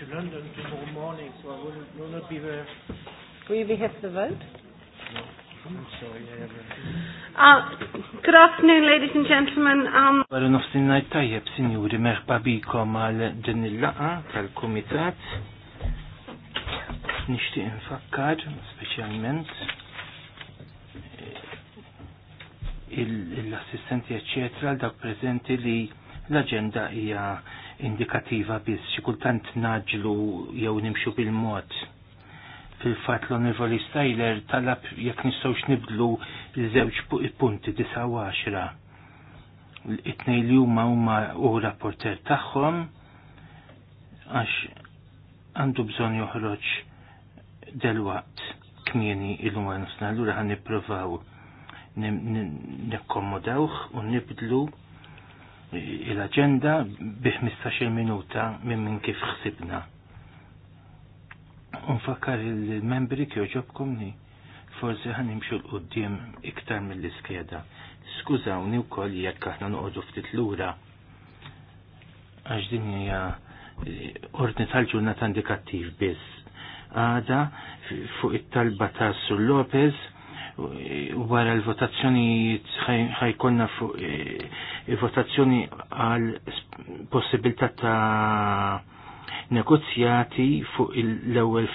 to London tomorrow morning, so I will, will not be there. Will here for the vote? No. Uh, good afternoon, ladies and gentlemen. Għara um... nofsin sinjuri, merħba bikom għal din il-laqa tal-komitat. Nishtiq nfakkar, specialment, eh, l-assistenti, eccetera, dak prezenti li l-agenda hija indikativa biss, xi kultant naġlu jew nimxu bil-mod. Fil-fatt l-Onorevoli Stajler talab jekk nistgħux nibdlu l-żewġ punti 19. it tnejn li huma huma u rapporter tagħhom għax għandu bżonn joħroġ delwaqt kmieni il-lum għansna, l ura għan niprofaw nekkomodawx u nibdlu il agenda bi 15 minuta minn minn kif xsibna. Unfakkar il-membri kjoġobkom ni forse imxu l-qoddim iktar mill-iskeda. Skużawni u koll jekk aħna noqogħdu ftit lura ura din hija eh, ordni tal-ġurnata indikattiv biss. Għada fuq it-talba ta' Sur Lopez wara l e, e, votazzjoni ħajkonna fuq il-votazzjoni għal possibilità ta' negozjati fuq l-ewwel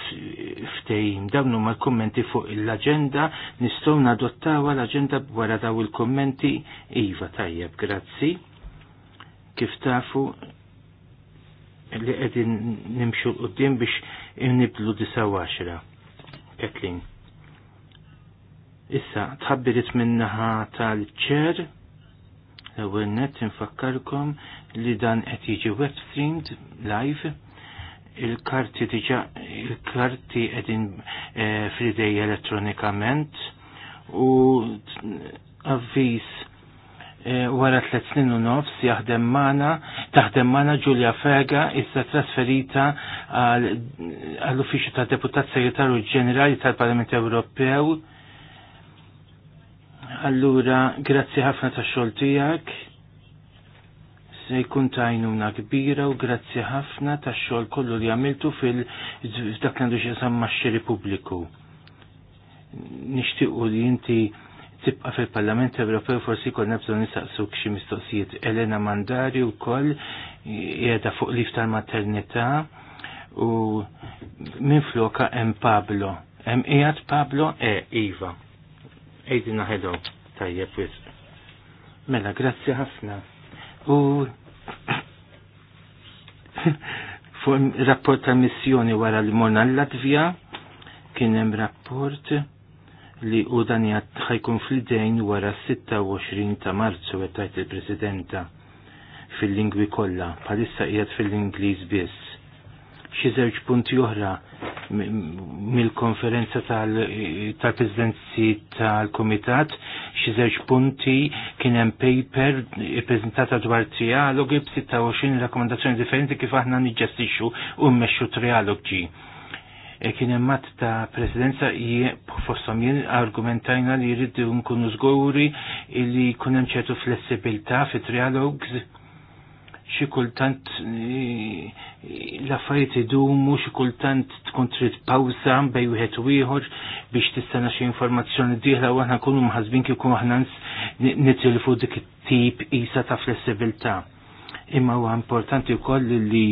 ftehim. Dawn huma l-kummenti fuq l-aġenda nistgħu nadottawha l-aġenda wara daw il-kummenti iva tajjeb, grazzi. Kif tafu li qegħdin nimxu l qudiem biex disa' waxra. Kathleen. Issa, tħabbirit minnaħa tal-ċer, l-ewel net infakkarkom li dan qed jiġi web streamed live il-karti diġa il-karti qegħdin e, eh, fridej elettronikament u avviż e, wara tliet snin u nofs jaħdem mana taħdem mana Ġulja Fega issa trasferita għall-Uffiċċju tad Deputat Segretarju Ġenerali tal-Parlament Ewropew Allura, grazzi ħafna ta' xogħol tiegħek. Se jkun tajnuna kbira u grazzi ħafna ta' xogħol kollu li għamiltu fil-dak għandu x'jasam max-xiri pubbliku. Nixtiequ li inti tibqa fil-Parlament Ewropew forsi kol bżonn nisaqsuk xi mistoqsijiet. Elena Mandari wkoll qiegħda fuq lif tal-maternità u minn floka hemm Pablo. Hemm qiegħed Pablo e Iva. Ejdina ħedow tajjeb wis. Mela, grazzi ħafna. U fuq rapport ta' missjoni wara li morna l-Latvija kien hemm rapport li u dan ħajkun fil-dejn wara 26 ta' Marzu qed tajt il-Presidenta fil-lingwi kollha, bħalissa qiegħed fil-Ingliż biss xi żewġ punti oħra mill-konferenza tal-Presidenzi tal-Komitat xi żewġ punti kien hemm paper ippreżentata dwar trialogi 26 rakkomandazzjoni differenti kif aħna niġġestixxu u mmexxu trialogi. E kien hemm mat ta' presidenza fosthom jien argumentajna li jridu nkunu żguri li jkun hemm ċertu flessibilità fit trialogs xi kultant l-affarijiet idumu, xi kultant tkun trid pawza bej wieħed u iħor biex tistana xie informazzjoni dieħla u aħna nkunu mħasbin kif kun aħna nitilfu dik it-tip jisa ta' flessibilta. Imma huwa importanti wkoll li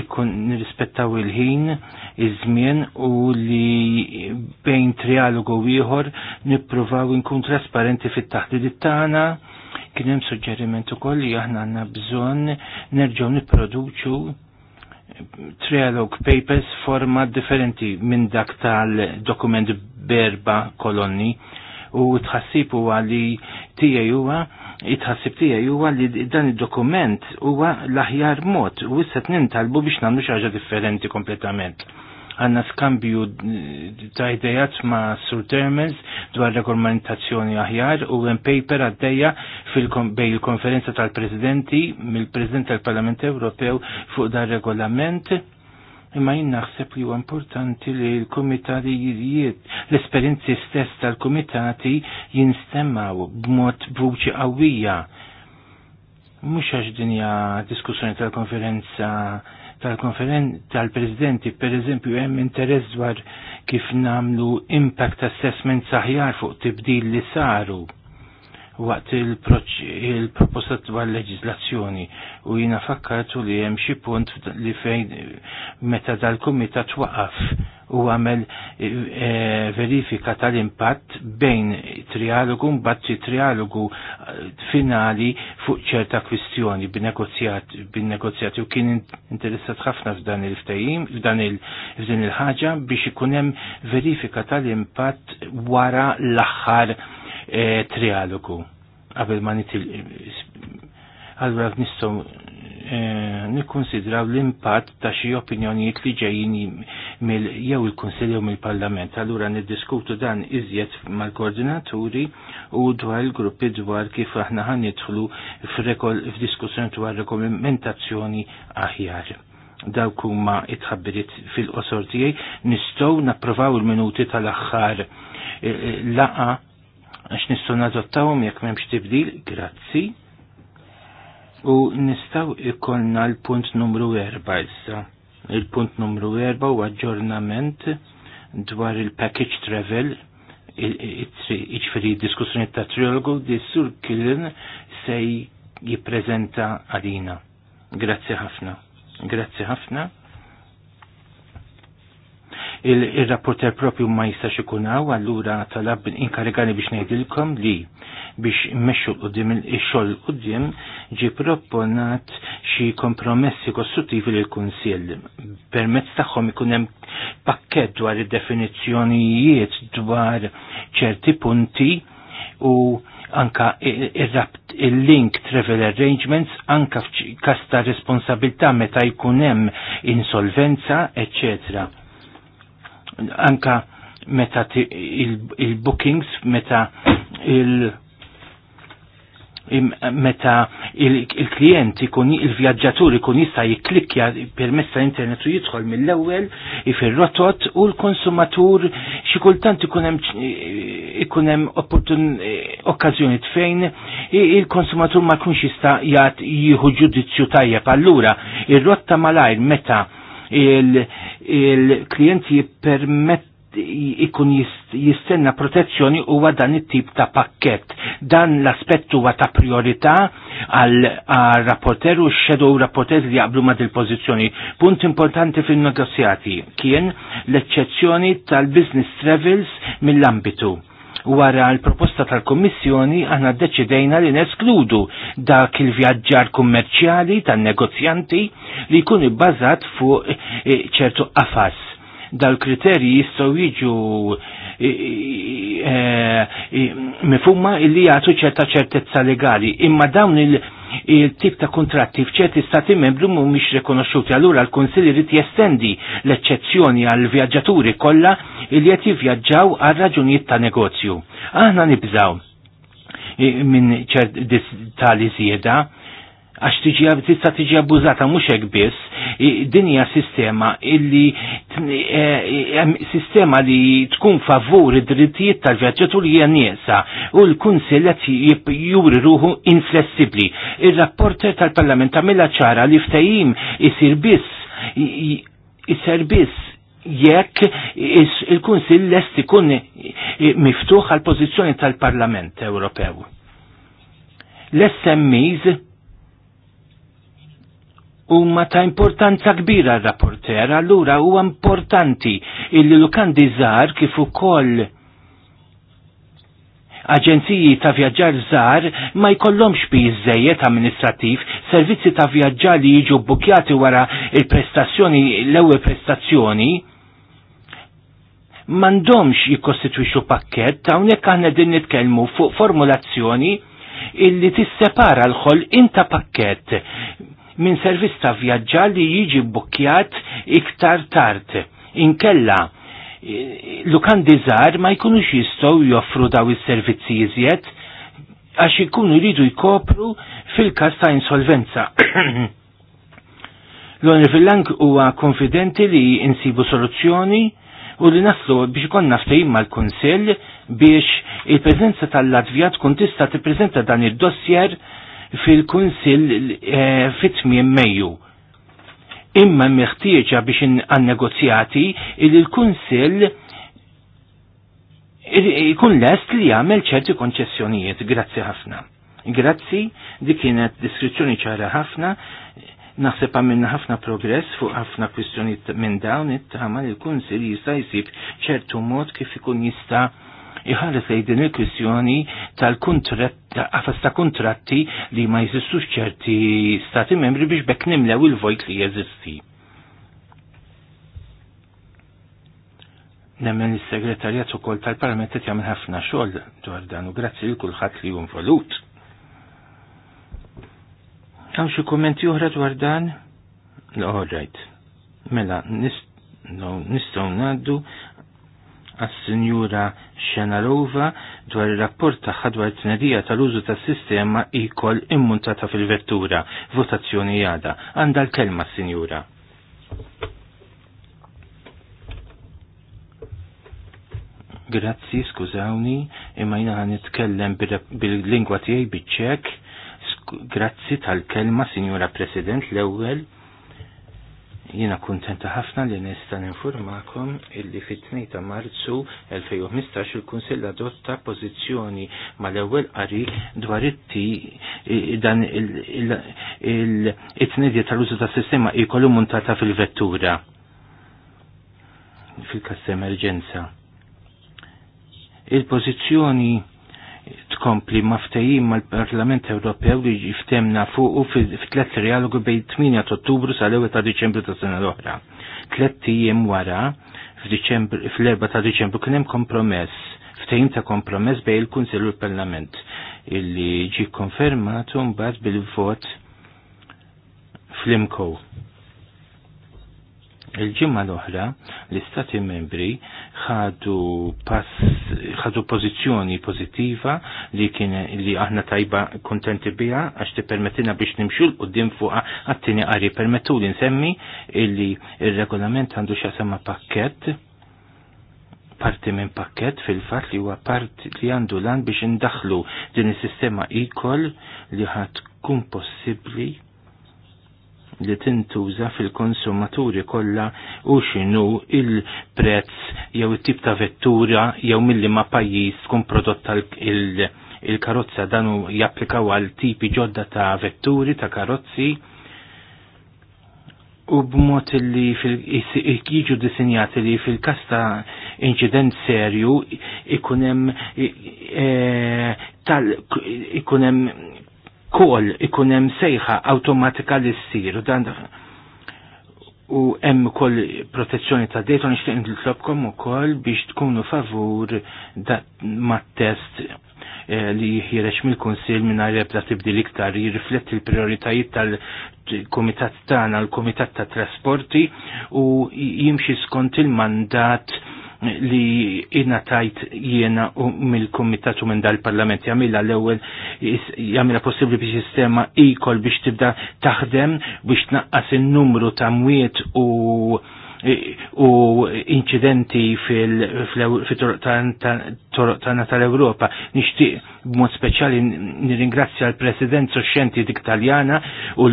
ikun nirrispettaw il-ħin, iż-żmien u li bejn trialogu ieħor nippruvaw nkun trasparenti fit-taħdid tagħna Kien hemm suġġeriment ukoll li aħna għanna bżonn nerġgħu nipproduċu trialog papers forma differenti minn dak tal-dokument berba kolonni u tħassib huwa li tiegħi huwa itħassib tiegħi huwa li dan id-dokument huwa l-aħjar mod u issa tnin talbu biex nagħmlu xi ħaġa differenti kompletament għanna skambju ta' idejat ma' Sur Termes dwar regolamentazzjoni aħjar u hemm paper għaddejja bej il-konferenza tal-Presidenti mill-President tal-Parlament Ewropew fuq dar regolament imma jien naħseb li huwa importanti li l-komitarijiet, l-esperjenzi stess tal-komitati jinstemmaw b'mod vuċi qawwija. Mhux għax dinja diskussjoni tal-konferenza tal-presidenti, konferen tal per eżempju, hemm interess dwar kif namlu impact assessment saħjar fuq tibdil li saru waqt il-proposta dwar leġizlazzjoni u jina fakkartu li hemm xi punt li fejn meta dal-kumitat waqaf u għamel eh, verifika tal-impatt bejn trialogu mbagħad trialogu eh, finali fuq ċerta kwistjoni bin-negozjati u kien interessat ħafna f'dan il-ftehim f'dan il-ħaġa biex ikun hemm verifika tal-impatt wara l-aħħar E, trialogu qabel ma nitil allura nistgħu e, nikkonsidraw l-impatt ta' xi opinjonijiet li ġejjin mill jew il-Kunsill u mill-Parlament. Allura niddiskutu dan iżjed mal-koordinaturi u dwar il-gruppi dwar kif aħna ħan nidħlu f'diskussjoni dwar rekomendazzjoni aħjar. Dawk huma itħabbiriet fil-qosor tiegħi nistgħu napprovaw il-minuti tal-aħħar e, laqa għax nistaw nadottawhom jekk m'hemmx tibdil, grazzi. U nistgħu ikonna l-punt numru 4 issa. Il-punt numru 4 u aġġornament dwar il-package travel iċferi diskussjoni ta' triologu di sur killen se jipprezenta għalina. Grazzi ħafna. Grazzi ħafna il-rapporter propju ma jistax ikun hawn allura talab inkarigani biex ngħidilkom li biex meċu l il ix-xogħol qoddim ġi proponat xi kompromessi kostruttivi l kunsill permezz tagħhom ikun hemm pakkett dwar id-definizzjonijiet dwar ċerti punti u anka il-link travel arrangements anka kasta ta' responsabilta meta jkun hemm insolvenza, eccetera anka meta il-bookings, meta il- meta il-klient ikun il-vjaġġatur ikun jista' jikklikja permessa tal-internet u jidħol mill-ewwel ifir-rotot u l-konsumatur xi kultant ikun hemm ikun hemm okkażjonijiet fejn il-konsumatur ma jkunx jista' jagħti jieħu ġudizzju tajjeb allura ir-rotta malajr meta il-klient jippermett ikun jistenna protezzjoni huwa dan it-tip ta' pakket. Dan l-aspett huwa ta' priorità għal rapporter u x-shadow rapporter li jaqblu ma' dil-pożizzjoni. Punt importanti fin-negozjati kien l-eċċezzjoni tal-business travels mill-ambitu wara l-proposta tal-Kommissjoni aħna deċidejna li neskludu dak il-vjaġġar kummerċjali tan-negozjanti li jkun ibbażat fuq eh, eh, ċertu qafas. Dal-kriterji jistgħu jiġu eh, mifhuma li jagħtu ċerta ċertezza legali, imma dawn il- il-tip ta' kontratti f'ċerti stati membru mhumiex rekonoxxuti. Allura l-Kunsill irid jestendi l-eċċezzjoni għal vjaġġaturi kollha li qed jivvjaġġaw għal raġunijiet ta' negozju. Aħna nibżaw eh, minn ċert tali zieda għax tiġi tista' tiġi abbużata mhux hekk biss, din hija sistema illi e, e, sistema li tkun favur id-drittijiet tal-vjaġġatur hija nieqsa u l-kunsill qed juri ruħu inflessibbli. Ir-rapporter tal-Parlament tagħmilha ċara li ftehim isir biss isir biss jekk il-Kunsill lest ikun miftuħ għal pożizzjoni tal-Parlament Ewropew. L-SMEs huma ta' importanza kbira r-rapporter, allura huwa importanti illi lukandi żgħar kif ukoll aġenziji ta' vjaġġar żgħar ma jkollhomx biżejjed amministrativ, servizzi ta' vjaġġar li jiġu bukjati wara il-prestazzjoni l-ewwel prestazzjoni m'għandhomx jikkostitwixxu pakkett hawnhekk aħna din nitkellmu fuq formulazzjoni illi tissepara l-ħol inta pakkett minn servizz ta' vjaġġar li jiġi bukkjat iktar tard. Inkella, e, lukandi żgħar ma jkunux jistgħu joffru daw is-servizzi iżjed għax ikunu jridu jkopru fil-każ ta' insolvenza. L-Onri Lang huwa konfidenti li insibu soluzzjoni u li naslu biex konna ftehim mal-Kunsill biex il-preżenza tal-Latvija tkun tista' tippreżenta dan id-dossier fil-Kunsill eh, fit-tmiem Mejju. Imma miħtieġa biex għan-negozjati il kunsill ikun lest li jagħmel ċerti konċessjonijiet. Grazzi ħafna. Grazzi, dik kienet diskrizzjoni ċara ħafna naħseb għamilna ħafna progress fuq ħafna kwistjoni minn dawn it-tama li l-Kunsil jista' jsib ċertu mod kif ikun jista' iħalli sej din il-kwistjoni tal-kontrat ta' kontratti li ma jeżistux ċerti stati membri biex bekk nimlew il-vojt li jeżisti. Nemmen il-segretarjat ukoll tal-Parlament qed jagħmel ħafna xogħol dwar dan u grazzi lil kulħadd li hu involut. Hawn xi kummenti oħra dwar dan? All right. Mela, nistgħu ngħaddu għas-Sinjura Xenarova dwar ir-rapport tagħha dwar it-tnedija tal-użu tas-sistema ikol immuntata fil-vettura, votazzjoni jada. Għanda l-kelma, Sinjura. Grazzi, skużawni, imma jina għan nitkellem bil-lingwa tiegħi biċ Grazzi tal-kelma, Sinjura President, l-ewwel Jiena kuntenta ħafna li nista' ninformakom illi fit-2 ta' Marzu 2015 il-Kunsill adotta pożizzjoni mal-ewwel qari dwar it-ti dan it-tnedja tal-użu tas-sistema jkollu muntata fil-vettura fil-kass emerġenza. Il-pożizzjoni tkompli maftejim mal-Parlament Ewropew li jiftemna fuq u fit-tlet trialogu bej 8 ottubru sal-1 ta' Diċembru ta' sena l-oħra. Tlet tijiem wara fl-4 ta' Diċembru kien hemm kompromess, ftehim ta' kompromess bej il kunsel u l-Parlament illi ġi konfermat mbagħad bil-vot fl-imkow Il-ġimma l-oħra l-Istati membri ħadu pass ħadu pożizzjoni pożittiva li kien li aħna tajba kontenti biha għax tippermettilna biex nimxu l qudiem fuq għattini qari permettu li nsemmi illi il-regolament għandu xasema pakkett parti minn pakket fil-fat li huwa parti li għandu lan biex indaħlu din is-sistema ikol li ħad tkun possibbli li tintuża fil-konsumaturi kollha u x'inhu il-prezz jew it-tip ta' vettura jew milli ma' pajjiż tkun prodotta il-karozza danu japplikaw għal tipi ġodda ta' vetturi ta' karozzi u b'mod li jiġu disinjati li fil kasta ta' inċident serju ikunem e- tal ikunem kol ikun hemm sejħa awtomatika li s-sir u dan u hemm ukoll protezzjoni ta' u nixtieq nitlobkom ukoll biex tkunu favur mat-test eh, li jħireċ mill kunsill minna ebda tibdil iktar jirrifletti l-prioritajiet tal-Komitat tagħna l-Komitat ta' Trasporti u jimxi skont il-mandat li jina tajt jena mill u minn dal-parlament jamila l-ewel jamila possibli biex sistema ikol biex tibda taħdem biex naqqas il-numru ta' mwiet u u incidenti fil-toroqtana tal-Europa. Nishtiq b'mod speċjali nirringrazzja l-President Soxxenti Diktaljana u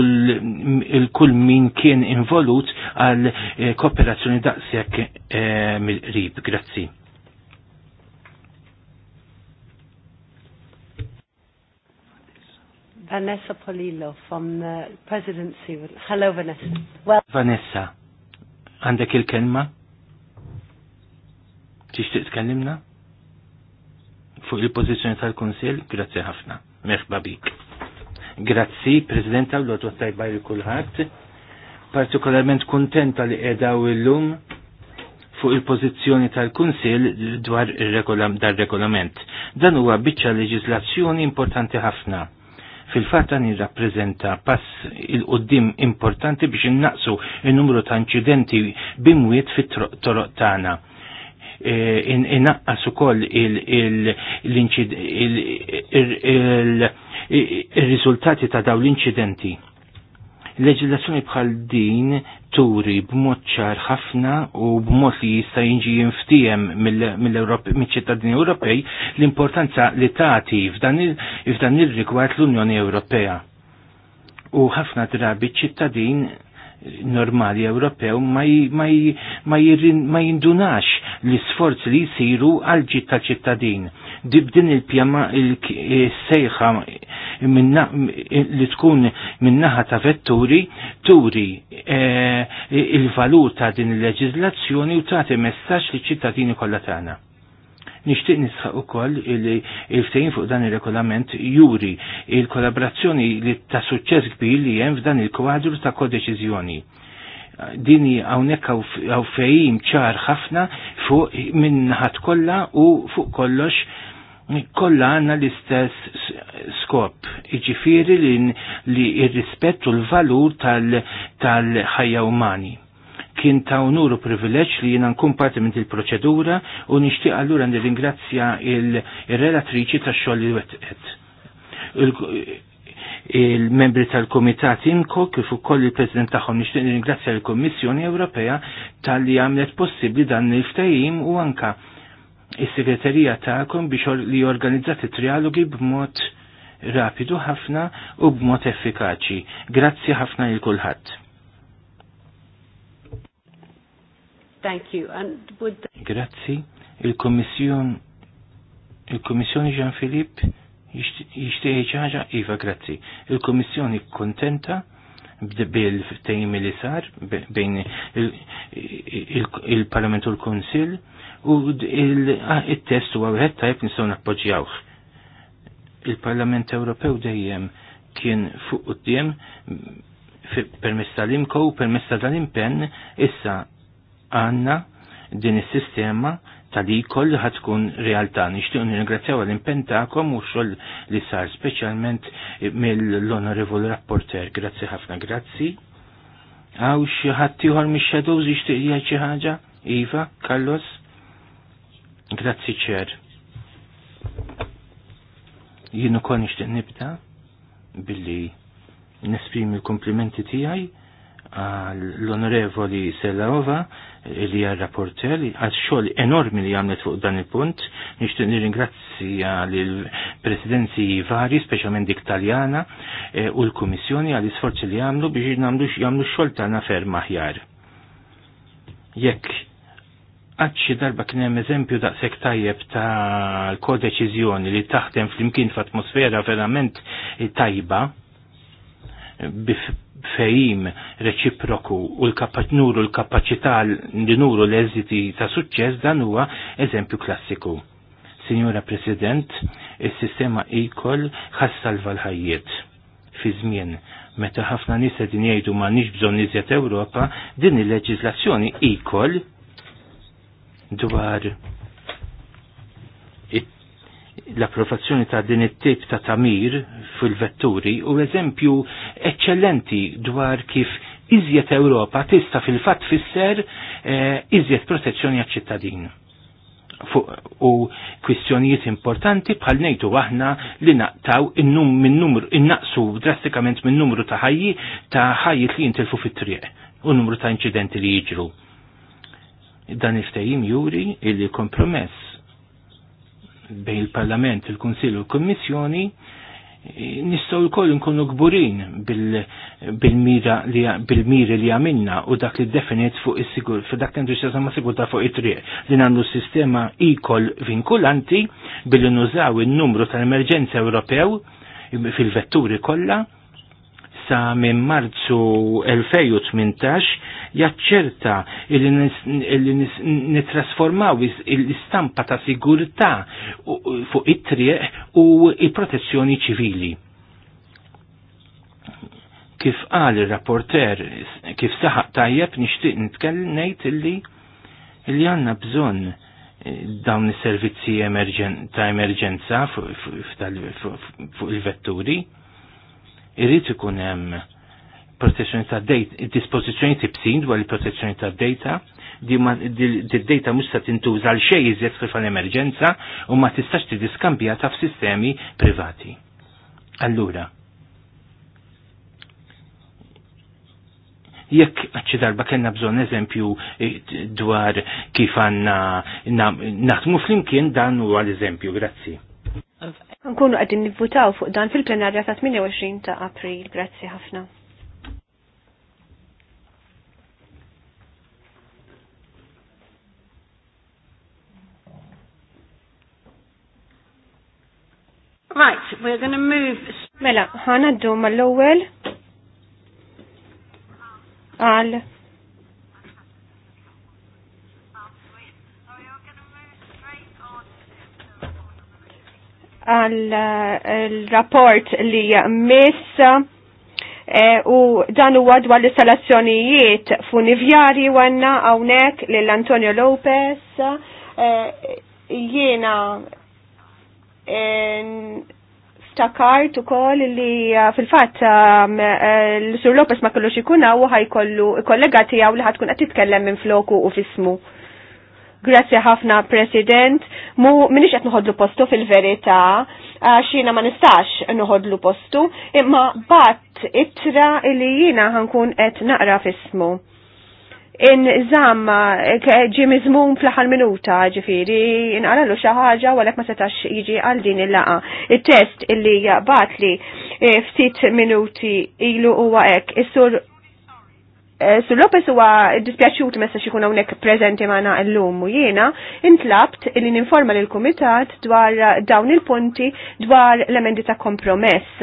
l-kull min kien involut għal eh, kooperazzjoni daqsjak eh, mill-rib. Grazzi. Vanessa Polillo from the eh, presidency. Hello, Vanessa. Well, Vanessa. Għandek il-kelma? Tixtieq tkellimna? Fuq il-pożizzjoni tal-Kunsill, grazzi ħafna. جراتسي bik. Grazzi, President għallu tajba li kulħadd. Partikolarment kuntenta li qiegħda illum fuq il-pożizzjoni tal-Kunsill dwar dar regolament Dan huwa biċċa leġiżlazzjoni importanti ħafna Fil-fatt dan jirrappreżenta pass il-qoddim importanti biex innaqsu il-numru ta' inċidenti bimwiet fit-toroq tagħna inaqqas ukoll il-riżultati ta' dawn l-inċidenti Leġilazzjoni bħal din turi b'mod ċar ħafna u b'mod li jista' jinġi jinftiem mill-ċittadini Ewropej l-importanza li tagħti f'dan ir-rigward l-Unjoni Ewropea. U ħafna drabi ċittadin normali Ewropew ma jindunax l-isforz li jsiru għal ġitta ċittadin dibdin il-pjama il-sejħa li tkun minnaħa ta' vetturi turi eh, il-valuta din il-leġizlazzjoni u tagħti messaġġ li ċittadini kollha tagħna. Nixtieq nisħaq ukoll il-ftehim fuq dan ir-regolament juri il-kollaborazzjoni li ta' suċċess kbir li hemm f'dan il-kwadru ta' kodeċiżjoni dini għawnek għaw fejim ċar ħafna fuq minnaħat kolla u fuq kollox kolla għanna l-istess skop, iġifiri li il-rispettu l-valur tal-ħajja tal umani. Kien ta' unur u privileġ li jena nkun parti minn il-proċedura u nishtiq allura nirringrazzja il-relatriċi ta' xogħol li wetqet. Il-membri tal-Komitat Imko kif ukoll il-President tagħhom nixtieq nirringrazzja l-Kummissjoni Ewropea tal-li għamlet possibbli dan il-ftehim u anka is-segreterija ta'kom biex li jorganizzat it-trialogi b'mod rapidu ħafna u b'mod effikaċi. Grazzi ħafna lil kulħadd. Thank you. And would Grazzi. Il-Kommissjon il-Kommissjoni Jean Philippe jixtieq xi ħaġa iva grazzi. Il-Kommissjoni kontenta bil-tejmi li sar bejn il-Parlament u l-Konsil u ah, il-test huwa wieħed tajb nistgħu nappoġġjawh. Il-Parlament Ewropew dejjem kien fuq quddiem permess tal-imko u permess tal-impenn issa għanna din is-sistema tal li li ħatkun realtà. Nixtieq nirringrazzjaw għall-impenn tagħkom u xogħol li sar speċjalment mill onorevol Rapporter. Grazzi ħafna, grazzi. Għaw xi ħadd ieħor mix-shadows jixtieq xi ħaġa? Iva, Carlos? Grazzi ċer. Jien ukoll nixtieq nibda billi nesprimi l-komplimenti tiegħi l-onorevoli Sellaova li għal rapporter għal xogħol enormi li għamlet fuq dan il-punt nixtieq nirringrazzja lil presidenzi vari, speċjalment dik Taljana e, u l-Kummissjoni għall isforzi li għamlu biex jagħmlu xogħol tagħna ferm aħjar. Jekk għadċi darba kien hemm eżempju daqshekk tajjeb ta' kodeċiżjoni li taħdem flimkien f'atmosfera verament tajba fejim reċiproku u l kapaċnuru l-kapacità li nuru l-eżiti ta' suċċess dan huwa eżempju klassiku. Signora President, il-sistema ikol ħassal l-ħajjiet fi żmien meta ħafna nies qegħdin jgħidu m'għandniex bżonn iżjed Ewropa, din il-leġiżlazzjoni ikol dwar l-approvazzjoni ta' din it-tip ta' tamir fil-vetturi u eżempju eccellenti dwar kif iżjed Ewropa tista' fil-fatt fisser eh, iżjed protezzjoni għaċ-ċittadin u kwistjonijiet importanti bħal nejtu aħna li naqtaw innaqsu drastikament minn numru ta' ħajji ta' ħajji li jintilfu fit-triq u numru ta' inċidenti li jiġru. Dan istajim juri illi kompromess bejn il-Parlament, il-Kunsill u l-Kommissjoni nistgħu wkoll nkunu kburin bil-mira bil bil-miri li għamilna u dak li definit fuq is-sigur, fuq dak kendu xesa ma sigurta fuq it-triq li nagħmlu sistema ikol vinkulanti billi nużaw in-numru tal-emerġenza Ewropew fil-vetturi kollha sa minn marzu 2018 jaċċerta illi nitrasformaw l-istampa ta' sigurtà fuq it-triq u il-protezzjoni ċivili. Kif qal ir-rapporter, kif saħaq tajjeb nixtieq nitkellem ngħid illi illi għandna bżonn eh, dawn is-servizzi ta' emerġenza fuq il-vetturi irrid ikun hemm protezzjoni ta' data, dispożizzjoni tibsin dwar il-protezzjoni ta' data, di d-data mhux se tintuża għal xejn iżjed kif emerġenza u ma tistax tiddiskambjata f'sistemi privati. Allura, jekk għacċi darba kena bżon eżempju eh, dwar kif għanna naħdmu flimkien dan u għal eżempju, grazzi. Nkunu għadin nivvutaw fuq dan fil-plenarja ta' 28 ta' April. Grazzi ħafna. Right, we're going to move. Mela, ħana d-dum l-ewel għal għal-rapport eh, li miss eh, u dan huwa dwar l-installazzjonijiet funivjari għanna hawnhekk lil Antonio Lopez e, jiena stakart ukoll li fil fat l-Sur Lopez ma kellux ikun hawn kollu kollega tiegħu li ħadd tkun qed titkellem minn floku u fismu. Grazie ħafna, President. Mu minix qed noħodlu postu fil-verità, xina ma nistax noħodlu postu, imma bat ittra li jina ħankun qed naqra fismu. In zamma ġi mizmum fl-ħal minuta ġifiri, in għalallu xaħġa u ma setax jiġi għal din il-laqa. Il-test illi bat li eh, ftit minuti ilu u għek, is-sur Eh, Sur Lopez huwa dispjaċut messa xikun hawnhekk preżenti magħna llum u jiena intlabt li ninforma lil kumitat dwar dawn il-punti dwar l-emendi ta' kompromess.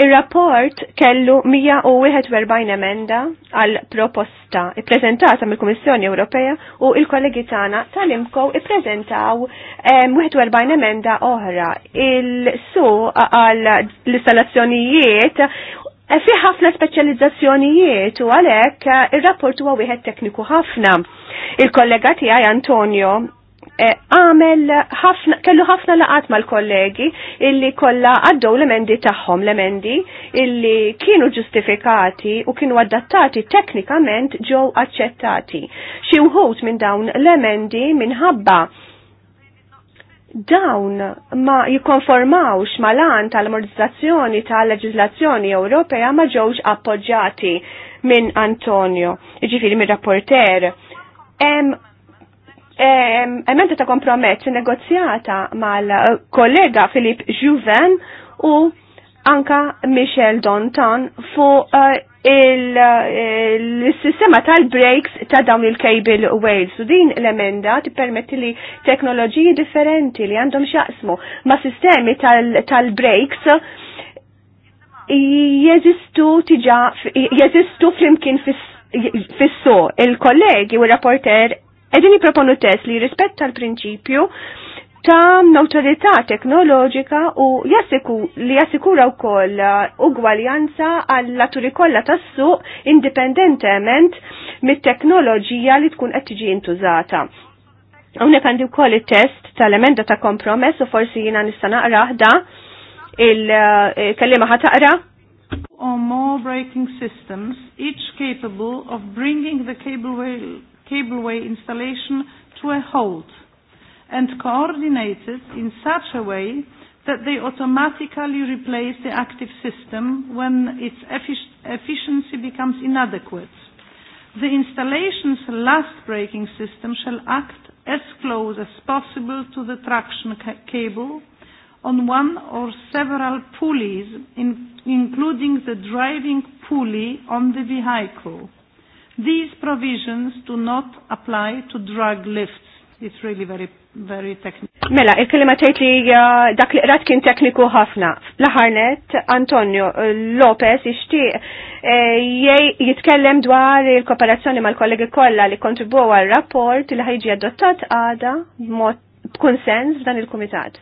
Ir-rapport kellu 141 emenda għal proposta ippreżentata mill-Kummissjoni Ewropea u il-kollegi tagħna tal-imkow ippreżentaw 41 ehm, emenda oħra. Il-su għal l-installazzjonijiet E fi ħafna speċjalizzazzjonijiet u għalhekk eh, ir-rapport huwa wieħed tekniku ħafna. Il-kollega tiegħi Antonio eh, għamel ħafna, kellu ħafna laqat mal-kollegi illi kolla għaddew l-emendi tagħhom l-emendi illi kienu ġustifikati u kienu adattati teknikament ġew aċċettati. Xi wħud minn dawn l-emendi minħabba dawn ma jikonformawx mal-an tal-modernizzazzjoni tal-leġizlazzjoni Ewropea ma ġewx appoġġjati minn Antonio, ġifiri minn rapporter. Emmenta emenda ta' kompromett negozjata mal-kollega Filip Juven u anka Michel Donton fuq eh, eh, il sistema tal breaks ta' dawn il-cable waves. U din l-emenda tippermetti li teknoloġiji differenti li għandhom xaqsmu ma' sistemi tal-breaks jeżistu tiġa jeżistu flimkien fissu il-kollegi u rapporter edin jiproponu test li rispetta l-prinċipju ta' notorietà teknoloġika u jassiku li jassikura u koll uh, ugwaljanza għall-laturi kollha tas-suq indipendentement mit-teknoloġija li tkun qed tiġi intużata. Hawnhekk għandi wkoll it-test tal-emenda ta' kompromess u forsi jiena nista' naqra ħda uh, il-kellima ħa taqra or more braking systems, each capable of bringing the cableway, cableway installation to a halt and coordinated in such a way that they automatically replace the active system when its efficiency becomes inadequate. The installation's last braking system shall act as close as possible to the traction ca cable on one or several pulleys, in, including the driving pulley on the vehicle. These provisions do not apply to drug lifts. It's really very very technical. Mela, il-kelima tgħid li uh, dak li qrat kien tekniku ħafna. Laħarnet, Antonio Lopez ixtieq eh, jitkellem dwar il-kooperazzjoni mal-kollegi kollha li kontribuwa għal rapport li ħajġi adottat għada b'mod b'kunsens f'dan il-kumitat.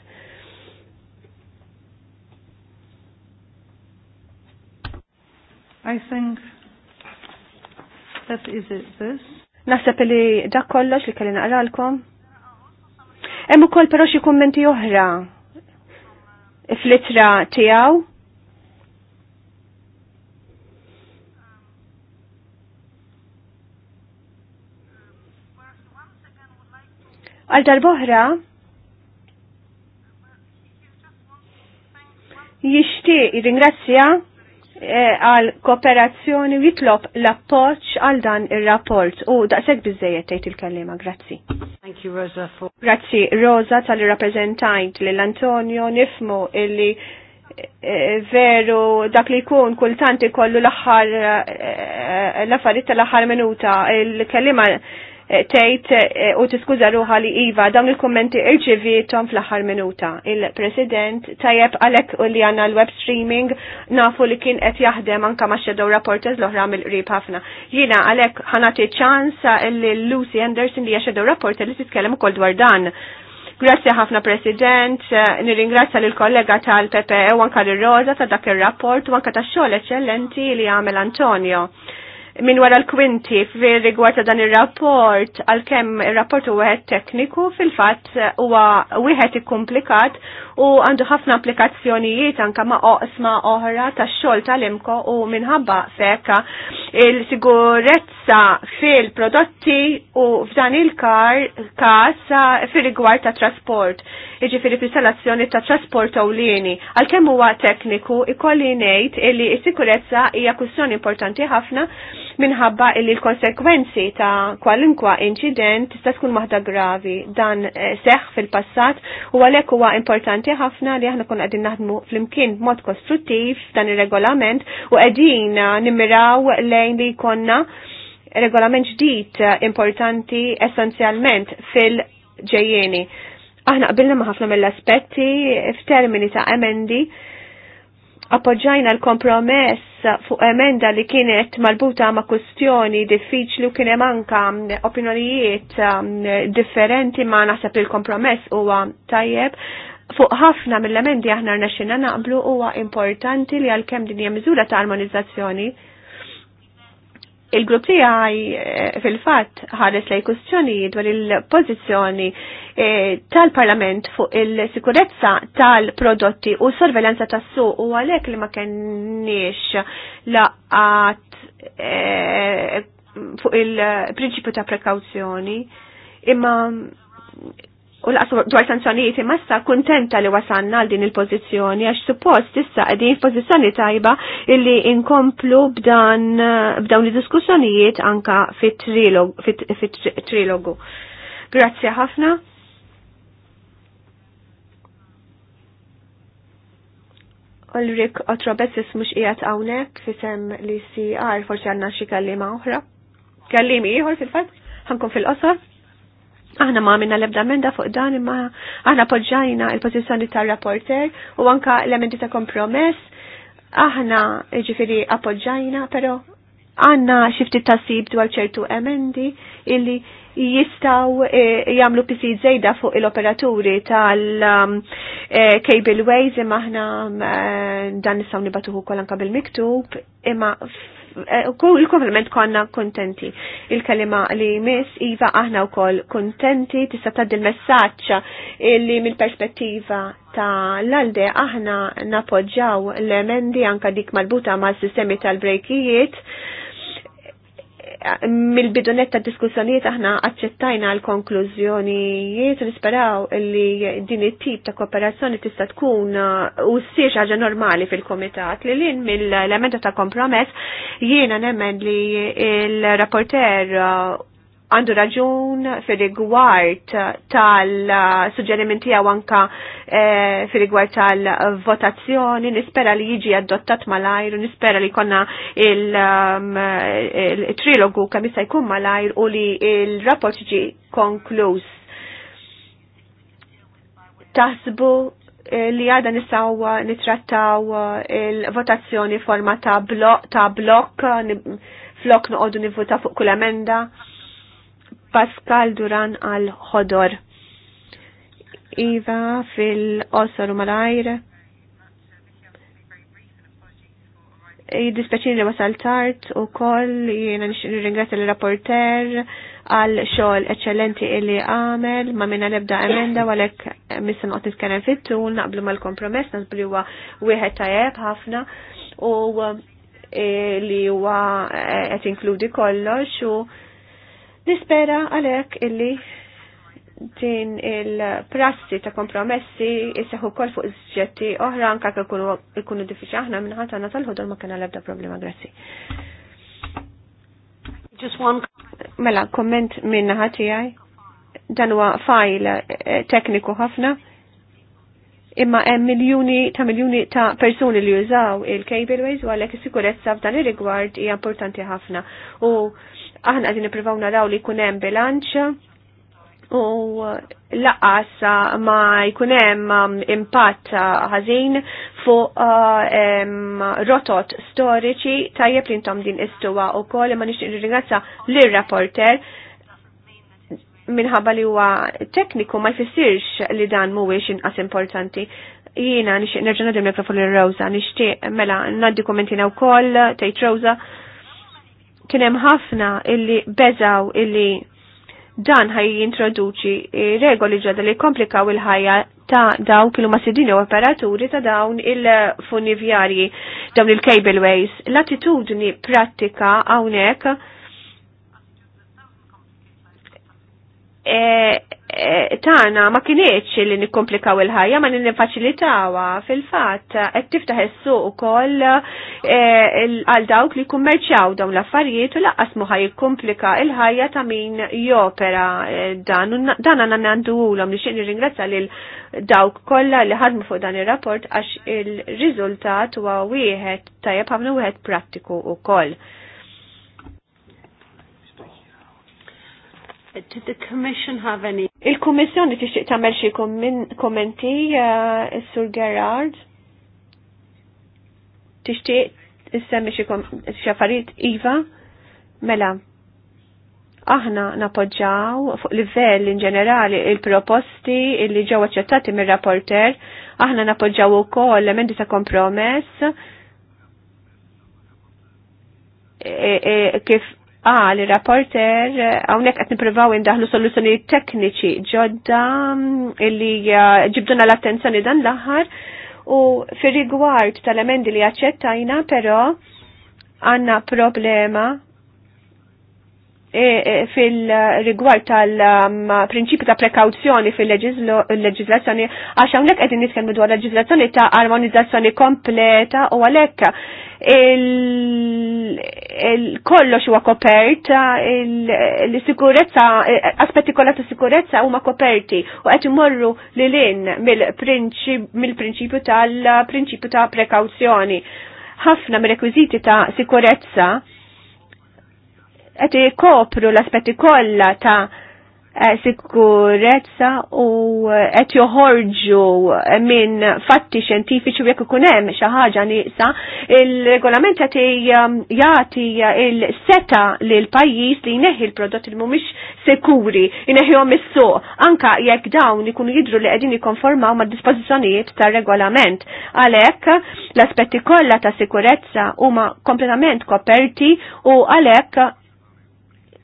I think that is it this. Naħseb li dak kollox li kellina naqralkom. Hemm ukoll però xi kummenti oħra fl-itra tiegħu. Għal darboħra, Jixtieq ringrazzja Eh, għal kooperazzjoni u jitlob l-appoċ għal dan il-rapport u daqseg bizzejet tejt il-kellima, grazzi. Thank you Rosa for... Grazzi Rosa tal-rappresentant l-Antonio nifmu illi eh, veru dak li jkun kultanti ikollu l-axar eh, l-affarit tal-axar minuta il-kellima tgħid eh, u tiskuża ruħa li iva dawn il-kummenti irċivietom fl-aħħar minuta. Il-President tajjeb għalhekk u li għanna l-web streaming nafu li kien qed jaħdem anke ma' xedow rapporters l-oħra mill-qrib ħafna. Jiena għalhekk ħanati ċans lil Lucy Anderson li hija shadow rapporter li titkellem ukoll dwar dan. Grazie ħafna President, eh, nirringrazzja lill kollega tal-PPE u anka l-Rosa ta' dak ir rapport u anka ta' xogħol eċċellenti li għamel Antonio minn wara l-kwinti fir rigward ta' dan ir-rapport għalkemm ir-rapport u wieħed tekniku fil-fatt huwa wieħed komplikat u għandu ħafna applikazzjonijiet anke ma' oqsma oħra ta' xogħol tal-imko u minħabba feka il-sigurezza issa fil-prodotti u f'dan il-kar kas fil-rigward ta' trasport, iġifiri fil-installazzjoni ta' trasport lini. Għal-kemm huwa tekniku, ikolli ngħid illi s-sikurezza hija kwistjoni importanti ħafna minħabba illi l-konsekwenzi ta' kwalinkwa incident tista' tkun maħda gravi dan eh, seħ fil-passat u għalhekk huwa importanti ħafna li aħna kun qegħdin naħdmu flimkien b'mod kostruttiv dan ir-regolament u qegħdin nimmiraw lejn li konna regolament ġdid eh, importanti essenzjalment fil-ġejjeni. Aħna qbilna ma' ħafna mill-aspetti f'termini ta' emendi appoġġajna l-kompromess fuq emenda li kienet malbuta ma' kustjoni diffiċli u kien hemm anka mm, opinjonijiet mm, differenti ma' naħseb il-kompromess huwa tajjeb. Fuq ħafna mill-emendi aħna rnexxina naqblu huwa importanti li għalkemm din hija miżura ta' armonizzazzjoni il-grupp għaj eh, fil-fatt ħares lej kustjoni dwar il-pożizzjoni eh, tal-Parlament fuq il-sikurezza tal-prodotti u sorvelenza tas-suq u għalek li ma kenniex laqat eh, fuq il-prinċipju ta' prekawzjoni imma u laqsu dwar sanzjonijiet imma issa kuntenta li wasanna għal din il-pożizzjoni għax suppost issa qegħdin f'pożizzjoni tajba illi inkomplu b'dan b'dawn id-diskussjonijiet anka fit-trilogu. Grazzi ħafna. Ulrik Otrobessis mux ijat għawnek fisem li si għar forsi għanna xie kallima uħra. Kallimi iħor fil-fat, ħankun fil-qosor. Aħna ma minna l-ebda menda fuq dan imma aħna poġġajna il-pozizjoni tar-rapporter u anka l-emendi ta' kompromess. Aħna ġifiri appoġġajna, pero għanna xifti tasib dwar ċertu emendi illi jistaw eh, jamlu pisi zejda fuq il-operaturi tal-cableways um, eh, imma aħna eh, dan nistaw nibatuħu kol anka bil-miktub imma il-komplement konna kontenti. Il-kalima li mis, Iva, aħna u koll kontenti, tista tad il li mill-perspettiva ta' l-alde aħna napoġġaw l-emendi anka dik marbuta ma' sistemi tal-brejkijiet mill-bidunet ta' diskussjonijiet aħna aċċettajna l-konklużjonijiet u nisperaw li din it-tip ta' kooperazzjoni tista' tkun uh, u ssirx ħaġa normali fil-komitat li lin mill-elementa ta' kompromess jiena nemmen li il-rapporter uh, għandu raġun fil-rigward tal-suġġerimenti għawanka eh, fil-rigward tal-votazzjoni, nispera li jiġi adottat malajr, nispera li konna il-trilogu il kam um, jista' jkun malajr u li il-rapport jiġi konkluż. Taħsbu eh, li għada nisaw eh, nitrattaw il-votazzjoni forma ta' blok, ta blok flok noqodu nivvota fuq kull emenda. Pascal Duran al ħodor. Iva fil-qosor malajr. Dispeċin li wasal tard u koll jena ringrazzja l-rapporter għal xogħol eċċellenti illi għamel ma minna nebda emenda għalek missa qed nitkellem fit-tul naqblu mal-kompromess naqblu huwa wieħed tajjeb ħafna u eh, li huwa eh, qed inkludi kollox u Nispera għalhekk illi din il-prassi ta' kompromessi jisseħu kol fuq iżġetti oħra anka kikunu diffiċi aħna minn għanna tal-ħodol ma kena lebda problema, grazzi. Just one Mela, komment minna ħati għaj. Dan huwa fajl eh, tekniku ħafna. Imma hemm miljuni ta' miljuni ta' persuni li jużaw il-cableways u għalhekk is-sikurezza f'dan ir-rigward hija importanti ħafna. U Aħna għadin niprivaw naraw li kunem bilanċ u laqas ma jkunem um, impatt ħażin fuq uh, rotot storiċi tajjeb li intom din istuwa u koll ma nixtieq nirringrazza lir-rapporter minħabba li huwa tekniku ma jfissirx li dan mhuwiex inqas importanti. Jiena nixtieq nerġa' nadim mikrofon lir Rosa, nixtieq mela ngħaddi kommentina wkoll tgħid Rosa kienem ħafna illi beżaw illi dan ħaj jintroduċi eh, regoli ġodda li komplikaw il-ħajja ta' dawk il masidini operaturi ta' dawn il-funivjarji, dawn il-cableways. L-attitudni pratika għawnek e, eh, Tana ma kienieċ li nikkomplikaw il-ħajja ma ninfaċilitawha fil-fatt qed tiftaħ is-suq ukoll eh, għal dawk li kummerċaw dawn l-affarijiet u laqqas muħa jikkomplika il-ħajja ta' min jopera eh, dan dan l-om li xejn nirringrazzja lil dawk kollha li ħadmu fuq dan ir-rapport għax il-riżultat huwa wieħed tajjeb ħafna wieħed prattiku ukoll. Did the Commission have any? Il-Kummissjoni tixtieq tagħmel xi uh, s sur Gerard. Tixtieq issemmi xi affarijiet iva mela. Aħna napoġġaw fuq livell in ġenerali il-proposti li ġew aċċettati mir-rapporter, aħna napoġġaw ukoll emendi ta' kompromess e, e, kif għal rapporter għawnek għat niprivaw indaħlu soluzjoni tekniċi ġodda mm, illi ġibduna l-attenzjoni dan l-aħħar u fir rigward tal-emendi li għacċettajna pero għanna problema E, e, fil-rigward tal um, prinċipju ta' prekawzjoni fil-leġizlazzjoni, għax hawnhekk qegħdin nitkellmu dwar leġizlazzjoni ta' armonizzazzjoni kompleta u għalhekk kollox huwa kopert, l-sikurezza, aspetti kollha ta' sikurezza huma koperti u qed imorru lilin mill-prinċipju tal-prinċipju ta' prekawzjoni. Ħafna mir-rekwiżiti ta' sikurezza qed ikopru l-aspetti kollha ta' eh, sikurezza u eh, qed joħorġu eh, minn fatti xjentifiċi u jekk ikun hemm xi ħaġa nieqsa, il-regolament qed jagħti il-seta lill pajjiż li jneħħi l-prodotti li mhumiex sikuri, jneħħihom is-suq, anka jekk dawn ikunu jidru li qegħdin jikkonformaw mad-dispożizzjonijiet tar-regolament. Għalhekk l-aspetti kollha ta' sikurezza huma kompletament koperti u għalhekk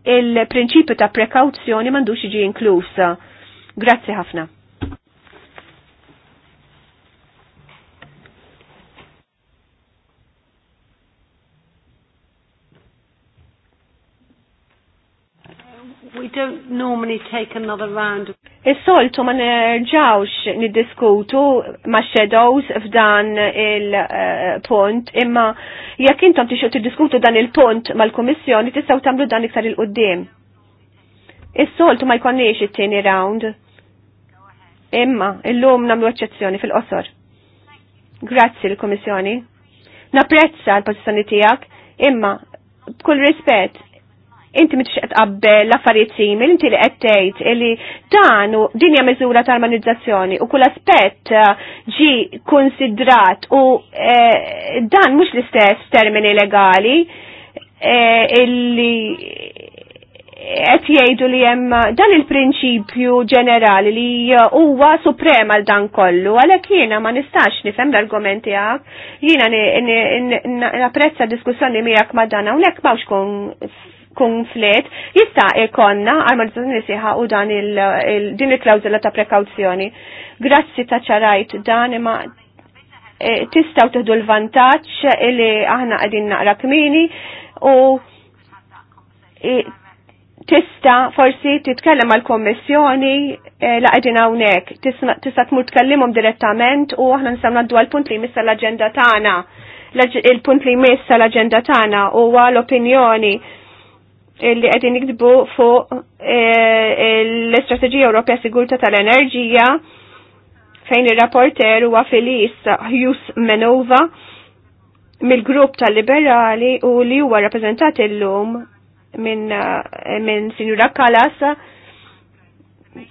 il-prinċipju ta' prekawzjoni mandux iġi inklusa. Grazzi ħafna. we don't normally take another round. Is-soltu ma nerġawx niddiskutu ma' shadows f'dan il-punt, eh, imma jekk intom tixu tiddiskutu dan il-punt mal-Kummissjoni tistgħu tagħmlu dan iktar il-qudiem. Is-soltu ma jkollniex it-tieni round. Imma illum nagħmlu eċċezzjoni fil-qosor. Grazzi l-Kummissjoni. Napprezza l-pożizzjoni tiegħek, imma b'kull rispett inti mitx qed qabbel l-affarijiet simil, inti li qed tgħid li dan dinja miżura tal armonizzazzjoni u kull aspett eh, ġi konsidrat u eh, dan mhux l-istess termini legali eh, illi qed jgħidu li hemm dan il-prinċipju ġenerali li huwa suprem għal dan kollu, għalhekk jiena ma nistax nifhem l-argumenti għak, jiena napprezza diskussjoni miegħek ma' dan hawnhekk m'hawnx konflitt jista' ikonna armonizzazzjoni siħa u dan il, din il-klawżola ta' prekawzjoni. Grazzi ta' ċarajt dan imma e, tistaw teħdu l-vantaġġ li aħna qegħdin naqra kmini u e, tista forsi titkellem għal kommissjoni e, la għedin hawnhekk. tista tmur tkellimhom direttament u aħna nsamna għaddu għall punt li missa l aġenda tagħna. Il-punt li missa l aġenda tagħna huwa l opinjoni li qegħdin nikdbu fuq e, e, l-Istrateġija Ewropea Sigurta tal-Enerġija fejn ir-rapporter huwa Felis Hughes Menova mill-grupp tal-liberali u li huwa rappreżentat illum minn e, min Sinjura Kalas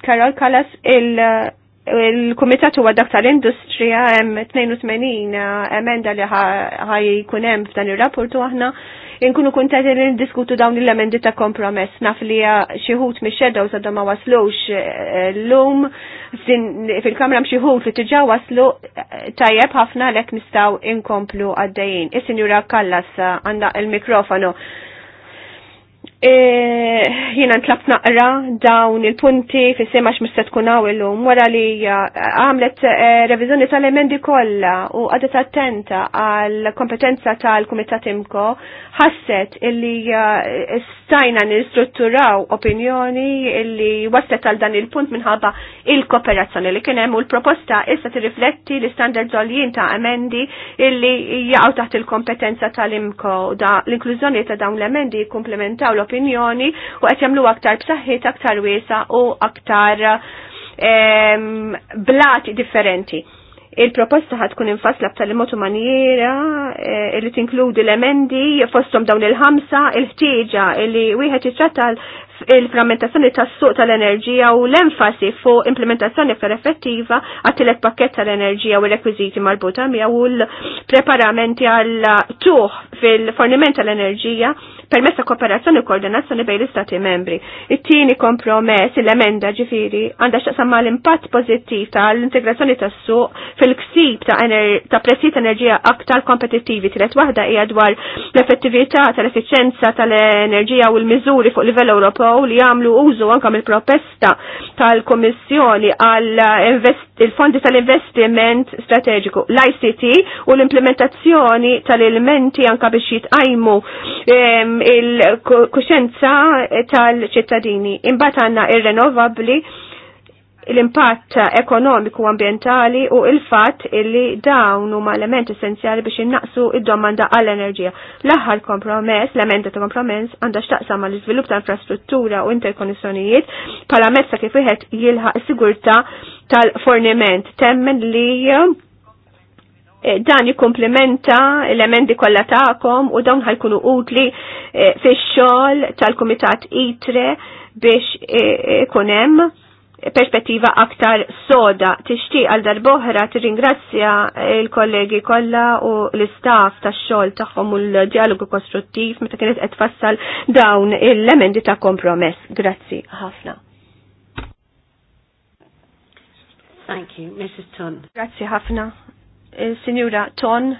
Karol Kalas il- kumitat huwa dak tal-Industrija hemm 82 emenda li jkun hemm f'dan ir-rapport u aħna Inkunu kuntati li ndiskutu dawn l-elementi ta' kompromess naf li xi ħut mix-shadows għadhom ma waslux eh, lum fil-kamra mxieħut li tġa waslu eh, tajjeb ħafna l-ek nistgħu inkomplu għaddejjin. Is-Sinjura Kallas eh, għanda il-mikrofonu. E, Jiena ntlab naqra dawn il-punti fi sema kunaw il-lum, wara li e, għamlet e, reviżjoni tal-emendi kollha u għadet attenta għal kompetenza tal-Kumitat Imko ħasset illi stajna nistrutturaw opinjoni illi waslet għal dan il-punt minħabba il-kooperazzjoni li kien hemm u l-proposta issa tirrifletti l-istandard zoljien ta' emendi illi jaqgħu taħt il-kompetenza tal-Imko l-inklużjoni ta' dawn l-emendi komplementaw l opinjoni u qed jagħmlu aktar b'saħħit aktar wiesa u aktar ehm, blati differenti. Il-proposta ħad tkun infasla b'tali motu manjera eh, li tinkludi l-emendi fostom dawn il-ħamsa, il-ħtieġa li wieħed jitratta il-frammentazzjoni tas-suq tal-enerġija u l-enfasi fuq implementazzjoni aktar effettiva għat-tielet pakket tal-enerġija u l-rekwiżiti marbuta mija u l-preparamenti għal tuħ fil-forniment tal-enerġija permezz ta' kooperazzjoni u koordinazzjoni bejn l-Istati membri. It-tieni kompromess l-emenda ġifieri għandha x'taqsam l impatt pożittiv tal-integrazzjoni tas-suq fil-ksib ta', ta prezzijiet enerġija aktar kompetittivi. Tielet waħda hija dwar l-effettività tal-effiċenza tal-enerġija u l-miżuri fuq livell Ewropew jipprovaw li jagħmlu użu anke mill-propesta tal-Kummissjoni għal il-fondi tal-investiment strateġiku, l-ICT u l-implementazzjoni tal-elementi anke biex jitqajmu il-kuxenza tal-ċittadini. Imbagħad għandna renovabli renovabbli l-impatt ekonomiku ambientali u il-fatt illi dawn huma element essenzjali biex innaqsu id-domanda għall-enerġija. L-aħħar kompromess, l-emenda ta' kompromess għandha x'taqsam mal iżvilupp ta' infrastruttura u interkonnessjonijiet bħala mezza kif wieħed jilħaq is-sigurtà tal-forniment. Temmen li eh, dan l-emendi kollha tagħkom u dawn ħajkunu utli eh, fix-xogħol tal-Kumitat ITRE biex eh, ikun hemm perspettiva aktar soda. Tixtieq għal darboħra ringrazzja il-kollegi kollha u l-istaff tax-xogħol tagħhom u l-dialogu kostruttiv meta kienet qed tfassal dawn l-emendi ta' kompromess. Grazzi ħafna. Thank you, Mrs. Ton. Grazzi ħafna. Eh, Signora Ton.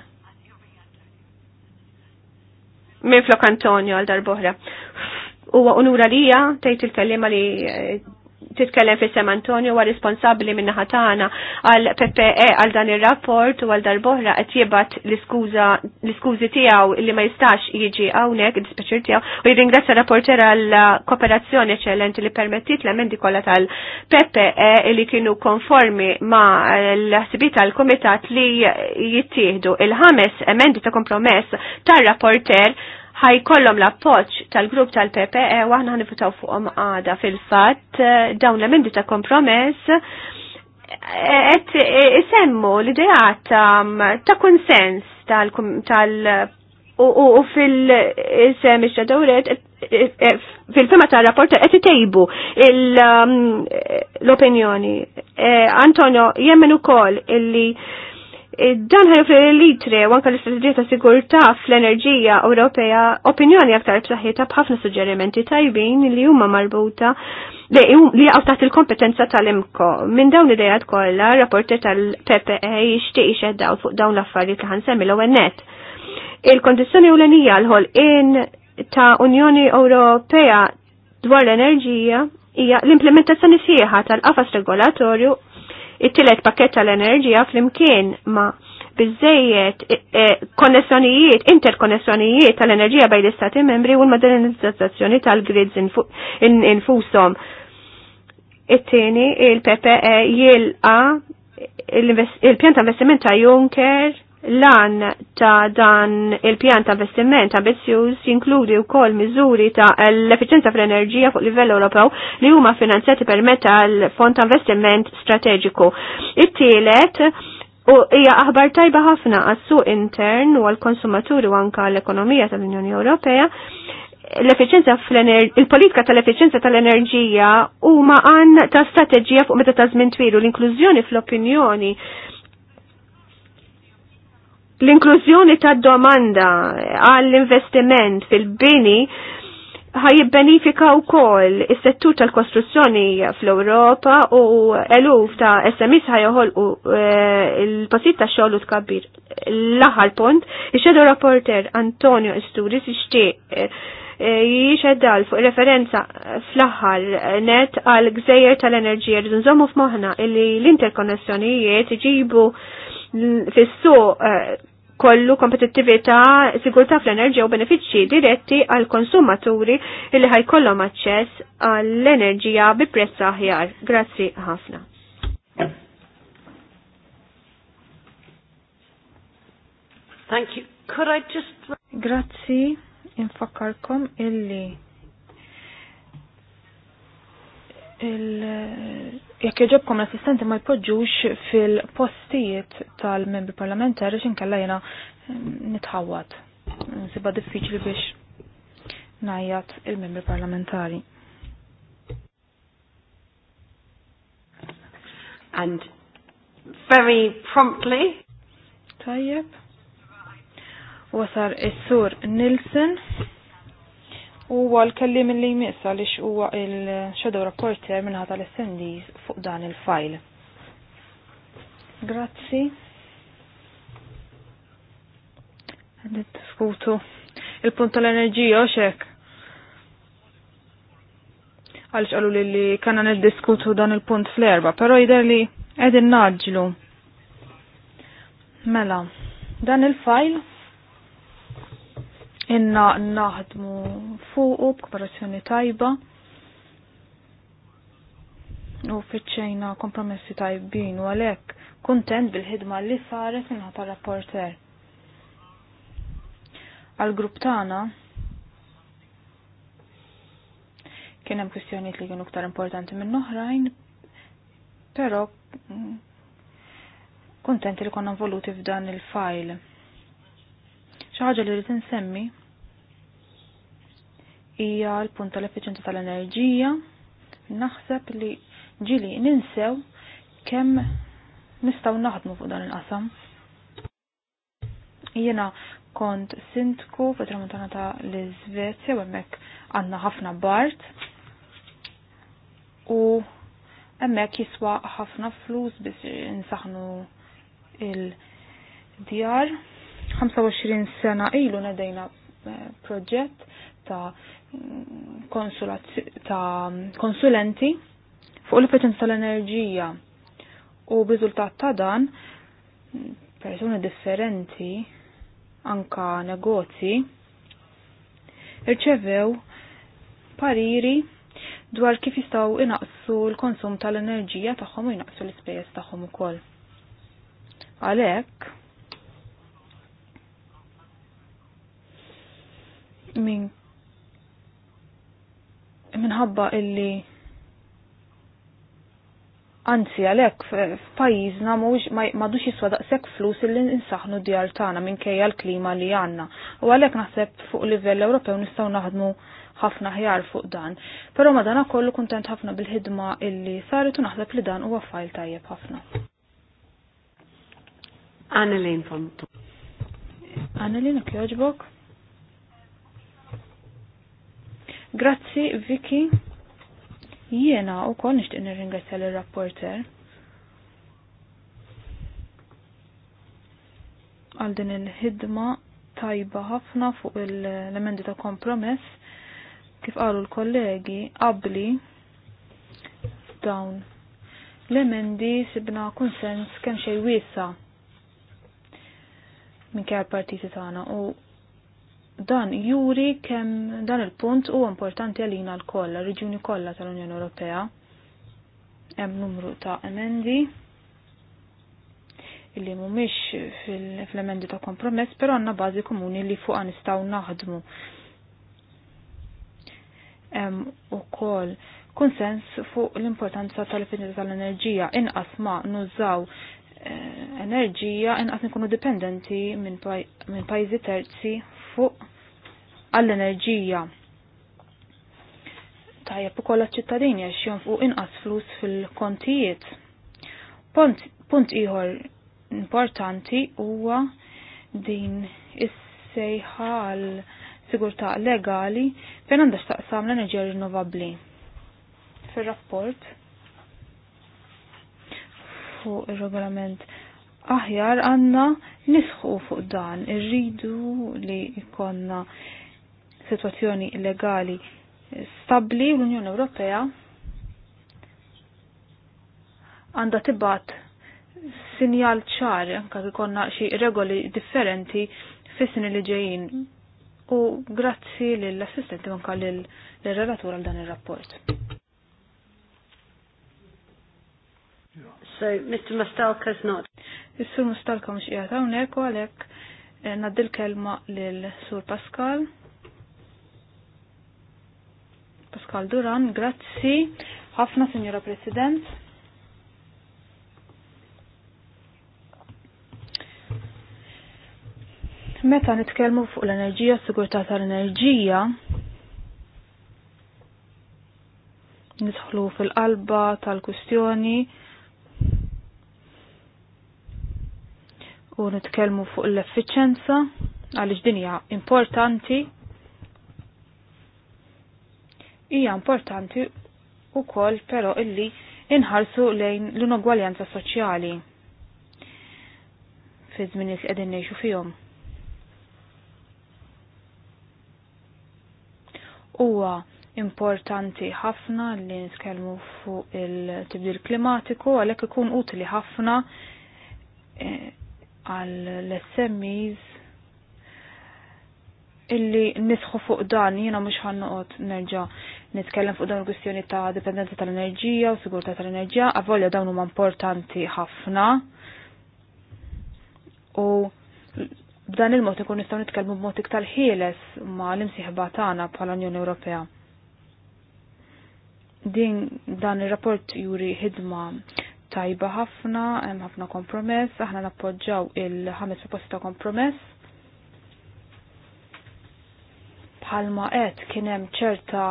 Min flok Antonio għal darboħra. Huwa unura lija tgħid il-kellima li eh, titkellem fi Sem Antonio wa responsabli minna ħatana għal PPE għal dan il-rapport u għal darbohra qed jibat l-iskużi tiegħu li ma jistax jiġi hawnhekk id-dispeċir tiegħu u jirringrazzja rapporter għal kooperazzjoni eċellenti li permettit l-emendi kollha tal-PPE li kienu konformi ma l ħsibita l kumitat li jittieħdu il-ħames emendi ta' kompromess tar-rapporter ħajkollhom l-appoġġ tal-grupp tal-PPE u aħna nifutaw fuqhom għada fil-fatt eh, dawn l ta' kompromess qed eh, eh, isemmu l-idejat ta' konsens tal u fil-isem ix dawret fil-fema ta' rapporta qed itejbu um, l-opinjoni. Antonio jemmen ukoll illi Eh, dan li l litri u anka l-istrategija ta' sigurtà fl-enerġija Ewropea opinjoni aktar b'saħħitha b'ħafna suġġerimenti tajbin li huma marbuta li għaw taħt il-kompetenza tal-imko. Minn dawn id dajat kollha, rapporti tal-PPA jixtieq ixeddaw fuq dawn l-affarijiet li ħansemmi l-ewwel Il-kondizzjoni ewlenija l-ħol in ta' Unjoni Ewropea dwar l-enerġija hija l-implementazzjoni sieħa tal-qafas regolatorju it-tielet pakket tal-enerġija flimkien ma' bizzejiet e, e, konnessjonijiet, interkonnessjonijiet tal-enerġija bejn l-istati membri u l-modernizzazzjoni tal-grids infushom. It-tieni il-PPE jilqa il-pjan ta' investiment ta' Juncker Lan ta' dan il-pjan ta' investiment ambizzjuż jinkludi wkoll miżuri ta' l-efficienza fl-enerġija fuq livell Ewropew li huma finanzjati permezz l fond ta' Investiment Strateġiku. It-tielet U hija aħbar tajba ħafna għas-suq intern u għall-konsumaturi u anka l-ekonomija tal-Unjoni Ewropea l-efficienza il-politika tal-efficienza tal-enerġija huma għan ta' strateġija fuq meta ta' zmin twilu l-inklużjoni fl-opinjoni L-inklużjoni ta' domanda għall-investiment fil-bini ħaj benifika u kol il-settur tal-kostruzzjoni fl-Europa u eluf ta' SMS uħol u eh, il-posit ta' xoħlu tkabbir. l pont, punt, ixedu rapporter Antonio Isturis ixti eh, jixeddal fuq referenza fl-aħħar net għal gżejjer tal-enerġija rridu nżommu f'moħħna illi l-interkonnessjonijiet iġibu fissu eh, kollu kompetittività, sigurtà fl-enerġija u benefiċċji diretti għal konsumaturi li ħajkollhom aċċess għall-enerġija bi prezz aħjar. Grazzi ħafna. Thank you. Could I just Grazzi, infakarkom illi il jekk jġobkom l-assistenti ma jpoġġux fil-postijiet tal-membri parlamentari kalla jena mm, nitħawad. Siba diffiċli biex najjat il-membri parlamentari. And very promptly. Tajjeb. Wasar is-sur Nilsen huwa l-kellim li jmissa għaliex huwa il-shadow rapporter minnħat tal-SNDs fuq dan il-fajl. Grazzi. Għandet skutu. Il-punt tal-enerġija xek. Għalix għallu li li kanna diskutu dan il-punt fl-erba, pero jider li edin naġlu. Mela, dan il-fajl inna naħdmu fuqu b'kooperazzjoni tajba u fiċċejna kompromessi tajbin u għalhekk kuntent bil-ħidma li saret minna ta' rapporter. Għal-grupp tagħna kien hemm kwistjonijiet li kienu aktar importanti minn oħrajn, però mm, kuntent li konna involuti f'dan il-fajl. Xi ħaġa li rrid insemmi hija l-punt tal-effiċenza tal-enerġija. Naħseb li ġili ninsew kemm nistgħu naħdmu fuq dan il-qasam. Jiena kont sindku fit tramuntana ta' l-Iżvezja u hemmhekk għandna ħafna bart u hemmhekk jiswa ħafna flus biex insaħnu il-djar. 25 sena ilu nedejna eh, proġett ta' ta' konsulenti fuq il efficienza tal-enerġija u b'riżultat ta' dan persuni differenti anka negozji irċevew pariri dwar kif jistgħu inaqsu l-konsum tal-enerġija tagħhom u jnaqsu l-ispejjeż tagħhom ukoll. Għalhekk minn minħabba illi Anzi, għalek, f'pajizna madux jiswa daqsek flus illi nsaħnu djar tagħna minkejja l-klima li għandna. U għalek naħseb fuq livell Ewropew nistgħu naħdmu ħafna ħjar fuq dan. Però madana kollu kuntent ħafna bil-ħidma illi saret u naħseb li dan huwa fajl tajjeb ħafna. Anelin Fontu. Anelin Annelin, kjoġbok? Grazzi, Vicky. Jiena u kol nishtiq nirringrazzja l-rapporter. Għal din il-ħidma tajba ħafna fuq l-emendi ta' kompromess kif qalu l-kollegi qabli dawn l-emendi sibna konsens kemm xejn wiesa minn kjer partiti tagħna u Dan juri kemm dan il-punt huwa importanti għalina l kolla reġjuni kollha tal-Unjoni Ewropea. Hemm numru ta' emendi illi mhumiex fil-emendi ta' kompromess, però għandna bażi komuni li fuqha nistgħu naħdmu. Hemm ukoll konsens fuq l-importanza tal-efficienza tal-enerġija inqas ma nużaw eh, enerġija inqas nkunu dipendenti minn pajjiżi terzi fuq għall-enerġija. Tajjeb ukoll ċittadini għax fuq inqas flus fil-kontijiet. Punt, punt ieħor importanti huwa din is-sejħa għal sigurtà legali fejn għandha x'taqsam l-enerġija rinnovabbli. Fir-rapport fuq ir-regolament aħjar għandna nisħu fuq dan, irridu li jkollna situazzjoni legali stabli l-Unjoni Ewropea għandha tibat sinjal ċar anka konna xi regoli differenti fis-sini li ġejjin u grazzi lill-assistenti anka lill-relatur għal dan ir-rapport. So, Mr. is not. Is-sur Mustalka mhux qiegħed hawnhekk u għalhekk eh, ngħaddi l-kelma lill Sur Pascal. Pascal Duran, grazzi. Ħafna, Signora President. Meta nitkellmu fuq l-enerġija, sigurtà tal-enerġija, nidħlu fil-qalba tal-kustjoni u nitkellmu fuq l-effiċenza għaliex dinja importanti hija importanti wkoll però illi inħarsu lejn l-inugwaljanza soċjali fi zminis li qegħdin ngħixu fihom. Huwa importanti ħafna li nitkellmu fuq il-tibdil klimatiku għalhekk ikun utli ħafna eh, għal l-SMEs illi nisħu fuq dan jiena mhux ħannoqgħod nerġa' nitkellem fuq dawn il-kwistjoni ta' dipendenza tal-enerġija u sigurtà tal-enerġija, avolja dawn huma importanti ħafna. U b'dan il-mod ikun nistgħu nitkellmu b'mod iktar ħieles ma' l-imsieħba tagħna bħala Unjoni Ewropea. Din dan ir-rapport juri ħidma tajba ħafna, hemm ħafna kompromess, aħna nappoġġaw il-ħames proposti ta' kompromess bħalma qed kien hemm ċerta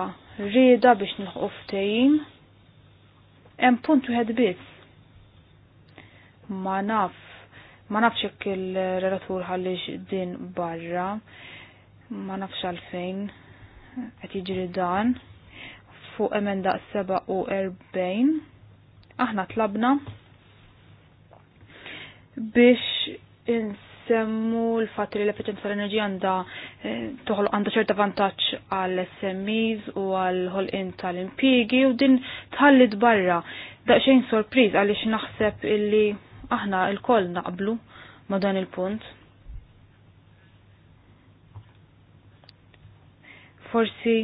rieda biex nilħqu ftehim. Hemm punt wieħed biss. Ma naf, ma nafx hekk il-relatur ħallix din barra, ma nafx għalfejn qed jiġri dan fuq emenda 47. Aħna tlabna biex ins nsemmu l-fatt li l-efficienza tal-enerġija għandha eh, toħloq għandha ċerta vantaġġ għall smes u għall ħolqien tal-impjigi u din tħallit barra. Daqsxejn sorpriż għaliex naħseb illi aħna il koll naqblu ma' dan il-punt. Forsi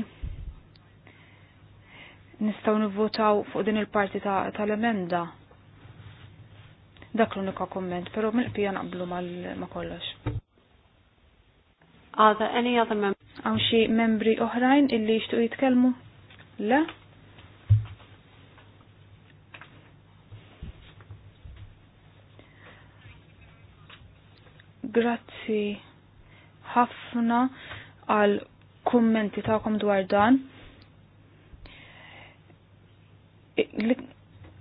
nistaw nivvotaw fuq din il-parti tal-emenda. Ta Dak l-unika komment, pero mill pija naqblu ma' kollox. Are there any other members? Għaw xie membri oħrajn illi jishtuq jitkelmu? Le? Grazzi ħafna għal kummenti ta'kom dwar dan.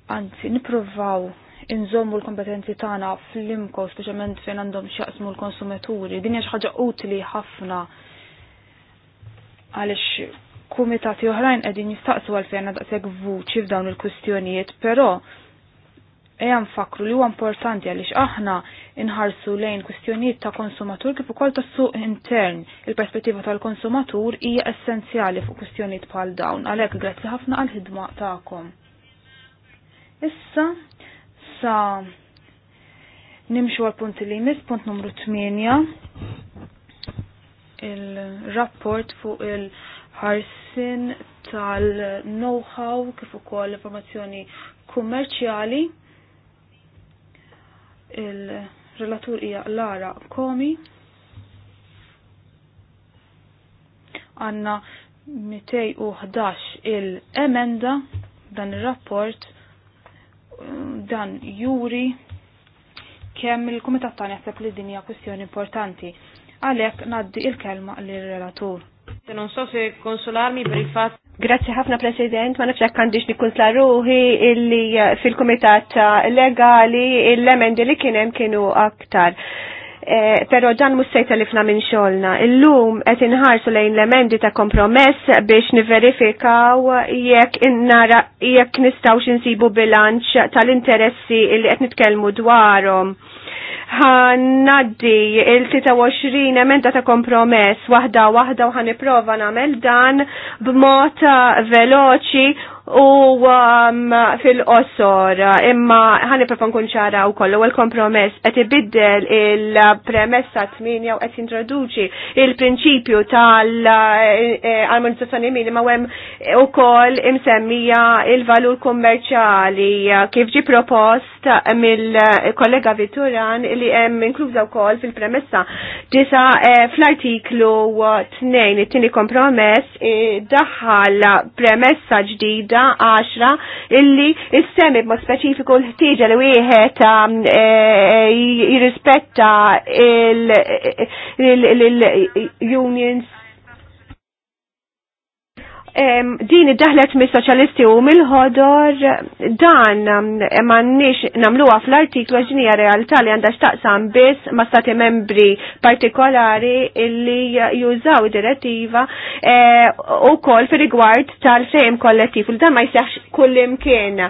Anzi, niprovaw inżommu l-kompetenzi tagħna fl-imko speċjalment fejn għandhom x'jaqsmu l-konsumaturi. Din hija xi ħaġa utli ħafna għaliex kumitati oħrajn qegħdin jistaqsu għalfejn daqshekk vuċi f'dawn il-kwistjonijiet, però eja nfakru li huwa importanti għaliex aħna inħarsu lejn kwistjonijiet ta' konsumatur kif ukoll tas suq intern. Il-perspettiva tal-konsumatur hija essenzjali fuq kwistjonijiet bħal dawn. Għalhekk grazzi ħafna għall ħidma tagħkom. Issa Issa nimxu għal punt li jmiss, punt numru 8, il-rapport fuq il-ħarsin tal-know-how kif ukoll informazzjoni kummerċjali. Il-relatur hija Lara Komi. Għanna 211 il-emenda dan il-rapport dan juri kemm il-Kumitat tani jaħseb li din hija kwestjoni importanti. Għalhekk ngħaddi il-kelma l relatur Non so se konsolarmi per il fatt Grazzi ħafna President, ma nafx għandix nikkunsla ruħi illi eh, fil-Kumitat eh, Legali il-lemendi li kien hemm kienu aktar Eh, pero dan mhux se jtelifna minn xogħolna. Illum qed inħarsu lejn l-emendi ta' kompromess biex niverifikaw jekk innara jekk nistgħux insibu bilanċ tal-interessi li qed nitkellmu dwarhom. Ħannaddi il-23 emenda ta' kompromess waħda waħda u ħaniprova nagħmel dan b'mod veloċi u um, fil qossor imma ħani profa kun ċara u kollu għal kompromess qed ibiddel il-premessa t-minja u qed jintroduċi il-prinċipju tal-armonizzazzjoni minima u u koll imsemmija il-valur kommerċali kif ġi propost mill-kollega Vituran li hemm inkluża wkoll fil-premessa disa eh, fl-artiklu 2 it-tieni kompromess eh, daħħal premessa ġdida ħaġa 10 illi issemi b'mod speċifiku l-ħtieġa li wieħed jirrispetta l-unions din iddaħlet mis soċjalisti u mill-ħodor dan m'għandniex nagħmluha fl-artiklu ġinija realtà li għandha x'taqsam biss ma' stati membri partikolari illi jużaw direttiva e, u kol rigward tal-fejm kollettiv. Dan ma jsejħx kullimkien.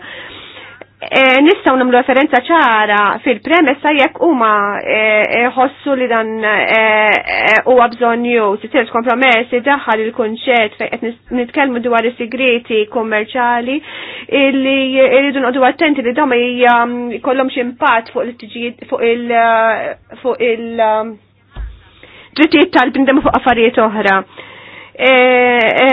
Eh, nistaw namlu referenza ċara fil-premessa jekk huma eh, eh, ħossu li dan huwa għabżonju s titil kompromessi daħħal il-kunċett fejn qed nitkellmu dwar is-sigreti kummerċali li jridu noqdu attenti li dawn ma mm, xi impatt fuq il-tiġijiet fuq il- fuq il-drittijiet tal-bindem fuq affarijiet oħra E,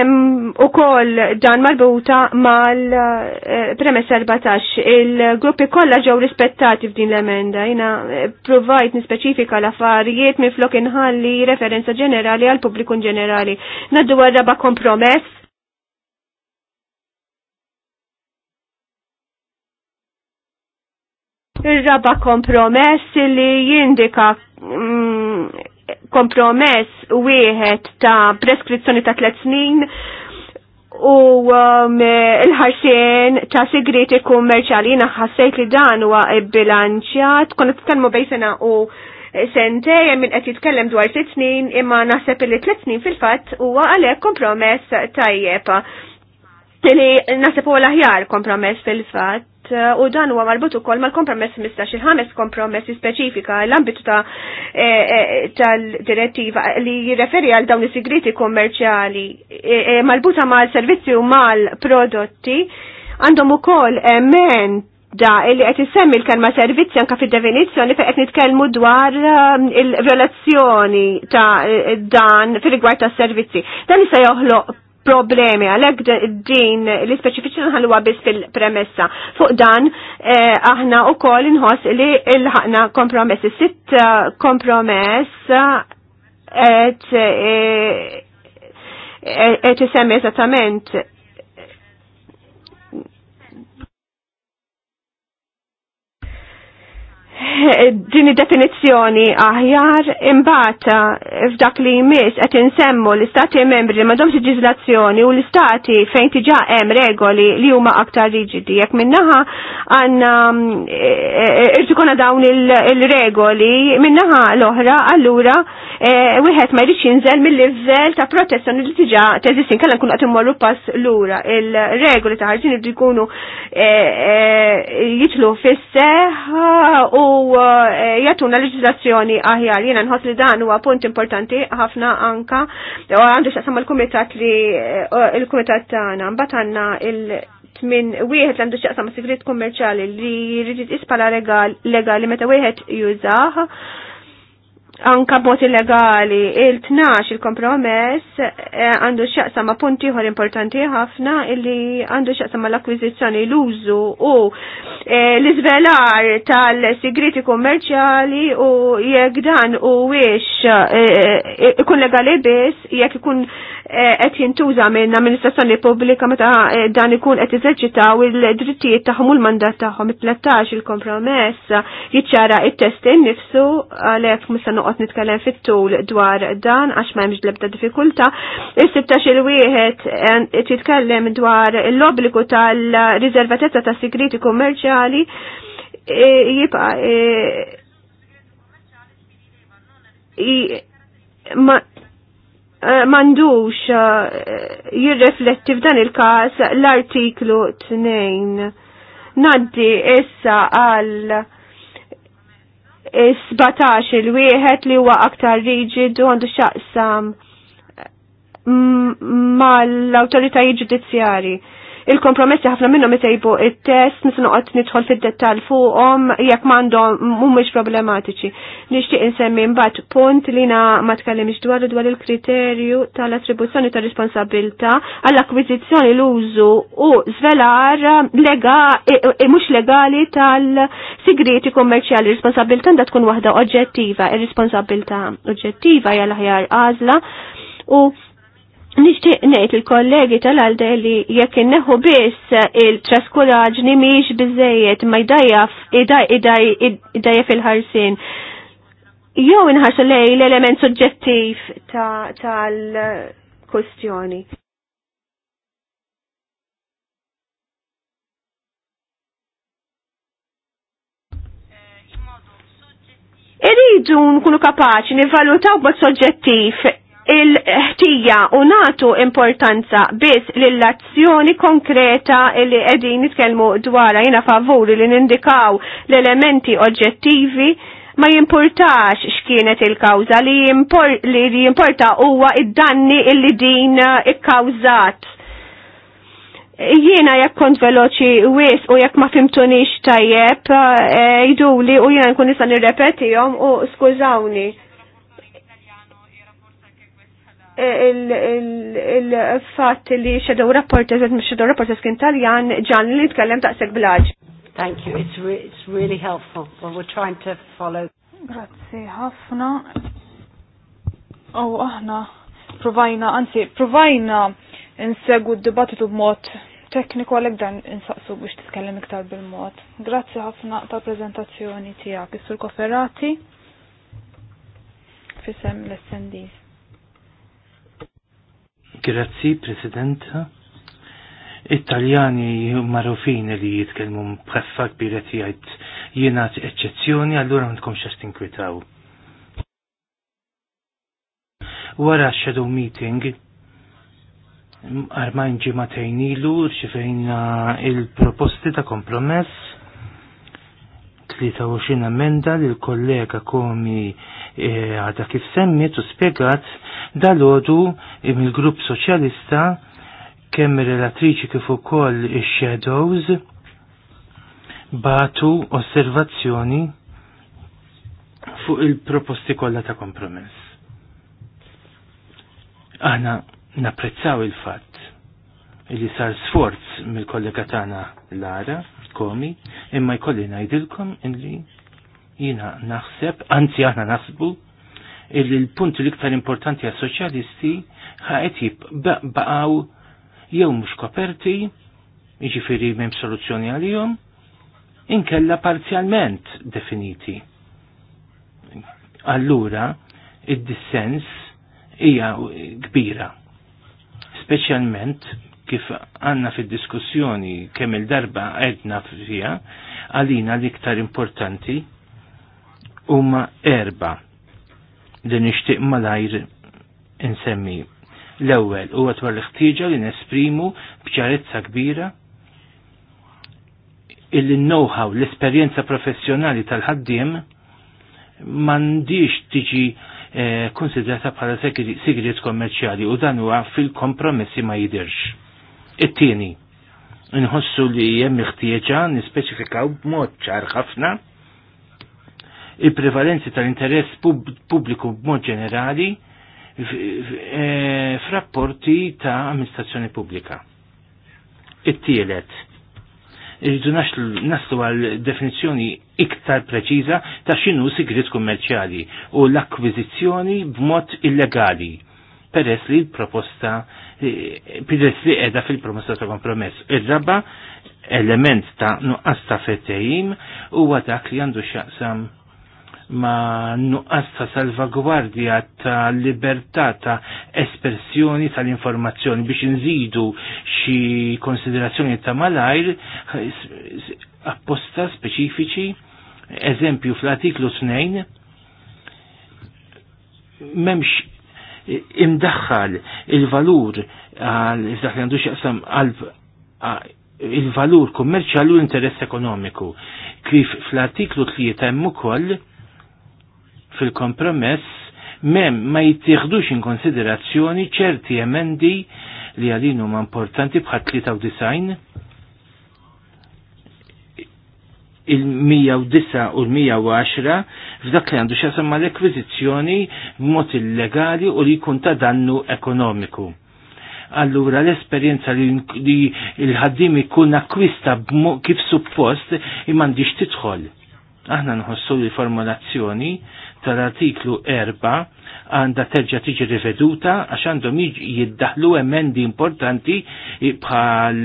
u koll dan marbuta mal-premess e, 14 il-gruppi kollha ġew rispettati f'din l-emenda jina e, provajt nispeċifika l-affarijiet minn flok inħalli referenza ġenerali għal pubbliku ġenerali naddu għarraba kompromess Ir-raba kompromess li jindika mm, kompromess wieħed ta' preskrizzjoni ta' tliet snin u um, il-ħarsien ta' segreti kummerċali jina ħassajt li dan huwa bilanċjat, kont titkellmu bejn sena u sentej min qed jitkellem dwar sitt snin imma naħseb li tliet snin fil-fatt huwa għalhekk kompromess tajjeb. Li naħseb huwa l-aħjar kompromess fil-fatt. Eh, u dan huwa marbut ukoll mal-kompromess mistax il-ħames kompromessi speċifika l-ambitu ta' eh, eh, tal-direttiva li jirreferi għal dawn is-sigriti kommerċjali malbuta mal-servizzi u mal-prodotti għandhom ukoll men da li qed isemmi l-kelma servizzi anka fid-definizzjoni fejn qed nitkellmu dwar il-relazzjoni ta' dan fir-rigward tas-servizzi. Dan se joħloq problemi għalhekk din l-ispeċifiċi nħalluha biss fil-premessa. Fuq dan eh, aħna wkoll inħoss li l ħakna kompromessi sitt eh, kompromess et eh, et eh, isemmi esattament Eh, din id-definizzjoni aħjar imbata eh, f'dak li jmiss qed insemmu l-istati membri li m'għandhomx leġiżlazzjoni u l-istati fejn tiġa hemm regoli li huma aktar riġidi. Jekk minnaħa għandna eh, kona dawn il-regoli minnaħa l-oħra allura wieħed ma jridx jinżel mill-livell ta' protesta li tiġa teżistin kellha nkun qed immorru pass lura. Il-regoli ta' ħarġin irid jkunu jitlu fis-seħħ u u eh, jatuna leġislazzjoni aħjar. Jena nħos li dan huwa punt importanti ħafna anka u għandu xaqsam il-kumitat li eh, il-kumitat tagħna mbagħad għandna il tmin wieħed għandu xaqsam segret kummerċali li jrid ispala legali meta wieħed jużah anka bot illegali il-12 il-kompromess eh, għandu xaqsa ma punti ħor importanti ħafna illi għandu xaqsa ma l-akkwizizjoni l-użu u eh, l-izvelar tal-sigriti kommerċjali u jekk dan u wiex eh, ikun legali biss jekk ikun qed jintuża minn amministrazzjoni pubblika meta eh, dan ikun qed u l drittijiet tagħhom u l-mandat tagħhom it-13 il-kompromess jiċċara it-test innifsu għalhekk mista noqgħod nitkellem fit-tul dwar dan għax ma hemmx l-ebda diffikultà. Is-16 il wieħed titkellem eh, dwar l-obbligu tal-riservatezza ta' sigriti kummerċjali eh, jibqa' ma Eh, mandux eh, jirrefletti f'dan il-kas l-artiklu 2. Naddi issa għal 17 il-wieħed li huwa aktar riġidu għandu xaqsam mal-autoritajiet mm, ġudizzjari il-kompromessi ħafna minnhom itejbu it-test nisa noqgħod nidħol fid-dettall fuqhom jekk m'għandhom mhumiex problematiċi. Nixtieq insemmi mbagħad punt li na ma tkellimx dwar dwar il-kriterju tal-attribuzzjoni ta' responsabilità għall-akkwiżizzjoni l-użu u żvelar e, e, e, mhux legali tal-sigreti kummerċjali. Responsabilità għandha tkun waħda oġġettiva, ir-responsabilità oġġettiva hija l-aħjar għażla u Nishtiq nejt il-kollegi tal-għalde li jekk neħu biss il-traskuraġni miex bizzejiet ma jdajjaf jdajjaf il-ħarsin. Jow inħarsu lej l-element soġġettiv tal-kustjoni. Iridu nkunu kapaċi nivalutaw b'mod soġġettiv il-ħtija u natu importanza biss l-azzjoni konkreta li qegħdin nitkellmu dwar jiena favuri li nindikaw l-elementi oġġettivi ma jimportax x'kienet il-kawża li jimpor, li jimporta huwa id-danni illi din ikkawżat. Jiena jekk kont veloċi wis u jekk ma fimtunix tajjeb eh, jiduli u jiena nkun nista' nirrepetihom u skużawni il-fat li xedaw rapportez, għed mux xedaw rapportez kien taljan, ġan li tkellem taqseg blaġ. Thank you, it's, re it's really helpful, but we're trying to follow. Grazie, ħafna. Oh, aħna provajna, anzi, provajna insegu d-dibattitu b b'mod tekniku għalek dan insaqsu biex t titkellem iktar bil-mod. Grazie ħafna ta' prezentazzjoni tijak, jissur Koferati, fisem l-SNDs. Grazzi, President. Italjani marufin li jitkelmu bħaffa kbiret jgħid jiena eċċezzjoni, allura ma tkomx għax tinkwitaw. Wara shadow meeting, armajn ġimatajn ilu rċifejna il-proposti ta' kompromess 23 emenda li l-kollega komi eh, għada kif semmi tu spiegat Dalodu mill-Grupp Soċjalista kemm relatriċi kif ukoll ix-Shadows batu osservazzjoni fuq il-proposti kollha ta' kompromess. Aħna napprezzaw il-fatt li sar sforz mill-kollega tagħna Lara Komi, imma jkolli ngħidilkom illi jina naħseb, anzi aħna naħsbu il l-punt l-iktar importanti għas soċjalisti ħaqet jibbaqaw jew mhux koperti, jiġifieri m'hemm soluzzjoni għalihom, inkella parzjalment definiti. Allura, id-dissens hija kbira. Speċjalment kif għanna fid-diskussjoni kemm il-darba għedna fija, għalina l-iktar importanti huma erba' li nixtieq malajr insemmi. L-ewwel huwa dwar l-ħtieġa li nesprimu b'ċarezza kbira il-know-how, l-esperjenza professjonali tal-ħaddiem mandiġ tiġi eh, konsidrata bħala sigriet kommerċjali u dan huwa fil-kompromessi ma jidirx. It-tieni, nħossu li hemm ħtieġa nispeċifikaw b'mod ċar ħafna il-prevalenzi tal-interess pubbliku b'mod ġenerali e, f'rapporti ta' amministrazzjoni pubblika. It-tielet, irridu naslu għal definizjoni iktar preċiża ta' xinu sigrit kummerċjali u l-akkwizizzjoni b'mod illegali peress li l-proposta e, peress li edha fil-proposta ta' kompromess. Ir-raba element ta' nuqqas ta' fetejim huwa dak li għandu xaqsam ma nuqqas ta' salvagwardja ta' libertà ta' espressjoni tal-informazzjoni biex nżidu xi konsiderazzjoni ta' malajr apposta speċifiċi eżempju fl-artiklu 2 memx imdaħħal il-valur għal il-valur kummerċjali u l interess ekonomiku. Kif fl-artiklu 3 hemm ukoll fil-kompromess mem ma jittieħdux in konsiderazzjoni ċerti emendi li għalin huma importanti bħat 93 il-109 u l-110 f'dak li għandu xasam ma l-ekwizizjoni b'mod illegali u li jkun ta' dannu ekonomiku. Allura l-esperienza li l-ħaddim ikun akkwista kif suppost imman diċ titħol. Aħna nħossu li formulazzjoni tal-artiklu 4 għanda terġa tiġi riveduta għax għandhom jiddaħlu emendi importanti bħal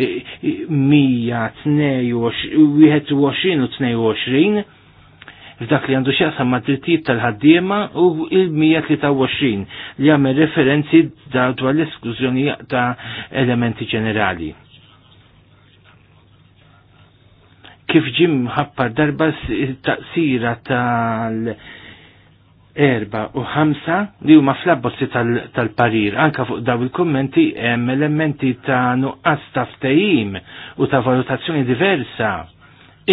122 u 22 f'dak li għandu xjaqsam ma' drittijiet tal-ħaddiema u il-123 li għamel referenzi dwar l-esklużjoni ta' elementi ġenerali. Kif ġim ħappar darba taqsira tal- erba u ħamsa li huma fl-abbozzi tal-parir. Tal Anka fuq daw il-kommenti hemm elementi ta' nuqqas ta' ftehim u ta' valutazzjoni diversa.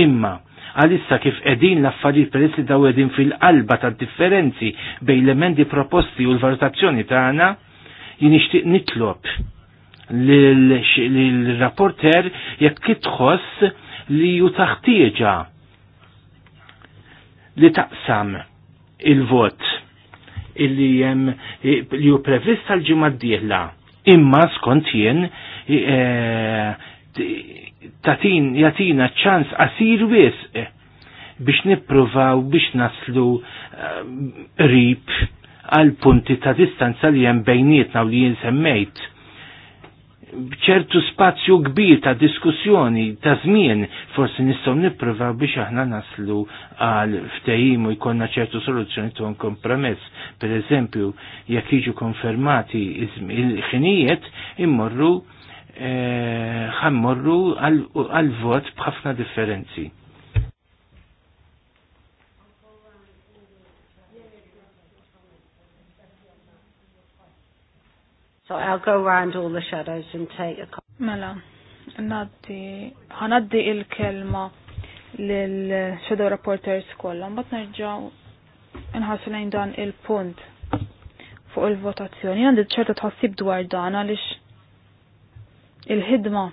Imma għalissa kif edin l-affarijiet peress li daw edin fil-qalba ta' differenzi bejn l-emendi proposti u l-valutazzjoni tagħna, jien nixtieq nitlob lill rapporter jekk kitħoss li ju taħtieġa li taqsam il-vot illi jem li ju prevista l-ġimma d-dihla imma skont jien eh, tatin jatina ċans asir wis eh, biex nipruvaw biex naslu eh, rib għal punti ta' distanza li jem bejnietna u li jinsemmejt. semmejt ċertu spazju kbir ta' diskussjoni, ta' żmien, forsi nistgħu nippruvaw biex aħna naslu għal ftehim u jkollna ċertu soluzzjoni ton kompromess. Per eżempju, jekk jiġu konfermati il-ħinijiet, immorru eh, ħammorru għal-vot b'ħafna differenzi. So I'll go around all the shadows and take a Mela, naddi, ħanaddi il-kelma l shadow reporters kollha, mbagħad nerġaw nħarsu lejn dan il-punt fuq il-votazzjoni. Għandi ċerta tħassib dwar dan għaliex il-ħidma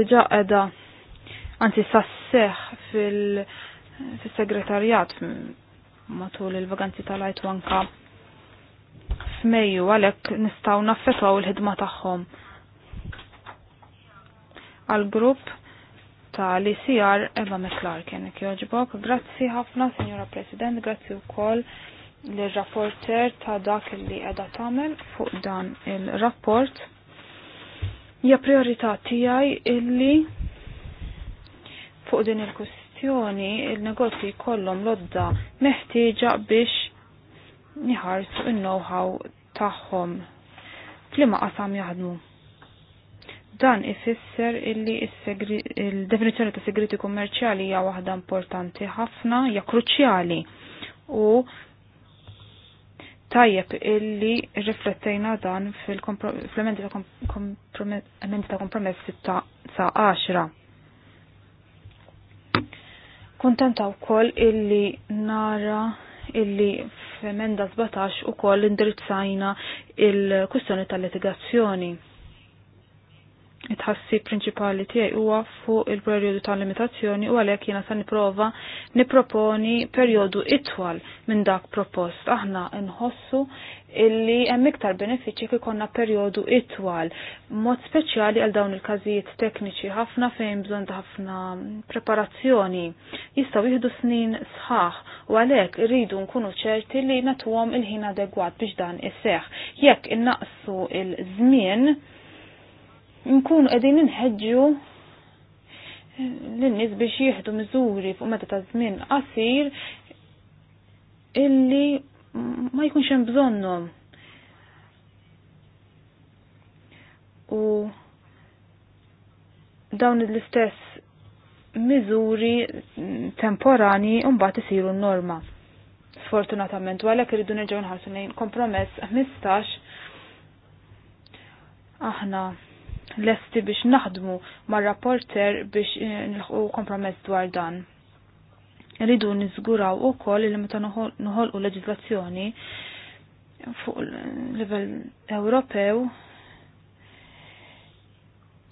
diġa qiegħda anzi sasseħ fil-segretarjat matul il-vaganzi tal-għajt wanka f'Mejju għalhekk nistgħu naffetwaw il-ħidma tagħhom. Għal-grupp ta' li sijar Eva McClarkin. Kjoġbok, grazzi ħafna, Signora President, grazzi u koll l-rapporter ta' dak li edha tamel fuq dan il-rapport. Ja priorità tijaj illi fuq din il-kustjoni il-negozji kollom lodda meħtieġa biex niħarsu il-know-how tagħhom f'liema qasam jaħdmu. Dan ifisser illi il-definizjoni ta' segreti kummerċjali hija waħda importanti ħafna, hija kruċjali u tajjeb illi riflettejna dan fil-emendi ta' kompromessi ta' sa' 10. Kontenta u koll illi nara illi f'emenda 17 u koll indirizzajna il-kustjoni tal-litigazzjoni. Itħassi prinċipali tiegħi huwa fuq il-perjodu tal-limitazzjoni u għalhekk jiena se nipprova nipproponi perjodu itwal minn dak propost. Aħna nħossu illi hemm iktar benefiċċji kif ikonna perjodu itwal. Mod speċjali għal dawn il-każijiet tekniċi ħafna fejn bżonn ħafna preparazzjoni jistgħu jieħdu snin sħaħ u għalhekk irridu nkunu ċerti li natuhom il-ħin adegwat biex dan iseħħ. Jekk innaqsu il-żmien nkunu qegħdin inħeġġu l-nis biex jieħdu miżuri fuq meta ta' żmien qasir illi ma jkunx hemm bżonnhom. U dawn l-istess miżuri temporani mbagħad isiru n-norma. Sfortunatament, u għalhekk irridu nerġgħu nħarsu lejn kompromess 15 aħna lesti biex naħdmu mar-rapporter biex nilħu kompromess dwar dan. Rridu niżguraw ukoll li meta noħolqu leġizlazzjoni fuq livell Ewropew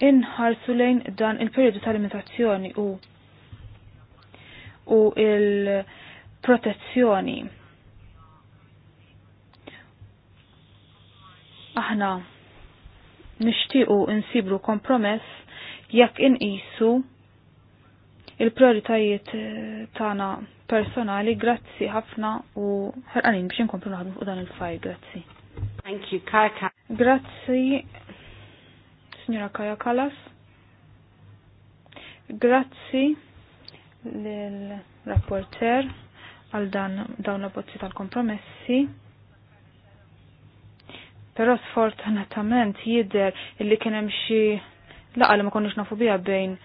inħarsu lejn dan il-periodu ta' limitazzjoni u u il-protezzjoni. Aħna nixtiequ insibru kompromess jekk inqisu il-prioritajiet eh, tagħna personali. Grazzi ħafna u ħarqanin biex inkomplu naħdmu fuq dan il faj Grazzi. Thank you, Kaka. Grazzi, signora Kaja Kalas. Grazzi l-rapporter għal dan dawn la bozzi tal-kompromessi. Però sfortunatament jidher illi kien hemm xi laqgħa li ma konnix nafu biha bejn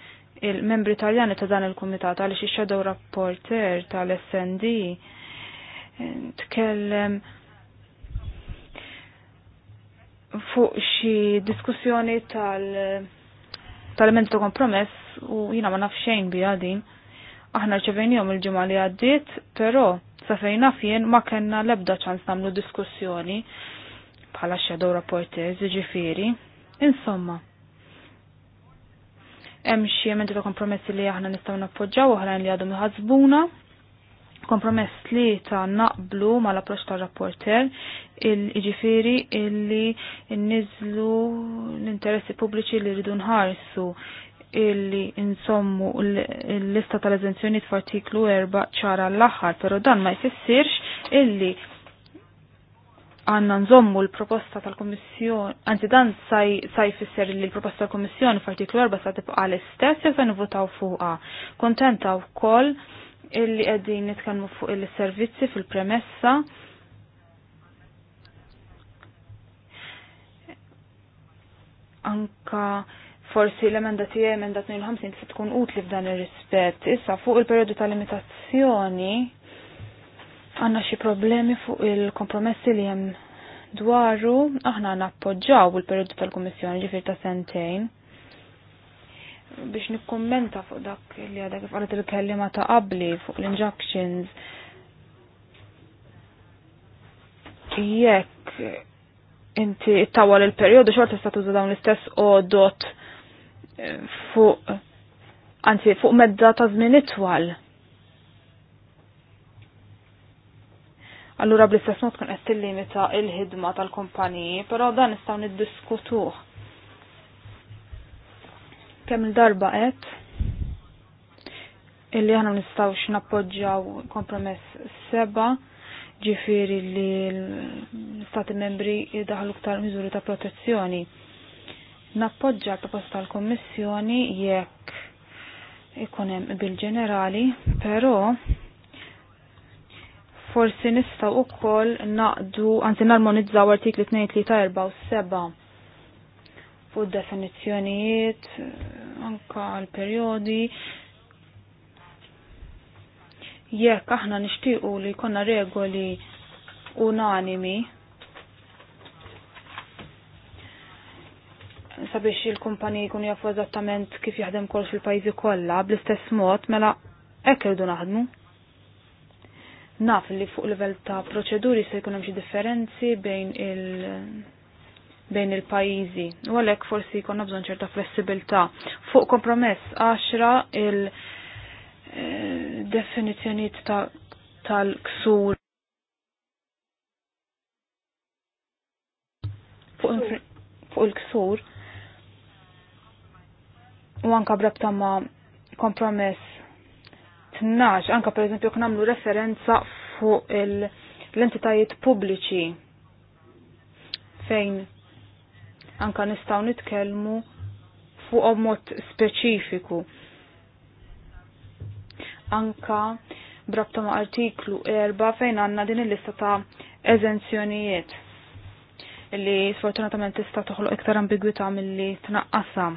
il-membri taljani ta' dan il-komitat għaliex ix-shadow rapporter tal-SND tkellem fuq xi diskussjoni tal- tal ta' kompromess u jina ma nafxejn bi għadin. Aħna jom il ġimgħa li għaddit, pero sa fejna fien ma kena lebda ċans namlu diskussjoni bħala shadow rapporter ġifiri. Insomma, hemm xi emendi ta' kompromessi li aħna nistgħu nappoġġaw oħrajn li għadhom iħassbuna. Kompromess li ta' naqblu mal-approċċ ta' rapporter il-ġifiri illi nizlu l-interessi pubbliċi li rridu nħarsu illi insommu l-lista tal t f'artiklu 4 ċara l-aħħar, pero dan ma jfissirx illi għanna nżommu l-proposta tal-Komissjoni, għanzi dan saj fisser li l-proposta tal-Komissjoni f'artiklu 4 sa tibqa l-istess jew se nivvotaw fuqha. Kontenta wkoll illi qegħdin nitkellmu fuq il-servizzi fil-premessa. Anka forsi l-emenda tiegħi emenda 52 tkun utli f'dan ir-rispett. Issa fuq il-perjodu tal-limitazzjoni għanna xi problemi fuq il-kompromessi li hemm dwaru, aħna nappoġġaw il-periodu tal-Kummissjoni ġifir ta' sentejn biex nikkummenta fuq dak li għadha kif il-kellima ta' qabli fuq l-injunctions. Jekk inti tawal il-periodu xorta tista' tuża dawn l-istess dot fuq anzi fuq medda ta' żmien itwal Allura bl-istess mod tkun qed tillimita l ħidma tal-kumpaniji, però dan nistgħu niddiskutuh. Kemm il-darba qed illi aħna nistgħux nappoġġjaw kompromess seba' ġifiri li l-Stati membri daħlu ktar miżuri ta' protezzjoni. Nappoġġa l-proposta tal-Kommissjoni jekk ikun hemm bil-ġenerali, però forsi nistaw u koll naqdu, għanzi narmonizzaw artikli 2 3 7 fu definizjonijiet, eh, anka l-periodi. Jekk aħna nixtiequ li konna regoli unanimi sabiex il kumpani kun jafu eżattament kif jaħdem kol fil-pajjiżi kollha bl-istess mod mela hekk du naħdmu. Naf li fuq livell ta' proċeduri se jkun hemm xi differenzi bejn il bejn il-pajizi. U għalek forsi jkun bżon ċerta flessibilità. Fuq kompromess 10 il- eh, definizjoniet tal-ksur. Fuq il-ksur. U anka brabta ma kompromess tnax, anka per eżempju namlu referenza fuq l-entitajiet pubbliċi fejn anka nistaw nitkellmu fuq mod speċifiku. Anka brabta ma' artiklu 4 fejn għanna din il-lista ta' eżenzjonijiet li sfortunatament tista' toħloq iktar ambigwità milli tnaqqasam.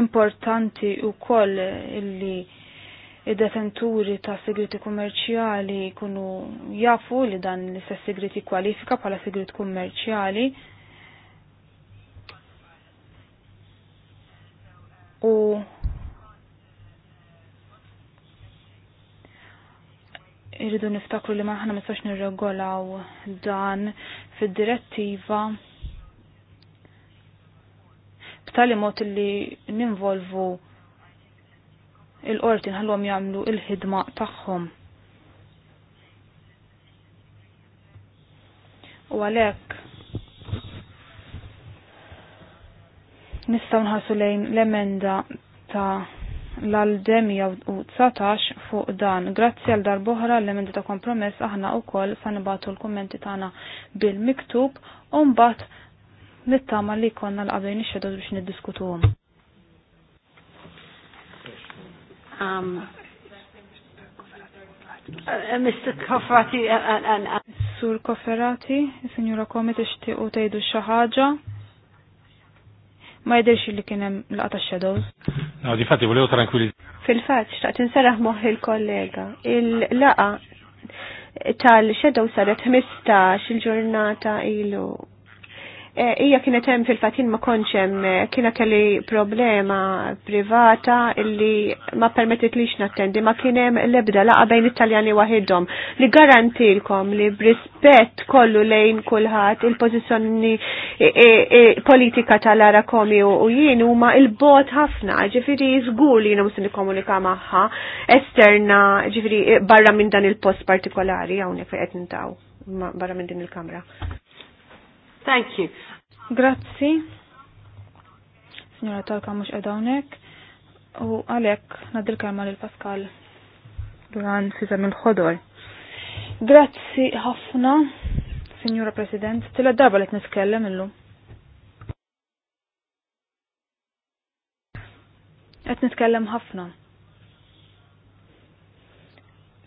Importanti u koll illi id-detenturi ta' segreti kummerċjali kunu jafu li dan l-istess segreti kwalifika bħala segret kummerċjali. U irridu niftakru li maħna ma nistax nirregolaw dan fid-direttiva b'tali mod li ninvolvu il-qorti nħallhom jagħmlu il-ħidma tagħhom. U għalhekk nistgħu nħarsu lejn l-emenda ta' l-aldem u 19 fuq dan. Grazzi għal darbohra l emenda ta' kompromess aħna u koll sanibatu l-kommenti tagħna bil-miktub u mbagħad nittama li konna l għabin nixxedu biex niddiskutuhom. Um, uh, Mr. Kofrati and, and, and Sur Kofrati, Signora Komi tixtiequ tgħidu xi ħaġa. Ma jidhirx li kien hemm laqta shadows. No, di fatti volevo tranquillizzare. Fil-fatt, xtaqt insarah moħħ il-kollega. Il-laqa tal-shadow saret 15 il-ġurnata ilu Eh, ija kienet hemm fil-fatin ma kontx hemm eh, kiena kelli problema privata illi ma permettit lix nattendi ma kien hemm l-ebda laqa bejn it-Taljani waħidhom li garantilkom li brispett kollu lejn kulħadd il-pożizzjoni politika tal-ara komi u jien huma il-bot ħafna, ġifieri żgur li jiena se nikkomunika magħha esterna, ġifieri barra minn dan il-post partikolari hawnhekk fejn qed nintaw barra minn din il-kamra. Thank you. Grazzi. Signora Talka mux edawnek. U għalek nadil kelma l Pascal Duran fizem il-ħodor. Grazzi ħafna, Signora President, tilla darba li t-niskellem illum. Qed nitkellem ħafna.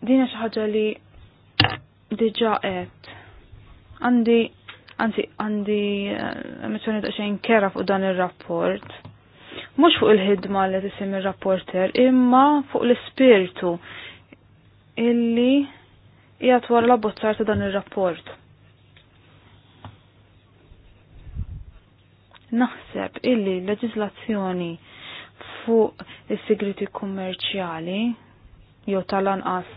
Dina xi ħaġa li diġa qed. Għandi Anzi, għandi eh, ta' xejn kera fuq dan il-rapport. Mux fuq il-ħidma li tisim il-rapporter, imma fuq l ispirtu illi hija wara la bozzar ta' dan il-rapport. Naħseb illi l leġislazzjoni fuq is-sigriti kummerċjali jew tal-anqas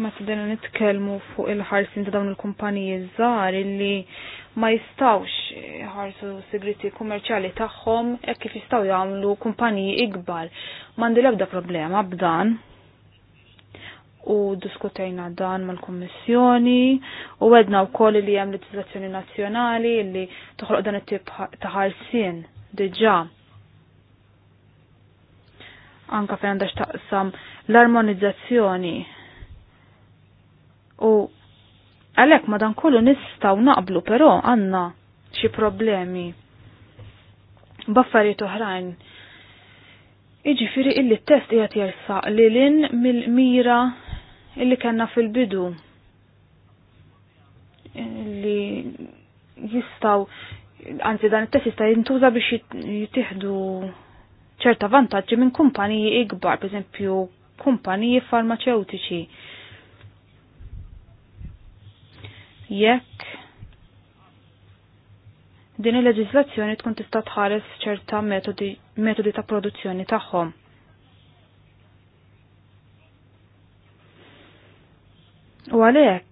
Meta dena nitkellmu fuq il-ħarsin ta' dawn il-kumpaniji żgħar illi ma jistawx ħarsu sigriti kummerċjali tagħhom hekk kif jistgħu jagħmlu kumpaniji ikbar. M'għandi l-ebda problema b'dan u diskutejna dan mal-Kommissjoni u għedna u koll li jem leġislazzjoni nazjonali li toħloq dan it-tip taħarsin diġa. Anka fejn għandax taqsam l-armonizzazzjoni U għalek madan kollu nistaw naqblu, pero għanna xi problemi baffariet oħrajn. Iġifiri illi t-test jgħat jersa li l-in mill-mira illi kanna fil-bidu. Illi jistaw, għanzi dan it-test jista' jintuża biex jittieħdu ċerta vantaġġi minn kumpaniji ikbar, per kumpaniji farmaceutiċi. jekk din il-leġislazzjoni tkun tista' tħares ċerta metodi, metodi ta' produzzjoni tagħhom. U għalhekk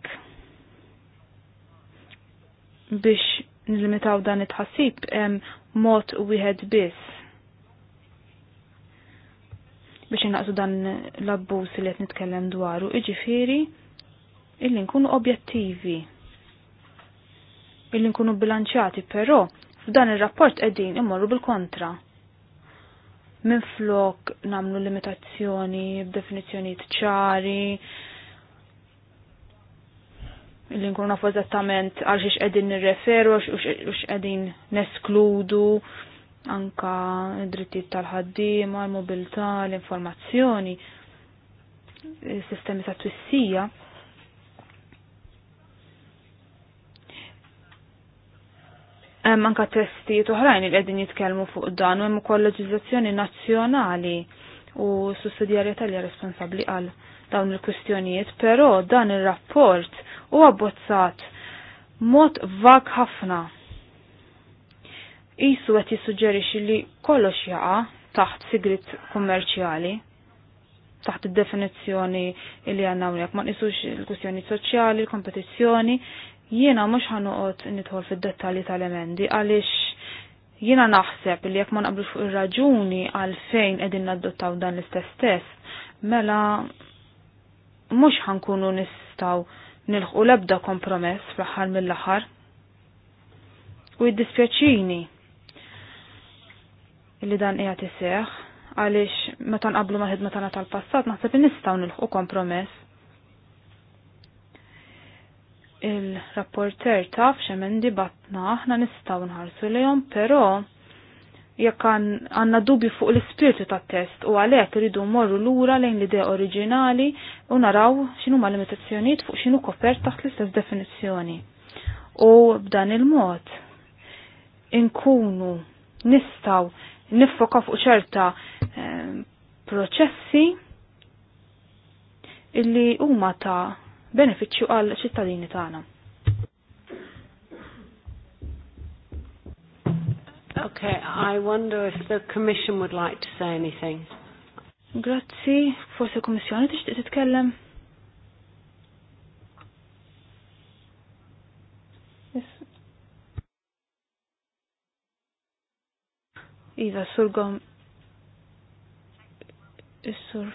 biex nilmitaw dan it-ħassib hemm mod wieħed biss biex naqsu dan l-abbuż li qed nitkellem dwaru, iġifieri illi nkunu objettivi billi nkunu bilanċjati, però f'dan ir-rapport qegħdin immorru bil-kontra. Minflok namlu limitazzjoni b'definizzjonijiet ċari, illi nkunu nafu eżattament għal xiex qegħdin nirreferu u x'qegħdin neskludu anka id-drittijiet tal-ħaddiema, l-mobilità, l-informazzjoni, s sistemi ta' twissija Hemm anke testijiet oħrajn li qegħdin jitkellmu fuq dan u hemm ukoll leġiżlazzjoni nazzjonali u sussidjarjetà li responsabbli għal dawn il-kwistjonijiet, però dan ir-rapport huwa abbozzat mod vag ħafna. Isu qed jissuġġerixxi li kollox jaqa' taħt sigrit kummerċjali, taħt id-definizzjoni li għandna hawnhekk ma nisux il-kwistjoni soċjali, il-kompetizzjoni, Jiena mhux ħanoqgħod nidħol fid-dettalji tal-emendi għaliex jiena naħseb li jekk ma naqblux fuq ir-raġuni għal fejn qegħdin naddottaw dan l-istess test, mela mhux ħankunu nistgħu nilħqu l-ebda kompromess fl-aħħar mill-aħħar. U jiddispjaċini li dan qiegħed iseħħ għaliex meta nqablu ma' ħidma tagħna tal-passat naħseb nistgħu nilħqu kompromess il-rapporter taf xemendi batna aħna nistaw nħarsu jom, però jekk għandna dubju fuq l-ispirtu tat-test u għalhekk iridu mmorru lura lejn l-idea oriġinali u naraw xinu ma limitazzjonijiet fuq x'inhu kopert taħt l-istess definizzjoni. U b'dan il-mod inkunu nistaw niffoka fuq ċerta eh, proċessi illi huma ta' benefiċċju għal ċittadini tagħna. Okay, I wonder if the Commission would like to say anything. Grazzi, forse Kommissjoni tixtieq titkellem. Iva, surgom sur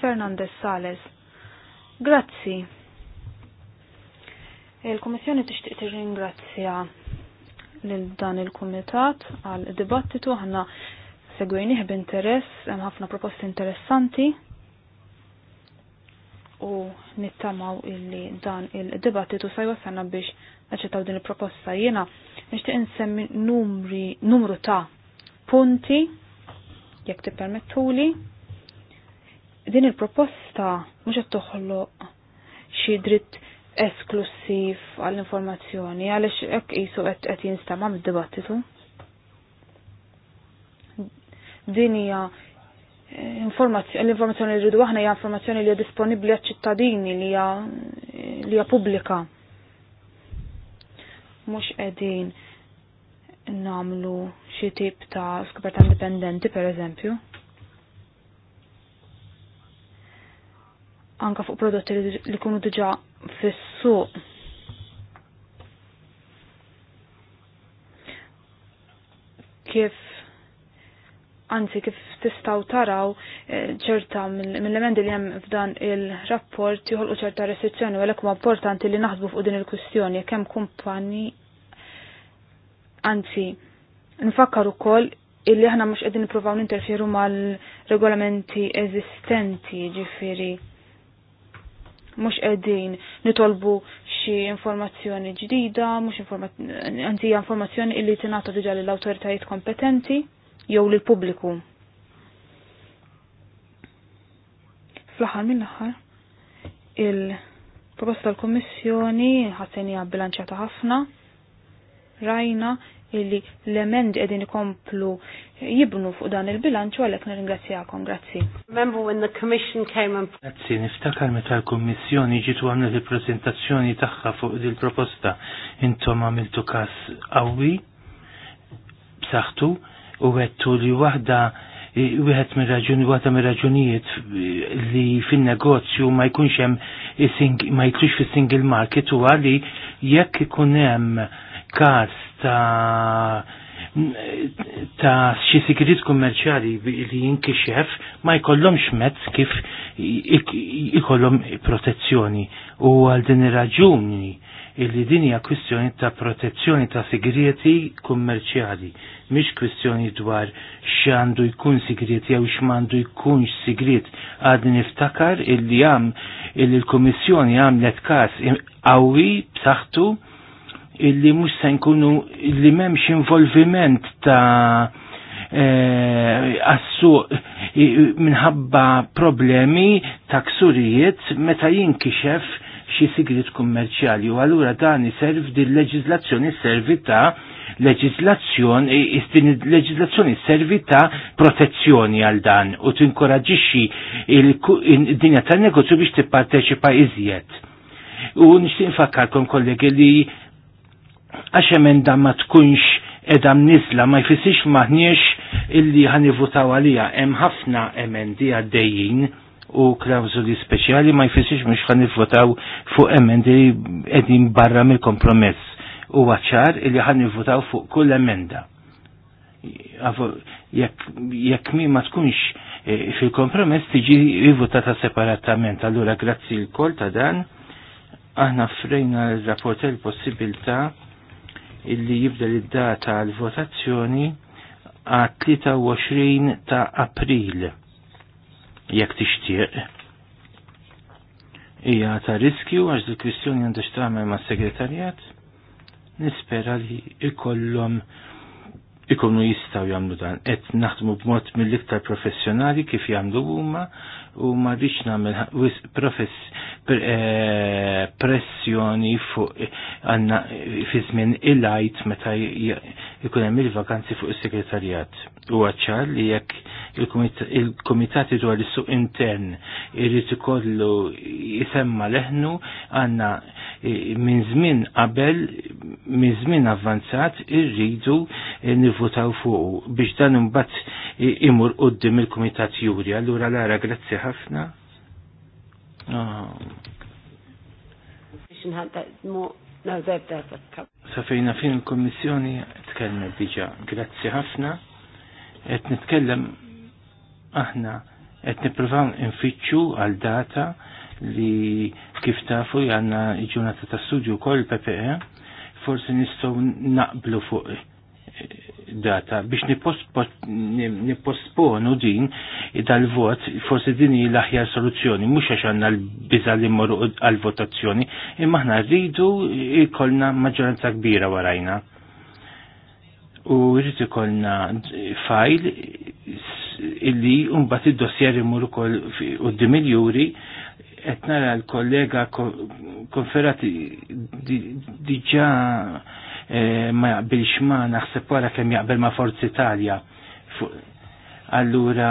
Fernandez Sales. Grazzi. Il-Komissjoni tixtieq tirringrazzja lil dan il-Kumitat għal dibattitu ħna segwejnih b'interess, hemm ħafna proposti interessanti u nittamaw illi dan il-dibattitu sa jwassalna biex naċċettaw din il-proposta jiena nixtieq insemmi numri numru ta' punti jekk tippermettuli din il-proposta mhux qed toħloq xi dritt esklusiv għall-informazzjoni għaliex hekk għet qed jinstema' mid-dibattitu. Din hija eh, l-informazzjoni li rridu aħna hija informazzjoni li hija disponibbli għaċ-ċittadini li hija li hija pubblika. Mhux qegħdin nagħmlu xi tip ta' skoperta indipendenti pereżempju. Anka fuq prodotti li jkunu diġà fis-suq. Kif anzi kif tistaw taraw eh, ċerta mill-elementi li hemm f'dan il-rapport joħolqu ċerta restrizzjoni u huma importanti li naħdbu fuq din il-kwistjoni jekk hemm kumpani anzi nfakkar ukoll illi aħna mhux qegħdin nippruvaw ninterferu mal-regolamenti eżistenti ġifieri mux qegħdin nitolbu xi informazzjoni ġdida, mhux anzi informazzjoni illi tingħata diġà lill awtoritajiet kompetenti jew lil pubbliku. Fl-aħħar mill-aħħar il-proposta l kummissjoni ħassenija bilanċata ħafna rajna illi l emend edin ikomplu jibnu fuq dan il-bilanċ u għalek nirringrazzjakom, grazzi. Remember when the commission came and... Grazzi, niftakar meta l-kommissjoni ġitu għamna il-prezentazzjoni tagħha fuq il proposta intom għamiltu kas qawwi b'saħħtu u għettu li waħda wieħed mir-raġuni waħda mir-raġunijiet li fin-negozju ma jkunx hemm ma jkunx fis-single market huwa li jekk ikun hemm kas ta' ta' xi sikrit kummerċjali li jinkixef ma jkollhomx mezz kif ikollhom protezzjoni u għal din ir-raġuni illi din hija kwistjoni ta' protezzjoni ta' sigrieti kummerċjali, mhix kwistjoni dwar x'għandu jkun sigriet jew x'mandu jkunx sigriet. għad niftakar illi hemm illi l-Kummissjoni għamlet każ qawwi b'saħħtu illi mhux se nkunu li m'hemmx involviment ta' e, għassu minħabba problemi ta' ksurijiet meta jinkixef xi sigrit kummerċjali u allura dan iserv din leġiżlazzjoni servi ta' leġiżlazzjoni din leġiżlazzjoni servi ta' protezzjoni għal dan u tinkoraġixxi id-dinja tan-negozju biex tipparteċipa iżjed. U nixtieq infakkarkom kollegi li għax emenda ma tkunx edam nizla ma jfissix maħniex illi ħanivutaw għalija. Hemm ħafna emendi għaddejjin u klawżuli speċjali ma jfissix mhux ħanivvotaw fuq emendi qegħdin barra mill-kompromess. U għacċar illi ħanivvotaw fuq kull emenda. Jekk mi ma tkunx e, fil-kompromess tiġi votata separatament. Allura grazzi l-kol ta' dan aħna frejna l-rapport il-possibilta' illi jibda id-data għal votazzjoni għal 23 ta' april jekk tixtieq. Hija ta' riskju għax li kwistjoni għandha x'tagħmel mas-segretarjat nispera li ikollhom ikunu jistaw jamlu dan. Et naħdmu b'mod mill-iktar professjonali kif jamlu huma u ma rridx nagħmel profess eh, pressjoni fuq eh, għandna eh, fi żmien il-lajt meta jkun hemm il-vakanzi fuq is-segretarjat. U għaċċar li jekk il-komitati dwar is-suq intern irid ikollu jisemma leħnu għandna minn żmien qabel minn żmien avvanzat irridu nivvutaw fuq biex dan imbagħad imur qudiem il-kumitat juri. Allura Lara grazzi ħafna ħafna. Safejna fin il-Kommissjoni t-kellna diġa. Grazzi ħafna. et nitkellem aħna qed nippruvaw infittxu għal data li kif tafu għandna ġurnata ta' studju kol PPE forsi nistgħu naqblu fuq data biex nipposponu din dal-vot forsi din hi l-aħjar soluzzjoni mhux għax għandna l-biża li mmorru għall-votazzjoni imma aħna rridu jkollna maġġoranza kbira warajna. U rrid ikollna fajl illi mbagħad id-dossier imur ukoll qudiem il-juri qed nara l-kollega konferati diġà di Eh, ma jaqbilx ma naħseb wara kemm jaqbel ma' Forzi Italja. Allura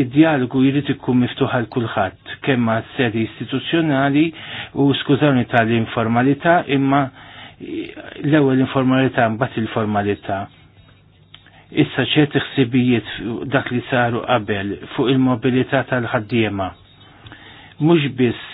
id-dialogu jrid ikun miftuħ għal kulħadd kemm għas sedi istituzzjonali u skużawni tal-informalità imma eh, l-ewwel informalità mbagħad il-formalità. Issa ċerti ħsibijiet dak li saru qabel fuq il-mobilità tal-ħaddiema. Mhux biss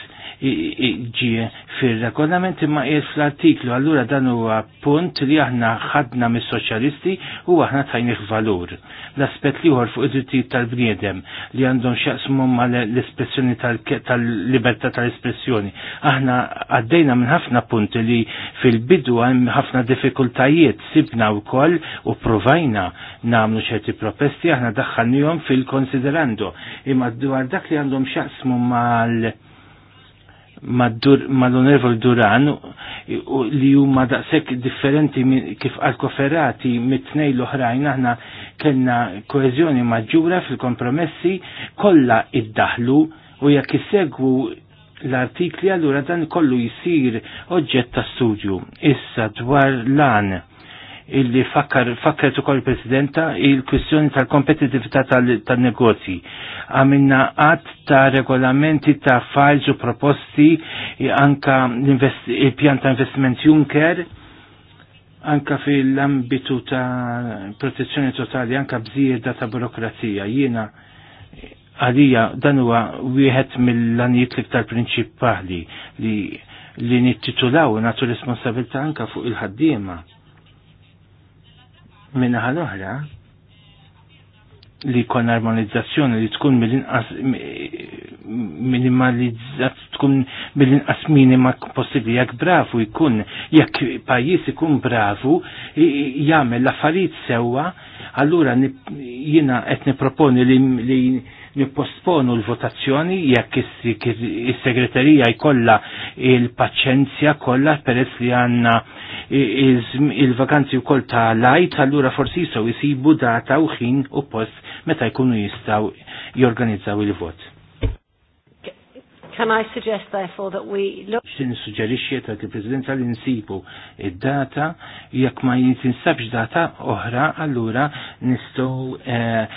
ġie fil-regolament imma jess fl-artiklu allura dan huwa punt li aħna ħadna mis-soċjalisti u aħna tajniħ valur. L-aspett li fuq id-drittijiet tal-bniedem li għandhom x'jaqsmu mal l-espressjoni tal-libertà tal-espressjoni. Aħna għaddejna minn ħafna punti li fil-bidu hemm ħafna difikultajiet sibna wkoll u provajna nagħmlu ċerti propesti, aħna daħħalnihom fil-konsiderando imma dwar dak li għandhom x'jaqsmu mal mal-onervol Duran li huma daqshekk differenti kif għal koferati mit-tnej l-oħrajn aħna kellna koeżjoni maġġura fil-kompromessi kollha iddaħlu u jekk isegwu l-artikli allura dan kollu jisir oġġett ta' studju. Issa dwar lan illi fakkar fakkar ukoll presidenta il-kwistjoni tal-kompetitività tan-negozji. Għamilna qatt ta' regolamenti ta' files u proposti anka il-pjan ta' investiment Juncker anka fil-ambitu ta' protezzjoni totali, anka bżieda ta' burokrazija. Jiena għalija dan huwa wieħed mill lanijiet l-iktar prinċipali li li nittitulaw natu responsabilità anka fuq il-ħaddiema Minna ħal-oħra, li kon armonizzazzjoni li tkun mill-inqas minimalizzat tkun mill-inqas minima possibbli jekk bravu jkun jekk pajjiż ikun bravu jagħmel l-affarijiet sewwa allura jiena qed nipproponi li, li nipposponu l-votazzjoni jekk is-segreterija jkollha il-paċenzja kollha peress li għandna il-vakanzi wkoll ta' lajt allura forsi jistgħu jsibu data u ħin u post meta jkunu jistgħu jorganizzaw il-vot. Can I suggest therefore that we look Xin suġġerixxi ta' il-Presidenza li nsibu id-data jekk ma jintinsabx data oħra allura nistgħu eh,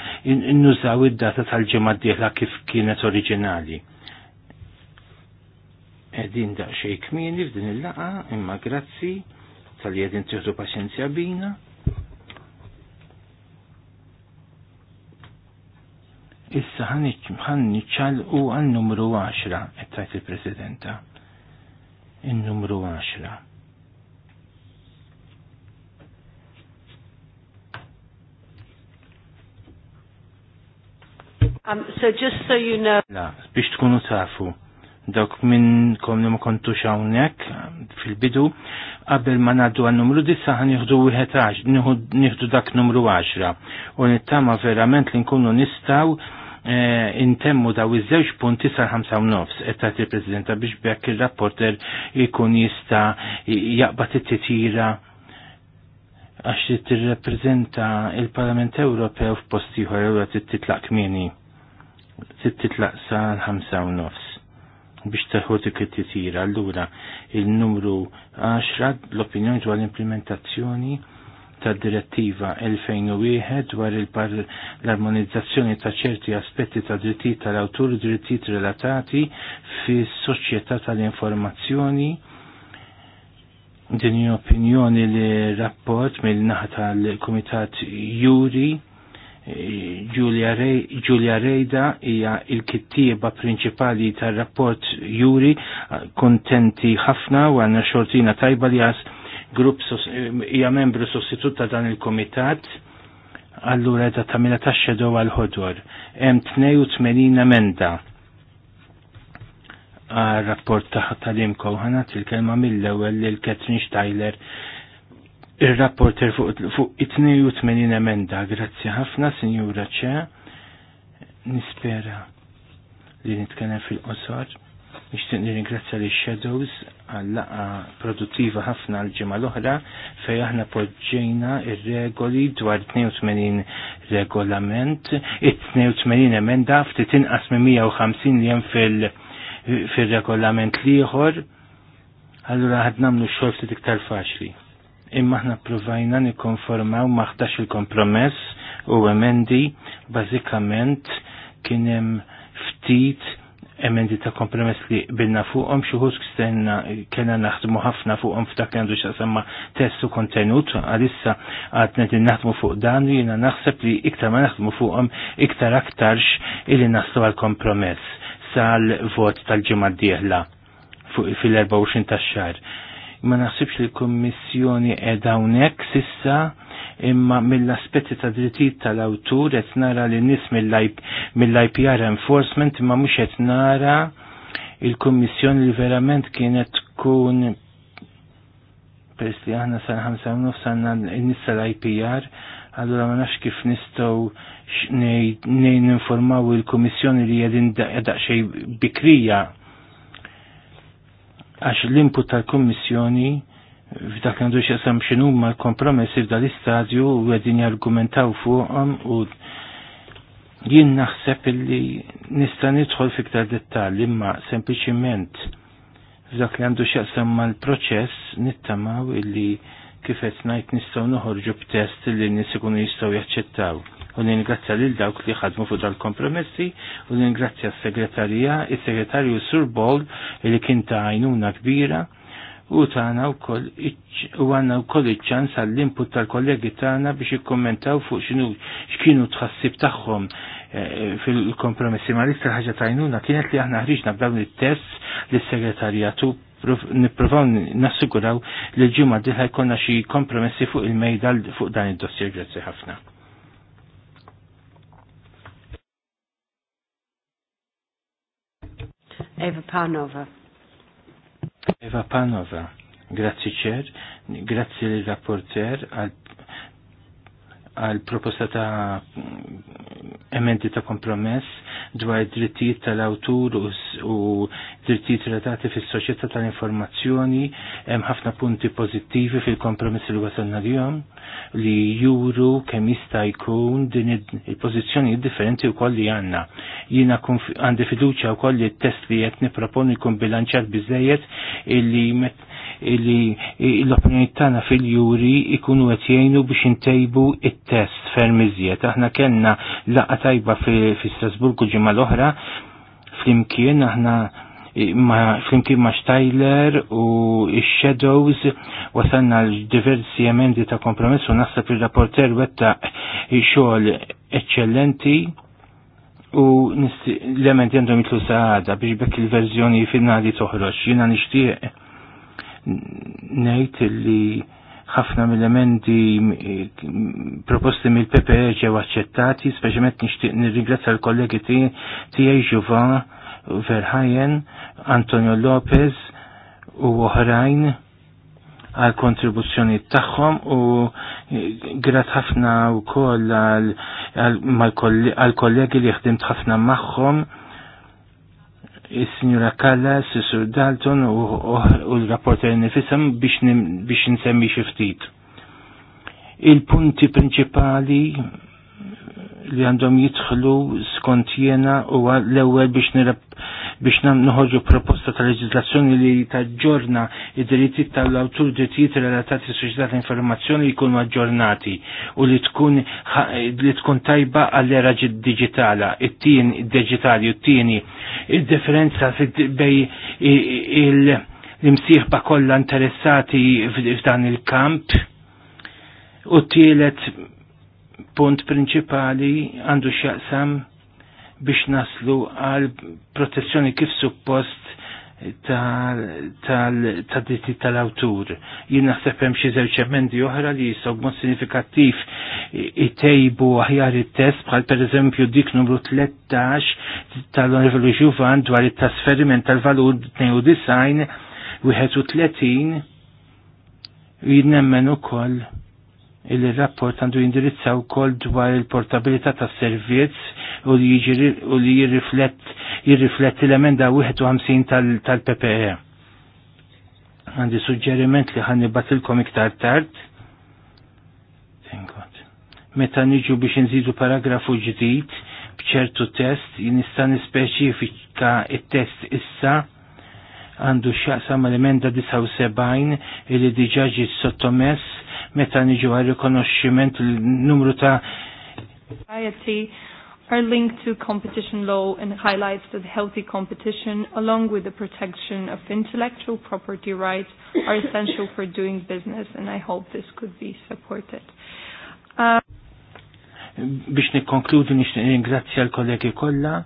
nnużaw id-data tal-ġimgħa d-dieħla kif kienet oriġinali. Edin daqsxejn kmieni f'din il-laqa imma grazzi tal jedin qegħdin tieħdu paċenzja bina Issa ħan ċal u għal numru 10, ettajt il-presidenta. Il-numru 10. Um, so just so you know. La, biex tkunu tafu Dok minn kom li ma kontu xawnek fil-bidu, qabel ma naddu għal numru disa għan jihdu wieħed nieħdu dak numru 10 u nittama verament li nkunu nistaw Eh, intemmu daw iż-żewġ punti sal-5 nofs qed tagħti il-Presidenta biex bekk ir-rapporter ikun jista' jaqbad it-titira għax tirrappreżenta il-Parlament Ewropew f'post ieħor ewra titlaq kmieni. Titlaq sal-5 nofs biex teħu dik it-titira. Allura il-numru 10 l-opinjoni dwar l-implementazzjoni tad-direttiva 2001 dwar l-armonizzazzjoni ta' ċerti aspetti ta' drittijiet tal-awtur u drittijiet relatati fis soċjetà tal-informazzjoni din opinjoni li rapport mill-naħa tal-Kumitat Juri Giulia Rejda hija il-kittieba prinċipali tar-rapport Juri kontenti ħafna u għandna xortina tajba li għas grupp eh, hija membru sostitut ta' dan il-komitat allura ta' tamila ta' xedow għal-ħodor. Hemm 82 emenda għal-rapport ta' tal im ħanat il-kelma mill-ewwel lil Katrin Steiler ir-rapporter fuq 82 emenda. Grazzi ħafna, Sinjura Ċe. Nispera li nitkellem fil-qosor Nixtieq nirringrazzja li shadows għal laqa produttiva ħafna l-ġimgħa l-oħra fejn aħna poġġejna ir-regoli dwar 82 regolament, it-82 emenda ftit inqas minn 150 li hemm fil- regolament liħor, allura ħad namlu xol ftit iktar faċli. Imma aħna provajna nikonformaw maħdax il-kompromess u emendi, Bażikament kien hemm ftit emendi ta' kompromess li bilna fuqhom xuħus kistenna kellna naħdmu ħafna fuqhom f'dak li għandu xasamma test u kontenut għalissa għad din naħdmu fuq dan li jiena naħseb li iktar ma naħdmu fuqhom iktar aktarx illi naslu għal kompromess sal-vot tal-ġimgħa d-dieħla fil-24 tax-xahar. Ma naħsibx li l-Kummissjoni qed hawnhekk sissa imma mill-aspetti ta' drittijiet tal-awtur qed nara li nies mill-IPR enforcement imma mhux qed nara il-Kummissjoni li verament kienet tkun peress li aħna sal-5 nofs għanna n-nissa l-IPR, għallura ma nafx kif nistgħu nejn informaw il-Komissjoni li għedin daqxej bikrija. Għax l-input tal-Komissjoni f'dak għandu xesam xinu ma kompromessi f'dal-istadju u għedin jargumentaw fuqom u jien naħseb illi nista' nidħol fiktar dettalji imma sempliċiment f'dak li għandu xesam ma l-proċess nittamaw illi kifet najt nistaw noħorġu b'test li nis ikunu jistaw jaċċettaw. U ningrazzja lil dawk li ħadmu fuq dal-kompromessi u ningrazzja s-segretarija, il-segretarju Sur Bold li kien ta' għajnuna kbira u tana u koll u għanna u koll iċċans għall-input tal-kollegi tana biex jikkommentaw fuq xinu xkienu tħassib taħħom eh, fil-kompromessi ma l-iktar ħagġa tajnuna kienet li aħna ħriġna b'dawn il-test li segretarjatu niprofaw nassiguraw li l-ġimma diħa jkonna xi kompromessi fuq il-mejda fuq dan id-dossier grazzi ħafna. Eva Panova. Eva Panova, grazie Cher, grazie l-rapporter al għal proposta ta' emendi ta' kompromess dwar drittijiet tal-awtur u drittijiet relatati fis soċjetà tal-informazzjoni hemm ħafna punti pożittivi fil-kompromess li wasalna l li juru kemm jista' jkun din il-pożizzjoni differenti wkoll li għandna. Jiena għandi fiduċja wkoll li t-test li qed nipproponi jkun bilanċat biżejjed illi li l-opinjoni tagħna fil-juri ikunu qed jgħinu biex intejbu it-test ferm Aħna kellna laqa tajba fi Strasburgu ġimgħa l-oħra flimkien aħna ma flimkien ma Steiler u Shadows wasanna diversi emendi ta' u naħseb il-rapporter wetta xogħol eccellenti u l-emendi għandhom jitlu saħada biex bekk il-verżjoni finali toħroġ. Jina nixtieq ngħid illi ħafna mill-elementi e, proposti mill-PPE ġew aċċettati, speċjalment nixtieq nirringrazzja l-kollegi tiegħi Juva Verhajen, Antonio Lopez u oħrajn għal kontribuzzjoni tagħhom u e, grat ħafna wkoll għal kollegi li ħdimt ħafna magħhom il-Sinjura Kalla, Sisur Dalton u l-rapporter nifisam biex nsemmi xiftit. Il-punti principali li għandhom jitħlu skont jena u l-ewel biex biex noħorġu proposta ta' leġislazzjoni li taġġorna id-diritti tal-awtur drittijiet relatati soċjetà tal-informazzjoni li jkunu aġġornati u li tkun li tkun tajba għall-era digitala, it-tien digitali u t-tieni id-differenza bej il-imsieħba kollha interessati f'dan il-kamp u t-tielet punt prinċipali għandu x'jaqsam biex naslu għal protezzjoni kif suppost ta' dritti tal-awtur. Jien naħseb hemm xi żewġ emendi oħra li jistgħu b'mod sinifikattiv itejbu aħjar it-test bħal pereżempju dik numru 13 tal-Onorevoli Juvan dwar it-trasferiment tal-valur 92 31 jien nemmen ukoll il-rapport għandu jindirizza u kol dwar il-portabilità ta' servizz u li jirrifletti l-emenda 51 tal-PPE. Għandi suġġeriment li ħan nibatilkom iktar tard. Meta niġu biex nżidu paragrafu ġdid bċertu test, jinista nispeċifika il-test issa għandu xaqsa mal emenda 79 il-li diġaġi sottomess meta niġu għal rikonoxximent l-numru ta' are linked to competition law and highlights that healthy competition, along with the protection of intellectual property rights, are essential for doing business, and I hope this could be supported. Uh, biex nikkonkludu ringrazzja l-kollegi kollha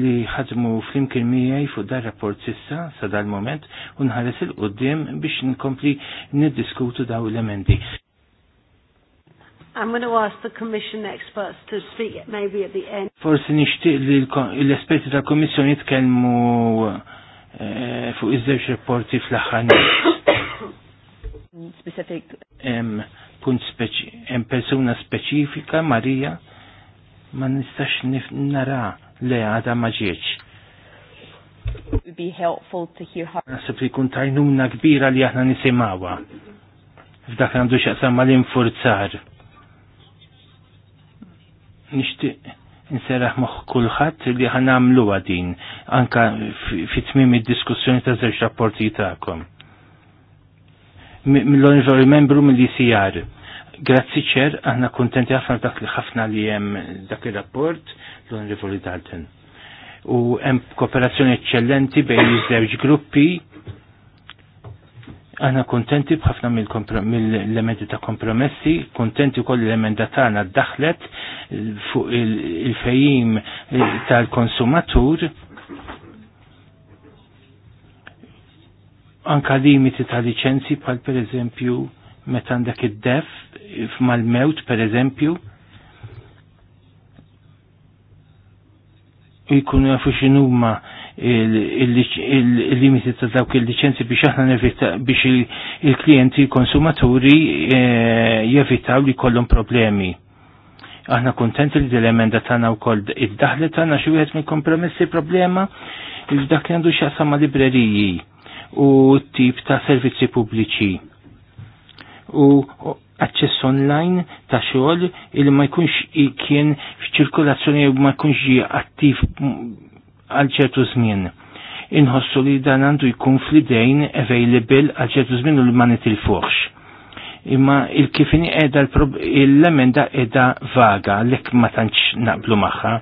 li ħadmu flimkien miegħi fuq dar rapport sissa sa dal-moment u nħares il-qudiem biex nkompli niddiskutu daw l-emendi. I'm going to ask the commission experts to speak maybe at the end. Forsi nixtieq li l-esperti tal-Kommissjoni jitkellmu eh, fuq iż-żewġ rapporti fl-aħħar Specific. Hemm punt hemm persuna speċifika Marija ma nistax nara le għada ma ġieċ. Would be helpful to hear her. Nasib li kun tajnumna kbira li aħna nisimawa. F'dak għandu xaqsam ma l-infurzar nixtieq nserraħ moħ kulħadd li ħanamlu għadin anka fit-tmim id-diskussjoni ta' żewġ rapporti tagħkom. Mill-Honorable Membru mill-ICR. Grazzi ċer, aħna kuntenti ħafna dak li ħafna li hemm dak ir-rapport l onrevoli Dalton. U hemm kooperazzjoni eċċellenti bejn iż-żewġ gruppi Għana kontenti bħafna mill-elementi ta' kompromessi, kontenti koll l-emenda tagħna daħlet eh, fuq il-fejjim eh, tal-konsumatur anka limiti ta' licenzi bħal per eżempju meta għandek id-def mal-mewt per eżempju jkunu jafu x'inhuma il-limiti ta' dawk il-licenzi biex aħna biex il-klienti konsumaturi eh, jevitaw li kollum problemi. Aħna kontenti li dil-emenda tagħna wkoll id-daħlet tagħna xi wieħed mill-kompromessi problema dak li għandu x'jaqsam ma' libreriji u tip ta' servizzi pubbliċi. U access online ta' xogħol il ma jkunx kien f'ċirkolazzjoni ma jkunx attiv għalċertu ċertu żmien. Inħossu li dan għandu jkun fl-idejn available għal ċertu żmien u li il nitilfuħx. Imma il-kifini edha l-emenda edha vaga, lek ma tantx naqblu maħħa.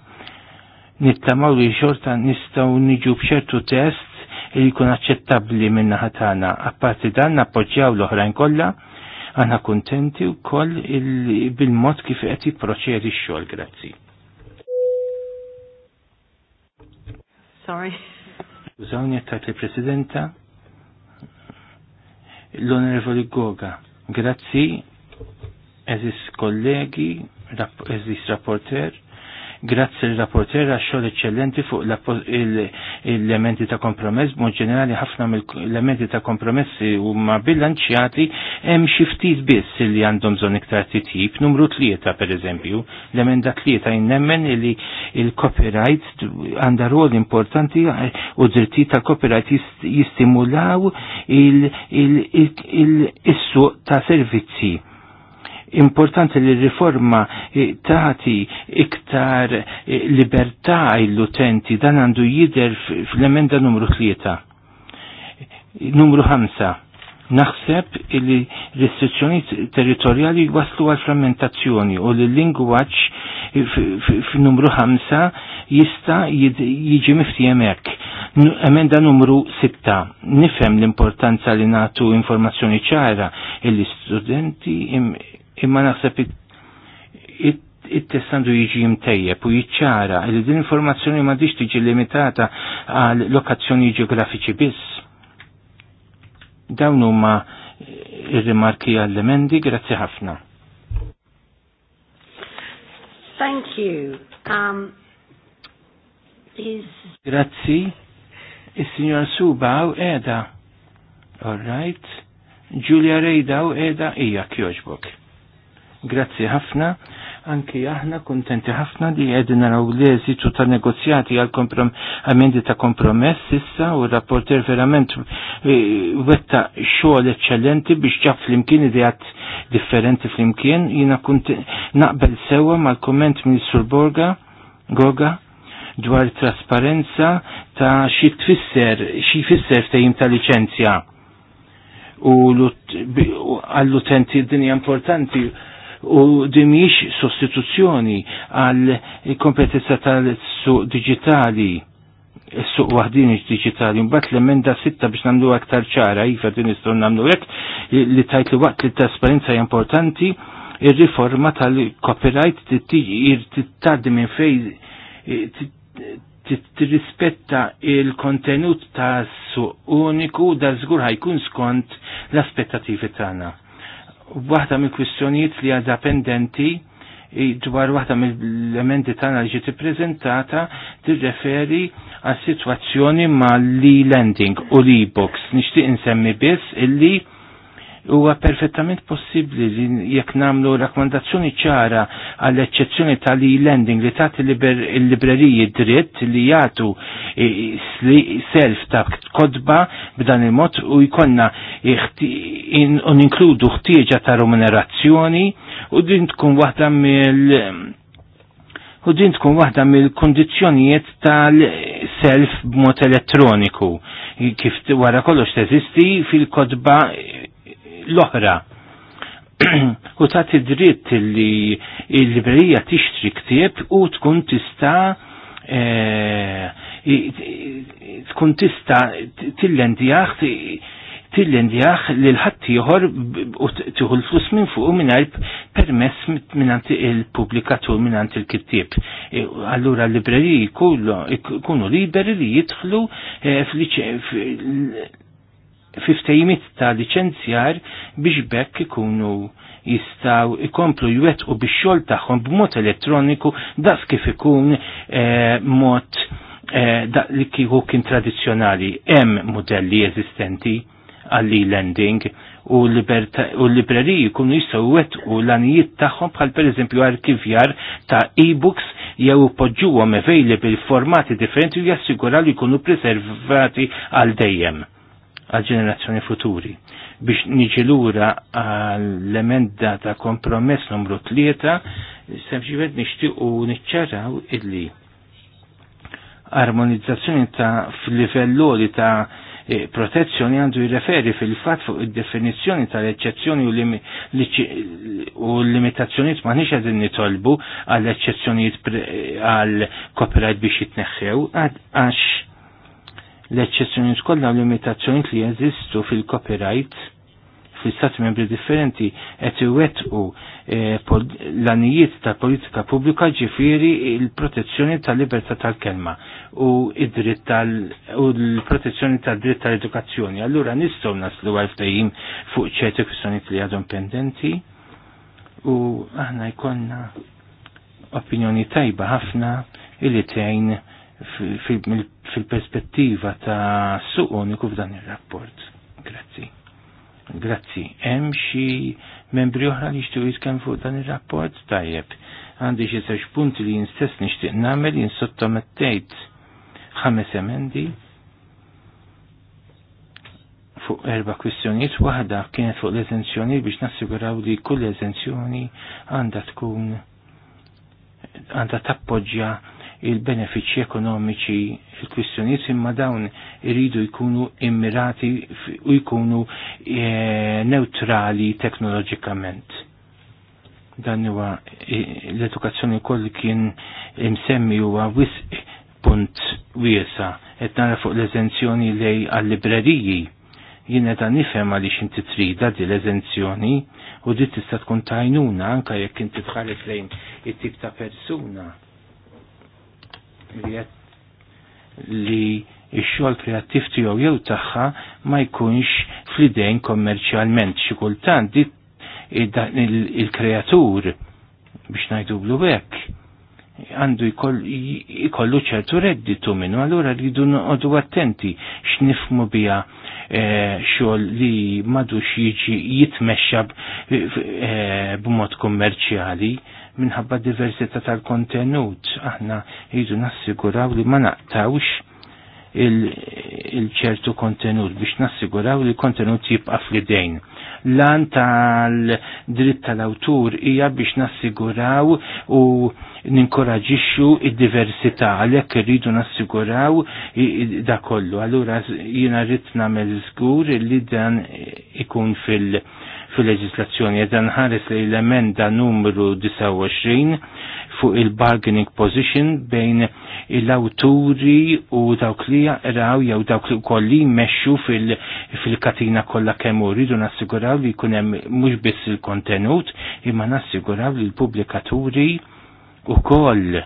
Nittamaw li xorta nistaw niġu bċertu test li jkun aċċettabli minna ħatana. Apparti dan nappoġġjaw l-oħrajn kollha, kontenti kuntenti wkoll bil-mod kif qed jipproċedi x-xogħol, grazzi. sorry. Użawni għattat il-Presidenta l-Onorevoli Goga. Grazzi, eżis kollegi, eżis rapporter Grazzi l-rapporter għax-xogħol eċċellenti fuq l-elementi ta' kompromess, mod ġenerali ħafna mill-elementi ta' kompromessi huma bilanċjati hemm xi ftit biss li għandhom bżonn iktar titjib. Numru tlieta pereżempju, l-emenda tlieta jinnemmen li il-copyright għandha rol importanti u drittijiet tal-copyright jistimulaw il issu ta' servizzi Importanti li riforma eh, taħti iktar eh, libertà l-utenti dan għandu jider fl-emenda numru 3. Numru 5. Naħseb li restrizzjoni territorjali waslu għal frammentazzjoni u li l eh, f f'numru 5 jista jiġi miftijem hekk. Emenda numru 6. Nifhem l-importanza li nagħtu informazzjoni ċara il-li studenti imma naħseb it testandu jiġi mtejjeb u jiċċara li din informazzjoni ma diġ tiġi limitata għal lokazzjoni ġeografiċi biss. Dawn huma ir-rimarki għall-emendi, grazzi ħafna. Thank you. Um, is... Grazzi. Is-Sinjor u Eda. All right. Reida u Eda ija kjoġbok. Grazzi ħafna, anki aħna kontenti ħafna li għedin naraw l-eżitu ta' negozjati għal amendi ta' kompromess issa u rapporter verament eh, wetta xogħol eccellenti biex ġab flimkien ideat differenti flimkien, jina naqbel sewa mal-komment minn Sur Borga, Goga, dwar trasparenza ta' xi tfisser, xi fisser tejjim ta' licenzja. U għall-utenti dinja importanti u dimiex sostituzzjoni għal kompetenza tal-suq digitali s-suq wahdini digitali mbagħad l-emenda sitta biex nagħmlu aktar ċara iva din nistgħu nagħmlu hekk li tajt li waqt li trasparenza importanti il riforma tal-copyright t-tardi minn fejn tirrispetta il-kontenut ta' suq uniku da' żgur ħajkun skont l-aspettativi tagħna waħda mill-kwistjonijiet li għadha pendenti dwar waħda mill-elementi tagħna li ġiet ippreżentata tirreferi għas sitwazzjoni mal li lending u l-e-books. Nixtieq insemmi biss illi huwa perfettament possibbli li jekk nagħmlu rakkomandazzjoni ċara għall eċċezzjoni tal-e-lending li tagħti l-libreriji dritt li jagħtu self ta' kodba b'dan il-mod u jkollna ninkludu ħtieġa ta' remunerazzjoni u din tkun waħda mill u din tkun waħda mill kondizjonijiet tal-self b'mod elettroniku kif wara kollox teżisti fil-kodba l-oħra. u ta' dritt li l-librerija tixtri ktieb u tkun tista' eh, tkun tista' tillendjaħ tillendjaħ li l-ħadd ieħor u tieħu l-flus minn fuq mingħajr permess mingħand il-pubblikatur għant il-kittieb. E, allura l-libreriji jkunu liberi li jidħlu eh, fiftejmit ta' licenzjar biex bekk ikunu jistaw ikomplu jwet u biex xol taħħom b'mod elettroniku das kif ikun e, mod e, da li kieku kien tradizjonali. Hemm modelli eżistenti għalli lending u l-libreriji jkunu jistaw jwet u l-anijiet tagħhom bħal pereżempju arkivjar ta' e-books jew poġġuhom available formati differenti u jassiguraw li jkunu preservati għal dejjem għal ġenerazzjoni futuri. Biex niġi lura għall-emenda ta' kompromess numru tlieta, sempliċement nixtiequ niċċaraw illi armonizzazzjoni ta' fil livelloli ta' e, protezzjoni għandu jirreferi fil-fat fuq id-definizzjoni tal-eċċezzjoni u l-limitazzjoniet ma nix għadin nitolbu għall-eċċezzjoniet għal-copyright biex jitneħħew għax l eċċessjoni kollha u limitazzjoni li jeżistu fil-copyright fl-istati membri differenti qed iwettqu eh, l-anijiet tal-politika pubblika ġifieri il-protezzjoni tal-libertà tal-kelma u id-dritt tal u l-protezzjoni tad-dritt tal-edukazzjoni. Allura nistgħu naslu għal fuq ċerti kwistjonijiet li għadhom pendenti u aħna jkollna opinjoni tajba ħafna il-li tgħin fil-perspettiva ta' suq uniku f'dan ir-rapport. Grazzi. Grazzi. Hemm xi membri oħra li jixtiequ jitkellmu fuq dan ir-rapport? Tajjeb. Għandi xi sewġ punti li jinstess nixtieq nagħmel nsottomettejt ħames emendi fuq erba' kwistjonijiet waħda kienet fuq l-eżenzjoni biex nassiguraw li kull eżenzjoni għandha tkun għandha tappoġġja il-benefiċċji ekonomiċi il-kwistjonijiet imma dawn iridu jkunu immirati u jkunu eh, neutrali teknoloġikament. Dan huwa eh, l-edukazzjoni koll kien imsemmi huwa wisq punt wiesa qed nara fuq l-eżenzjoni lej għall-libreriji jiena dan nifhem għaliex inti trida di l-eżenzjoni u di tista' tkun tajnuna anke jekk inti tħares lejn it-tip ta' persuna li ix-xogħol kreattiv tiegħu jew tagħha ma jkunx fl-idejn kommerċjalment xi kultant il-kreatur biex ngħidu hekk għandu jkollu ċertu redditu minnu, allura rridu noqogħdu attenti x'nifmu biha eh, xogħol li madux jiġi jitmexxa eh, b'mod kummerċjali minħabba diversità tal-kontenut aħna jridu nassiguraw li ma naqtawx il-ċertu il kontenut biex nassiguraw li kontenut jibqa' fl-idejn. Lan tal-dritt tal-awtur hija biex nassiguraw u ninkoraġixxu id-diversità għalhekk irridu nassiguraw da kollu. Allura jiena rrid nagħmel żgur li dan ikun fil- fil-leġislazzjoni edha ħares li l-emenda numru 29 fuq il-bargaining position bejn l-awturi u dawk li jaqraw jew dawk li kolli meċu fil-katina fil kollha kemm uridu nassiguraw li jkun hemm mhux biss il-kontenut imma nassiguraw li l-pubblikaturi koll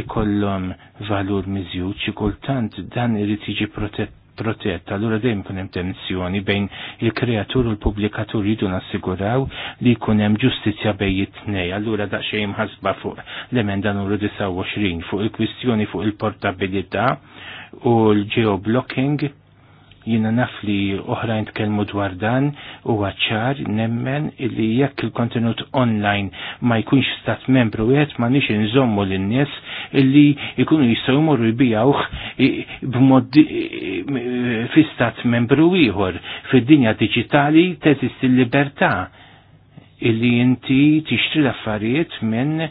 ikollhom valur miżjud xi kultant dan irid jiġi protett protetta. Allura dejjem kun hemm tensjoni bejn il-kreatur u l-pubblikatur jridu nassiguraw li jkun hemm ġustizzja bejn it-tnej. Allura daqsxejn ħasba fuq l-emenda numru 29 fuq il-kwistjoni fuq il-portabilità u l-geoblocking jina naf li oħrajn tkellmu dwar dan u għacċar nemmen li jekk il-kontenut online ma jkunx stat membru għed ma nix nżommu l-nies illi jkunu jistawmu ribijawħ b'mod fi stat membru ieħor fid-dinja diġitali teżisti l-libertà illi inti tixtri l-affarijiet minn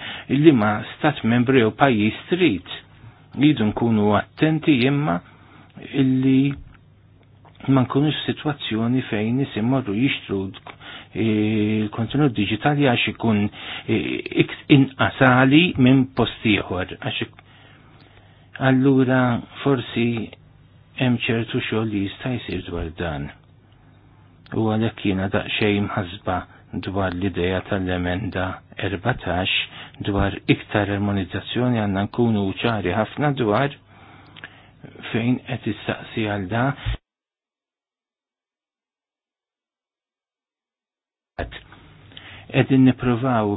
li ma stat membru jew pajjiż trid. Jidu nkunu attenti imma illi ma nkunux situazzjoni fejn isimmorru jixtru il-kontenut diġitali għax ikun inqasali minn postiħor. Allura forsi hemm ċertu xogħol li jista' jsir dwar dan. U għalhekk jiena daqsxejn mħasba dwar l idea tal-emenda 14 dwar iktar armonizzazzjoni għandna nkunu ċari ħafna dwar fejn qed issaqsi għal da qegħdin nippruvaw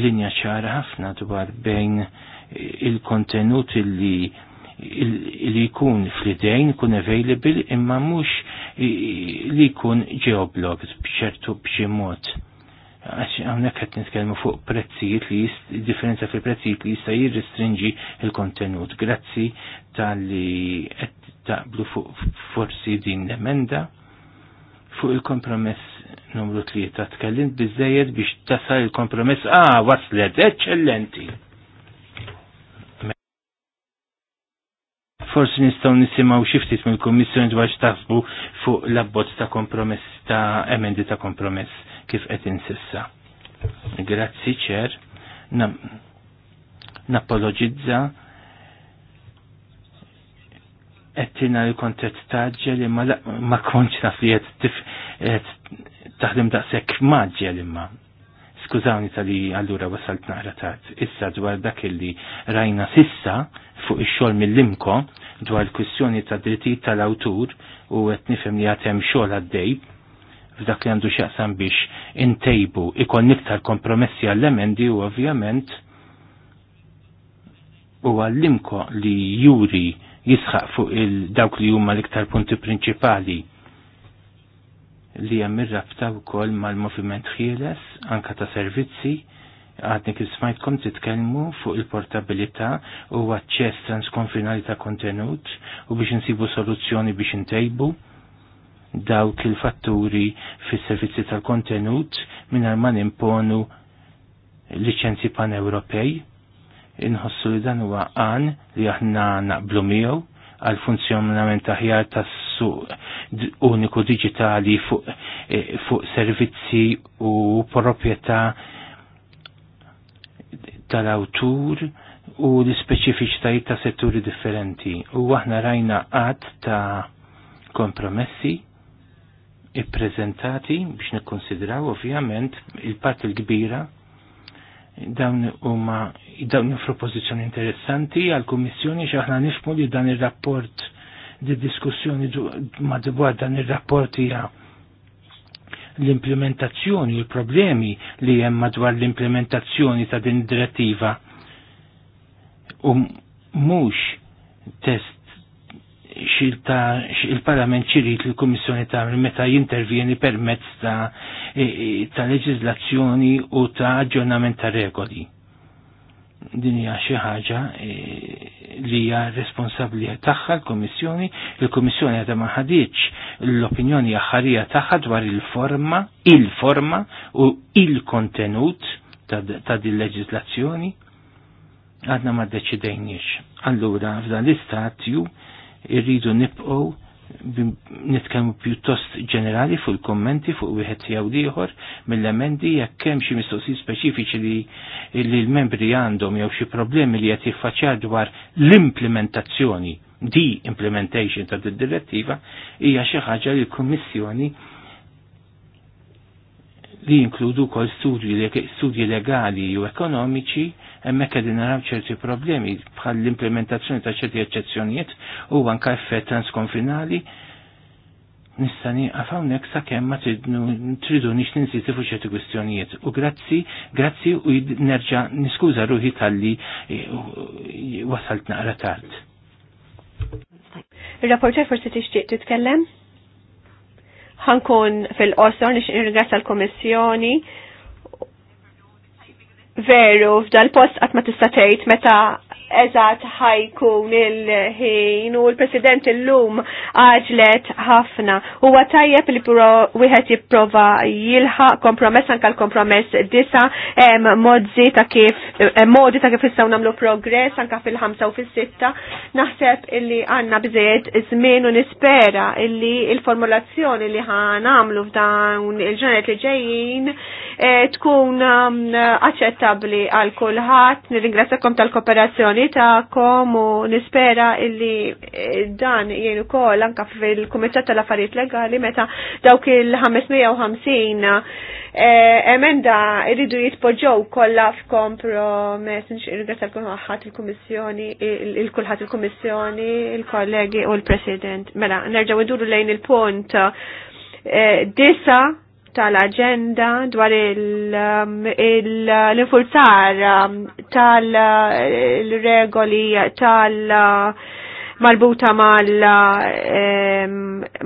linja ċara ħafna dwar bejn il-kontenut li li jkun fl-idejn jkun available imma mhux li jkun geoblogs b'ċertu b'xi mod. Għax hawnhekk qed nitkellmu fuq prezzijiet li differenza fil-prezzijiet li jista' jirrestringi l-kontenut. Grazzi tal-li qed taqblu fuq forsi din l-emenda fuq il-kompromess numru 3 tkellimt bizzejed biex tasal il-kompromess ah waslet eccellenti forsi nistgħu nisimgħu xi ftit mill-Kummissjoni dwar x'taħbu fuq l ta' kompromess ta' emendi ta' kompromess kif qed insissa. Grazzi ċer, napologizza qed li kont qed taġġel imma ma kontx naf li qed taħdem daqshekk maġġel imma Skużawni tal-li għallura wasalt naqratat. Issa dwar dak illi rajna sissa fuq ix-xogħol mill-imko dwar kwistjoni ta' drittijiet tal-awtur u qed nifhem li għatem xogħol għaddej f'dak li għandu x'jaqsam biex intejbu ikon iktar kompromessi għall-emendi u ovvjament u għall-imko li juri jisħaq fuq il-dawk li huma l-iktar punti prinċipali li hemm ir-rabta wkoll mal-moviment ħieles anka ta' servizzi għadni kif smajtkom titkellmu fuq il-portabilità u aċċess transkonfinali ta' kontenut u biex insibu soluzzjoni biex intejbu dawk il-fatturi fis-servizzi tal-kontenut mingħajr ma imponu liċenzji pan-Ewropej inħossu li dan huwa għan li aħna naqblu miegħu għal funzjonament aħjar tas-suq uniku digitali fuq e, fu servizzi u proprjetà tal-awtur u l-speċifiċtajiet ta' setturi differenti. U aħna rajna għad ta' kompromessi ippreżentati biex nikkonsidraw ovvjament il-parti l-kbira il dawn huma dawn propożizzjoni interessanti għal kummissjoni xi aħna nifmu li dan ir-rapport di diskussjoni madwar dan ir-rapport hija l-implementazzjoni u l-problemi li hemm madwar l-implementazzjoni ta' din id-direttiva u mhux test xilta il-Parlament ċirit li l-Kommissjoni tagħmel meta jintervjeni permezz ta' e, e, ta' leġiżlazzjoni u ta' aġġornament ta' regoli. Din hija xi ħaġa e, li hija responsabbli tagħha l komissjoni il komissjoni għadha ma ħadiċ l-opinjoni aħħarija tagħha dwar il-forma, il-forma u il-kontenut ta' din leġiżlazzjoni għadna ma ddeċidejniex. Allura, f'dan l-istatju, irridu nibqgħu nitkellmu pjuttost ġenerali fuq il-kommenti fuq wieħed jew ieħor mill-emendi jekk hemm xi mistoqsijiet speċifiċi li l-membri għandhom jew xi problemi li qed jiffaċċjar dwar l-implementazzjoni di implementation ta' direttiva hija xi ħaġa li l-Kummissjoni li jinkludu kol studji legali u ekonomiċi emmek għedin naraw ċerti problemi bħal l-implementazzjoni ta' ċerti eccezzjonijiet u anka effett transkonfinali nistani għafawnek sa' kemma ma tridu nix ninsiti fuq ċerti kwistjonijiet. U grazzi, grazzi u nerġa niskuża ruħi tal-li eh, wasalt naqra tard. Il-rapporter forsi tixtieq titkellem? ħankun fil-qosor nix l-Komissjoni veru f'dal post qatt ma tista' tgħid meta eżatt ħajkun il-ħin u l-President illum għaġlet ħafna. Huwa tajjeb li wieħed jipprova jilħaq kompromess anke l-kompromess disa hemm mozzi ta' kif modi ta' kif issawna nagħmlu progress anke fil-ħamsa u fis-sitta. Naħseb illi għandna bżejjed żmien u nispera illi l formulazzjoni li ħanamlu f'dawn il-ġenet li ġejjin eh, tkun mm, aċċettata aċċettabbli għal kulħadd. Nirringrazzjakom tal-kooperazzjoni tagħkom u nispera illi eh, dan jien ukoll anke fil-Kumitat tal-Affarijiet Legali meta dawk il-550 eh, emenda irridu jitpoġġew kollha f'kompromess nirringrazzja kulħadd il-Kummissjoni il-kulħadd il-Kummissjoni, il-kollegi u l-President. Mela, nerġgħu iduru lejn il-punt eh, disa' tal-agenda dwar um, l-infurzar tal-regoli um, tal- uh, uh, marbuta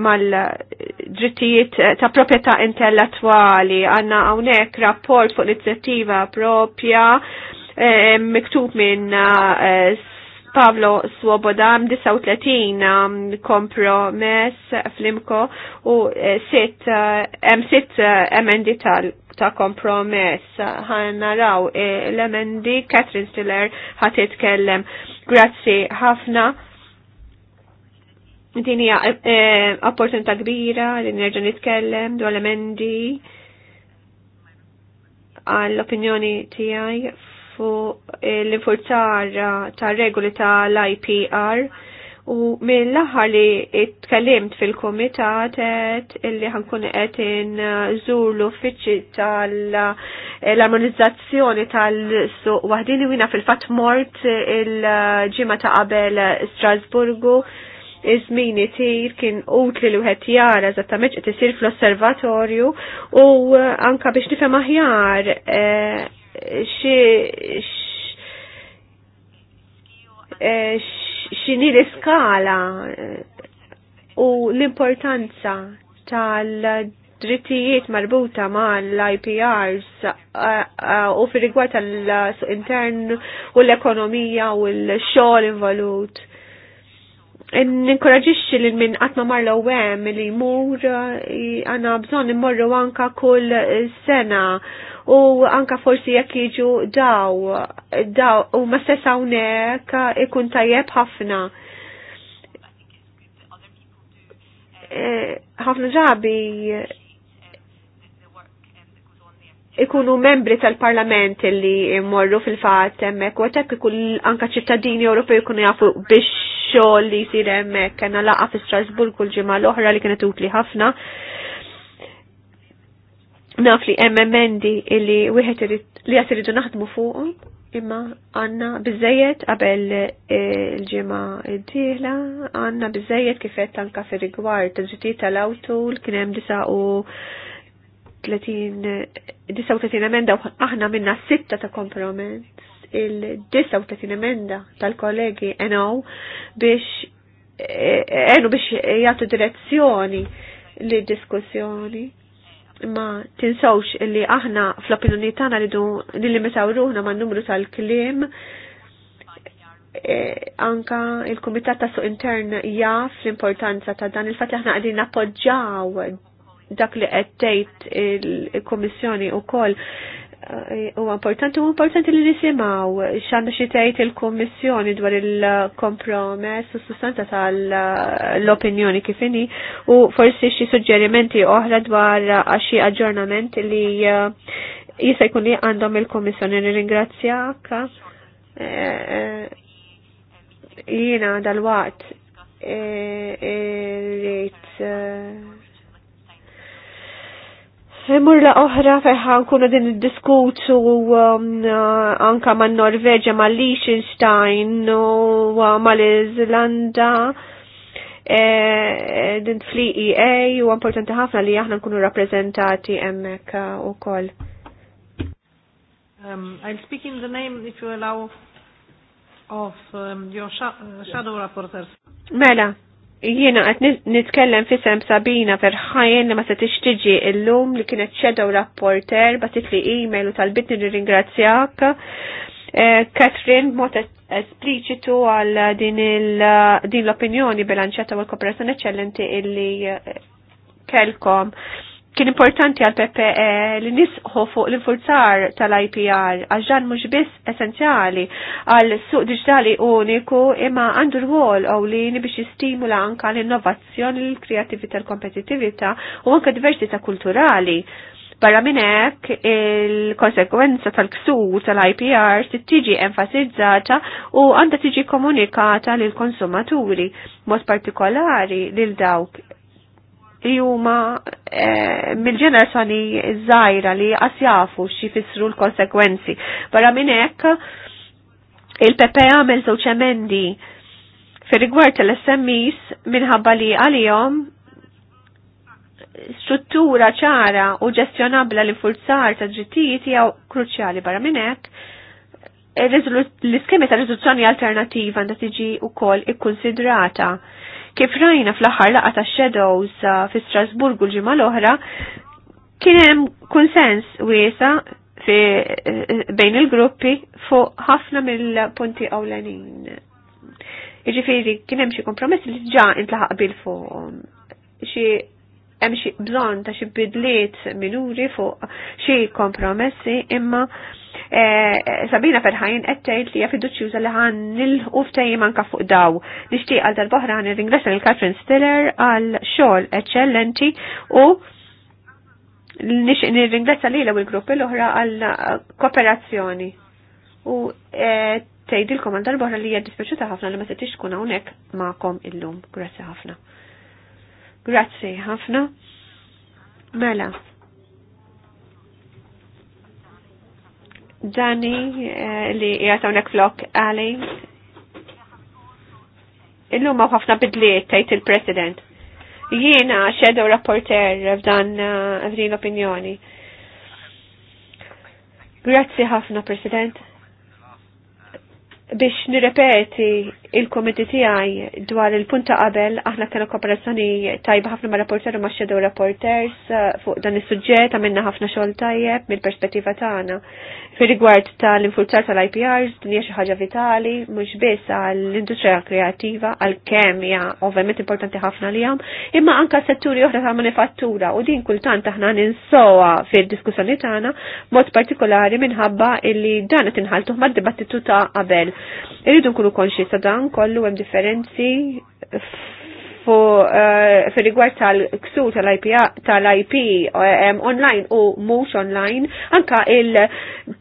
mal-drittijiet uh, ta' proprjetà intellettuali. Għanna hawnhekk rapport fuq l-inizjattiva propja miktub minn Pablo Swoboda 39 kompromess flimko u eh, sitt hemm eh, sitt eh, emendi tal ta' kompromess naraw l-emendi Catherine Stiller ħat titkellem. Grazzi ħafna din hija opportunità kbira li nerġa' nitkellem dwar l-emendi għall-opinjoni tiegħi fuq eh, l-infurzar ta' regoli ta' l-IPR u mill-aħħar li tkellimt fil-komitat illi ħankun qed inżur l-uffiċċji tal-armonizzazzjoni tal-suq waħdini wina fil-fatt mort il-ġimgħa ta' qabel Strasburgu iż-żmien itir kien utli li wieħed jara eżattament qed isir fl-osservatorju u anka biex nifhem aħjar eh, xini l-iskala u l-importanza tal-drittijiet marbuta ma' l-IPRs uh, uh, u fi rigward tal-suq intern u l-ekonomija u l-xol involut. Ninkoraġixxi lil min qatt ma mar l li jmur għandna bżonn immorru anka kull sena u anka forsi jekk jiġu daw, daw u ma stess hawnhekk ikun tajjeb ħafna. E, ħafna ġabi ikunu membri tal-parlament li immorru fil-fat emmek, u għatek ikun anka ċittadini Ewropej ikunu jafu biex xogħol li jsir hemmhekk kena laqa fi Strasburg kull ġimgħa l-oħra li kienet utli ħafna naf li hemm emendi illi wieħed li qed iridu naħdmu fuqhom imma għanna biżejjed qabel eh, il-ġimgħa d-dieħla għandna biżejjed kif qed anke fir-rigward tal-ġittijiet tal-awtul kien hemm disa' u 39 emenda u aħna minna sitta ta' kompromess il-39 emenda tal-kollegi enow biex eh, enu biex jgħatu direzzjoni li diskussjoni ma tinsawx li aħna fl-opinjoni tagħna ridu nillimitaw ruħna man numru tal-kliem e, anka il-Kumitat ta' Suq Intern jaf l-importanza ta' dan il-fatt aħna qegħdin nappoġġjaw dak li qed tgħid il-Kummissjoni wkoll huwa importanti u importanti li nisimgħu x'għandu xi tgħid il kommissjoni dwar il-kompromess u sustanza tal-opinjoni kif inhi u forsi xi suġġerimenti oħra dwar xi aġġornament li eh, jista' jkun li għandhom il-Kummissjoni nirringrazzjak. Eh, eh, jina dal-waqt rrit la oħra feħa nkunu din id-diskutu um, uh, anka ma' Norveġa, ma' Liechtenstein u uh, ma' l-Izlanda e, din fli ea u importanti ħafna li aħna nkunu rappresentati emmek u uh, koll. Um, I'll speak in the name, if you allow, of um, your sh shadow rapporteurs. Mela, jiena qed nitkellem fisem Sabina ferħajen li ma se il-lum li kienet u rapporter batit li email u talbitni nirringrazzjak. Katrin eh, mot espliċitu għal din l-opinjoni bilanċetta u l-kooperazzjoni eccellenti illi eh, kelkom. Kien importanti għal PPE eh, li nisħu fuq l-infurzar tal-IPR għax mux mhux biss essenzjali għal suq diġitali uniku imma għandu rwol li biex jistimula anka l-innovazzjoni, l-kreativita, l-kompetitività u anka diversità kulturali. Barra minn hekk il-konsekwenza tal-ksur tal-IPR tiġi enfasizzata u għandha tiġi komunikata l konsumaturi, mod partikolari lil dawk li huma eh, mill-ġenerazzjoni żgħira li qas jafu x'ifissru l-konsekwenzi. Barra minn hekk il ppa għamil żewġ emendi fir-rigward tal-SMEs minħabba li għalihom struttura ċara u ġestjonabla li forzar ta' ġittijiet hija kruċjali barra minn hekk l-iskemi ta' rizoluzzjoni alternativa għandha tiġi wkoll ikkunsidrata Kif rajna fl-aħħar laqa ta' Shadows uh, fi Strasburgu l-ġimgħa l-oħra, kien hemm konsens wiesa fi eh, bejn il-gruppi fuq ħafna mill-punti ewlenin. Jiġifieri kien hemm xi kompromess li ġa intlaħaq bil fuq Xi hemm xi bżonn ta' xi bidliet minuri fuq xi kompromessi imma Eh, Sabina Ferħajn qed li hija fiduċjuża li ħan u ftehim anke fuq daw. Nixtieq għal dal-boħra nirringrassja lil katrin Stiller għal xogħol eċċellenti u nixtieq nirringrassja lilha l-gruppi l-oħra għal kooperazzjoni. U eh, tgħidilkom għal dal-boħra li hija dispeċuta ħafna li ma kuna unek hawnhekk il illum. Grazzi ħafna. Grazzi ħafna. Mela, Dani eh, li jgħatawnek flok għali. Illum ma ħafna bidliet tajt il-President. Jiena shadow rapporter f'dan eh, f'din opinjoni. Grazzi ħafna President. Biex nirrepeti il-komiti tiegħi dwar il-punta qabel aħna kena kooperazzjoni tajba ħafna ma' rapporter u ma' shadow rapporters uh, fuq dan is-suġġett għamilna ħafna xogħol tajjeb mill-perspettiva tagħna. Fir-rigward tal-infurzar tal-IPRs din hija xi ħaġa vitali mhux biss għall-industrija kreattiva għall kemja ovvjament importanti ħafna li hemm, imma anke setturi oħra ta' manifattura u din kultant aħna ninsowa fid-diskussjoni tagħna mod partikolari minħabba illi dan qed inħaltuh mad-dibattitu ta' qabel. Irridu nkunu konxi ta' dan dan kollu hemm differenzi eh, fi rigward tal-ksur tal-IP tal-IP eh, online u mhux online, anka il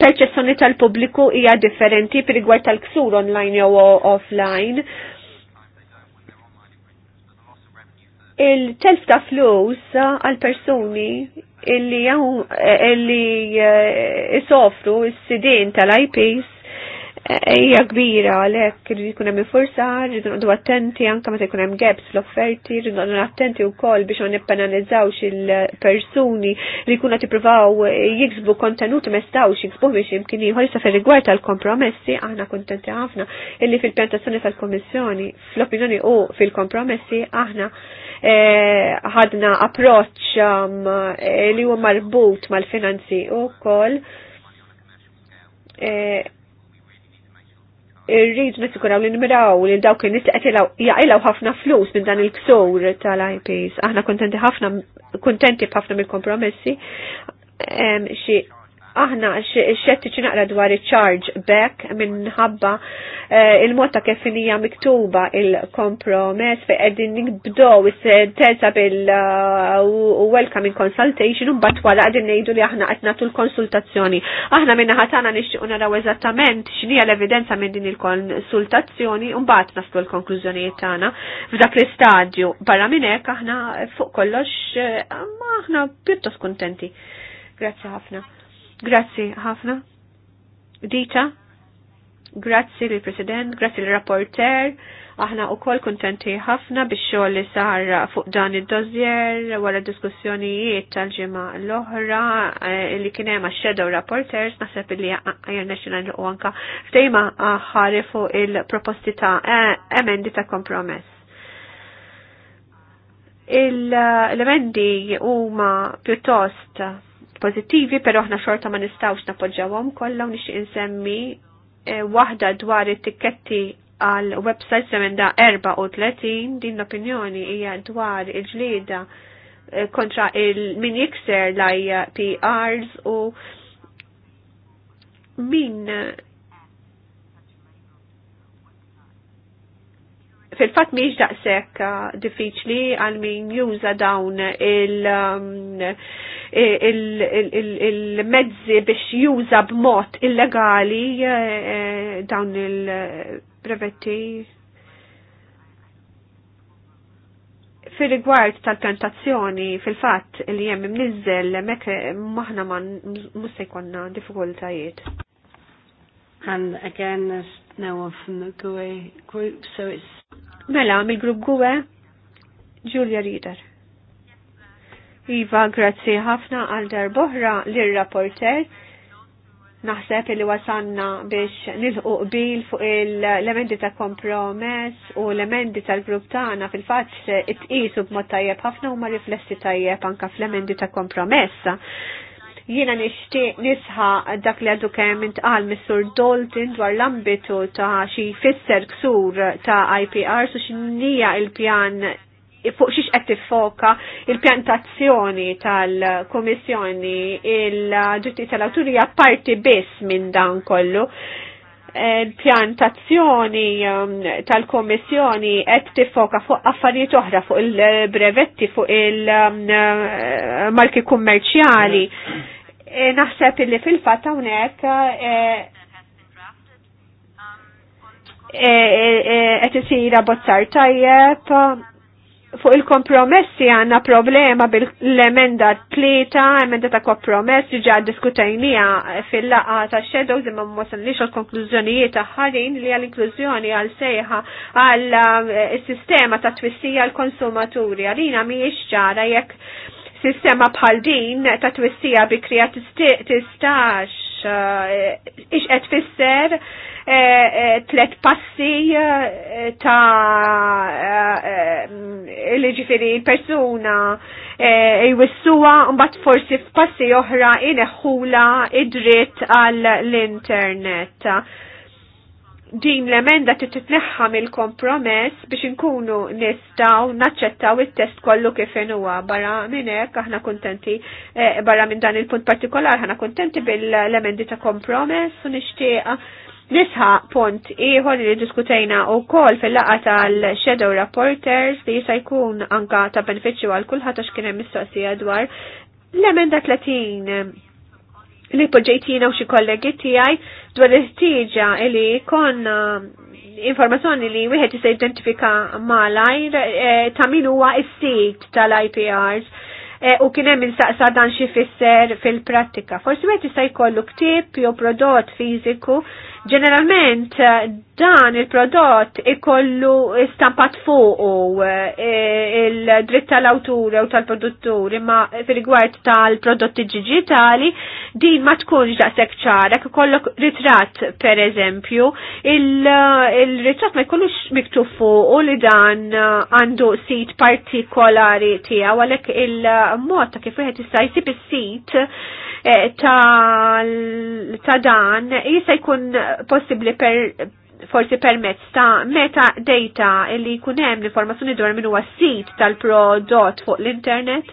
perċessjoni tal-pubbliku hija differenti fi rigward tal-ksur online jew offline. Il-telf ta' flus għal persuni illi eh, illi isofru s-sidin tal-IPs Ejja kbira għalhekk rridu jkun hemm forsa rridu noqogħdu attenti anke meta jkun hemm gaps fl-offerti, rridu noqogħdu attenti wkoll biex ma nippenalizzawx il-persuni li jkunu qed jippruvaw jiksbu kontenut ma jistgħux jiksbuh biex jimkien ieħor issa fir-rigward tal-kompromessi aħna kuntenti ħafna illi fil-pjantazzjoni tal-Kommissjoni fl-opinjoni u fil-kompromessi aħna eh, ħadna approċċ um, eh, li huwa marbut mal-finanzi u irrid nissikuraw li nmiraw li dawk kien qed jaqilgħu ħafna flus minn dan il-ksur tal-IPs. Aħna kontenti ħafna kontenti b'ħafna mill-kompromessi aħna xettiċi naqra dwar il-charge back minħabba eh, il-mod ta' kif hija miktuba il-kompromess fejn qegħdin nibdow is-terza bil-welcoming eh, consultation u mbagħad wara qegħdin ngħidu li aħna qed nagħtu l-konsultazzjoni. Aħna minna ħatana nixtiequ naraw eżattament x'inija l-evidenza minn din il-konsultazzjoni u mbagħad naslu l-konklużjonijiet tagħna f'dak l-istadju. Barra minn hekk aħna fuq kollox eh, ma aħna pjuttost kuntenti. Grazzi ħafna. Grazzi ħafna. Dita, grazzi li president grazzi li rapporter aħna u koll kontenti ħafna biex xogħol li sar fuq dan id-dossier wara diskussjonijiet tal-ġimgħa l-oħra eh, li kien hemm shadow rapporters naħseb li għajrna xi anka ftejma ħari fuq il-proposti ta' eh, emendi ta' kompromess. Il-emendi huma pjuttost pozittivi, pero aħna xorta ma nistawx napoġġawhom kollha u nixi insemmi e, waħda dwar it-tikketti għal website semenda 34 din l-opinjoni hija dwar il-ġlieda eh, kontra il-min jikser l prs u min fil-fat miex daqsek eh, diffiċli għal min juża dawn il- um, il-mezzi biex juża b'mod illegali eh, eh, dawn il-brevetti fil rigward tal-pjantazzjoni fil-fatt li jem mnizzel mek maħna ma musa jkonna diffikultajiet. And again, no one from the GUE group, so it's... Mela, mill-grupp GUE, Julia Reader. Iva, grazzi ħafna għal darboħra l-rapporter. Naħseb li wasanna biex nilħu qbil fuq l-emendi ta' kompromess u l-emendi tal-grupp tagħna fil-fatt itqisu b'mod tajjeb ħafna huma riflessi tajjeb anka fl-emendi ta' kompromess. Jiena nixtieq nisħa dak li għadu kemm intqal Mr. Dalton dwar l-ambitu ta' xi fisser ksur ta' IPR su x'inhija il-pjan fuq xiex qed tiffoka il-pjantazzjoni tal-Komissjoni il-ġustizzja tal-awturija parti biss minn dan kollu il-pjantazzjoni eh, um, tal-Komissjoni qed tiffoka fuq affarijiet oħra fuq il-brevetti fuq il-marki um, kummerċjali. Eh, naħseb li fil-fatt hawnhekk eh, qed isir bozzar tajjeb fuq il-kompromessi għanna problema bil-emenda tlieta, emenda ta' kompromess, ġa diskutajnija fil-laqa ta' zimma imma li xal konklużjonijiet ta' ħarin li għal-inklużjoni għal-sejħa għal-sistema eh, ta' twissija għal-konsumaturi. Għalina mi ċara jekk sistema bħal din ta' twissija bi krija tistax eh, ix qed fisser tlet passi eh, ta' li eh, eh, ġifiri persuna jwissuwa mbatt forsi f'passi oħra ineħħula id-dritt għal l-internet. Din l-emenda titneħħa mill-kompromess biex inkunu nistaw naċċettaw it-test kollu kif huwa barra minn hekk aħna kuntenti barra minn dan il-punt partikolar aħna kuntenti bil-emendi ta' kompromess u nixtieq Nisħa punt ieħor li diskutejna u kol fil-laqa tal-Shadow Reporters li jisa jkun anka ta' beneficju għal kulħadd għax kien hemm mistoqsija dwar l-emenda 30 li poġġejtina u xi kollegi tiegħi dwar il-ħtieġa li kon informazzjoni li wieħed jista' identifika malajr eh, ta' min huwa s sit tal-IPRs eh, u kien hemm instaqsa dan xi fisser fil-prattika. Forsi wieħed jista' jkollu ktieb jew prodott fiżiku Ġeneralment eh, dan il-prodott ikollu stampat u eh, il-dritt tal-awtur u tal-produttur imma fil-gwart tal-prodotti digitali din ma tkunx daqshekk ċara ikollok ritratt per eżempju il-ritratt ma jkollux miktub u li dan eh, għandu sit partikolari tiegħu għalhekk il-mod ta' kif wieħed jista' jsib is-sit Eh, ta' dan jista' jkun possibbli per forsi permezz ta' meta data li jkun hemm l-informazzjoni dwar minn huwa sit tal-prodott fuq l-internet.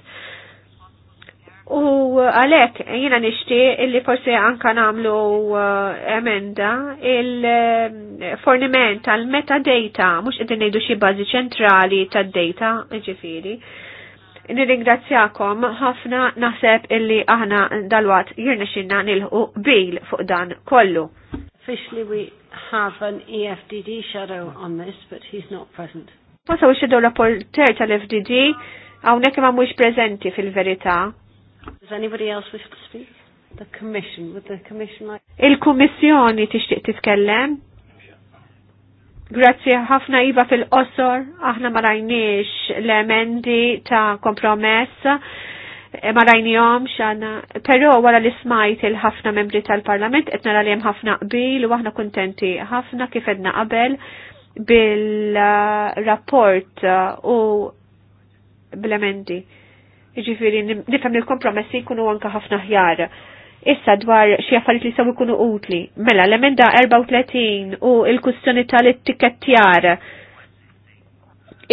U għalek, jina nishti illi forsi anka namlu uh, eh, emenda il-forniment tal-metadata, mux id-nejdu xie bazi ċentrali tad-data, ġifiri, Nirringrazzjakom ħafna naħseb illi aħna dalwat jirnexinna nilħu bil fuq dan kollu. Officially we have an EFDD shadow on this, but he's not present. Masa u xedow rapporter tal-FDD, għawnek ma mux prezenti fil-verita. Does anybody else wish to speak? The commission, would the commission like... Il-kommissjoni tixtiq titkellem? Grazzi ħafna Iva fil-qosor, aħna ma rajniex l-emendi ta' kompromess, eh, ma rajnijom xana, pero wara li smajt il-ħafna membri tal-parlament, etna li jem ħafna qbil u aħna kontenti ħafna kif edna qabel bil-rapport eh, u bil-emendi. Iġifiri, nifem il-kompromessi kunu anka ħafna ħjar. Issa dwar xi affarijiet li sew ikunu utli. Mela l-emenda 34 u l-kustjoni tal-ittikettjar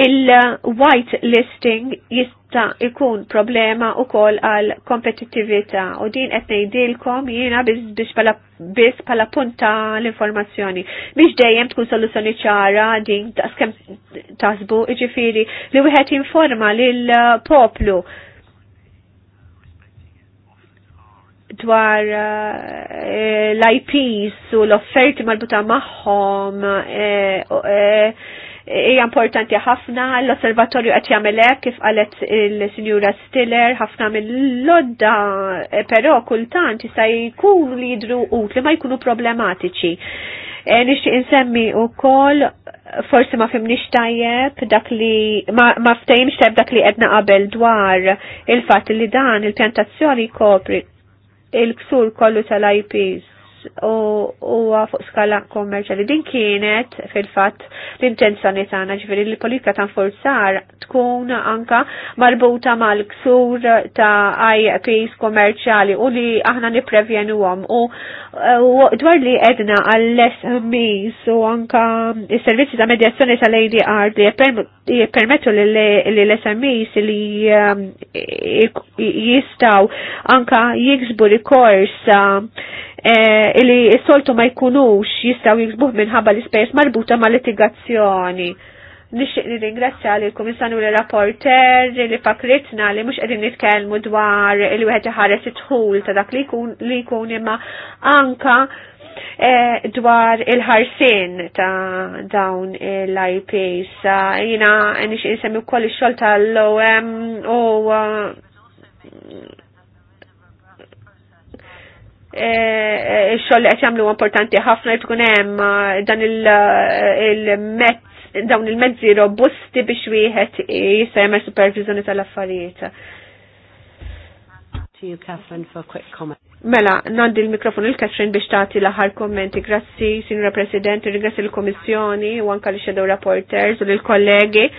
il-white listing jista' ikun problema u kol għal kompetitivita u din qed ngħidilkom jiena biex pala biss pala punta l-informazzjoni. Biex dejjem tkun soluzzjoni ċara din taskem tasbu iġifieri li wieħed informa lil poplu dwar uh, eh, l-IPs u l-offerti marbuta magħhom eh, eh, hija uh, importanti ħafna, l-osservatorju qed jagħmel hekk kif qalet il-Sinjura Stiller ħafna mill-lodda, però kultant jista' jkun li jidru utli ma jkunu problematiċi. Nixtieq insemmi wkoll forsi ma fimniex tajjeb dak li ma, ma tajjeb dak li edna qabel dwar il-fat li dan il-pjantazzjoni kopri il-ksur kollu tal-IPs u huwa fuq skala kommerċjali Din kienet fil-fatt l-intenzjoni tagħna ġifieri li politika ta' forzar tkun anka marbuta mal-ksur ta' IPs kommerċali u li aħna nipprevjenuhom u dwar li edna għall-SMEs u anka is-servizzi ta' medjazzjoni tal-ADR li jippermettu li l-SMEs li um, jistaw anka jiksbu rikors um, Eh, li s-soltu ma jkunux jistaw jiksbuh minħabba l-ispejs marbuta ma litigazzjoni. Nixtieq li ringrazzja li l-Kummissarju li rapporter li fakritna li mhux qegħdin nitkellmu dwar li wieħed iħares it-tħul ta' dak li jkun imma anka eh, dwar il-ħarsin ta' dawn l-IPs. Jina nix insemmi wkoll ix-xogħol tal-OM u Eh, eh, xoll qed jagħmlu importanti ħafna tkun hemm eh, dan il-mezz dawn il-mezzi robusti biex wieħed jista' jagħmel tal-affarijiet. To you, Catherine, for a quick comment. Mela, nandi l-mikrofon il-Katrin biex tagħti l-aħħar kommenti. Grazzi, Sinjora President, ringrazzi l-Komissjoni u anka l-Shadow Rapporters u l-kollegi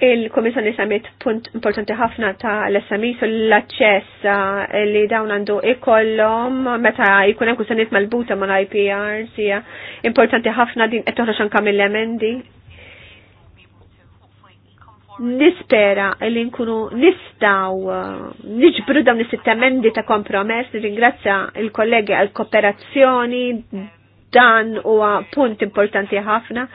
Il-Komissjoni samit punt importanti ħafna ta' l-SMI u l-aċċess eh, li dawn għandu ikollhom meta jkun hemm kwistjonijiet malbuta mal ipr hija importanti ħafna din qed toħroġ anke mill-emendi. Nispera li nkunu nistaw eh, niġbru dawn is emendi ta' kompromess, ringrazzja il-kollegi għal kooperazzjoni dan huwa punt importanti ħafna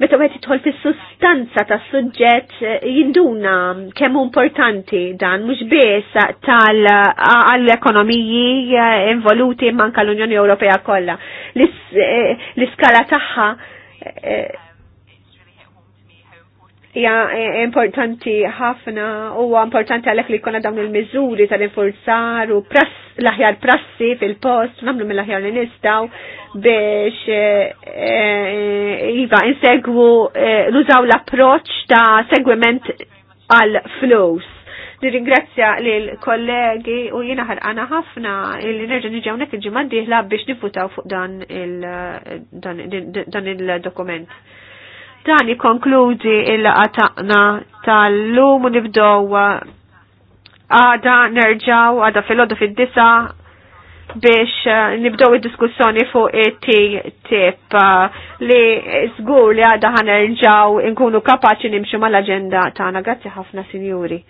meta wieħed jitħol fis-sustanza tas-suġġett eh, jinduna kemm importanti dan mhux biss tal-ekonomiji eh, eh, involuti manka l-Unjoni Ewropea kollha. L-iskala tagħha hija eh, importanti ħafna u importanti għalek li jkollna dawn il-miżuri tal-infurzar u prass l-aħjar prassi fil-post nagħmlu mill-aħjar li nistgħu biex eh, eh, iva insegwu nużaw l-approċċ ta' segwiment għal flows. Nirringrazzja l kollegi u jina ħarqana ħafna li nerġa' niġi nek il-ġimgħa biex nifutaw fuq dan il-dokument. Dan jikonkludi il-qataqna tal-lum u nibdow uh, għada nerġaw għada fil-ħodu fil-disa biex uh, nibdow id-diskussjoni fuq it-tip uh, li zgur li għada ħanerġaw nkunu kapaċi nimxu mal-agenda tagħna. Grazzi ħafna, sinjuri.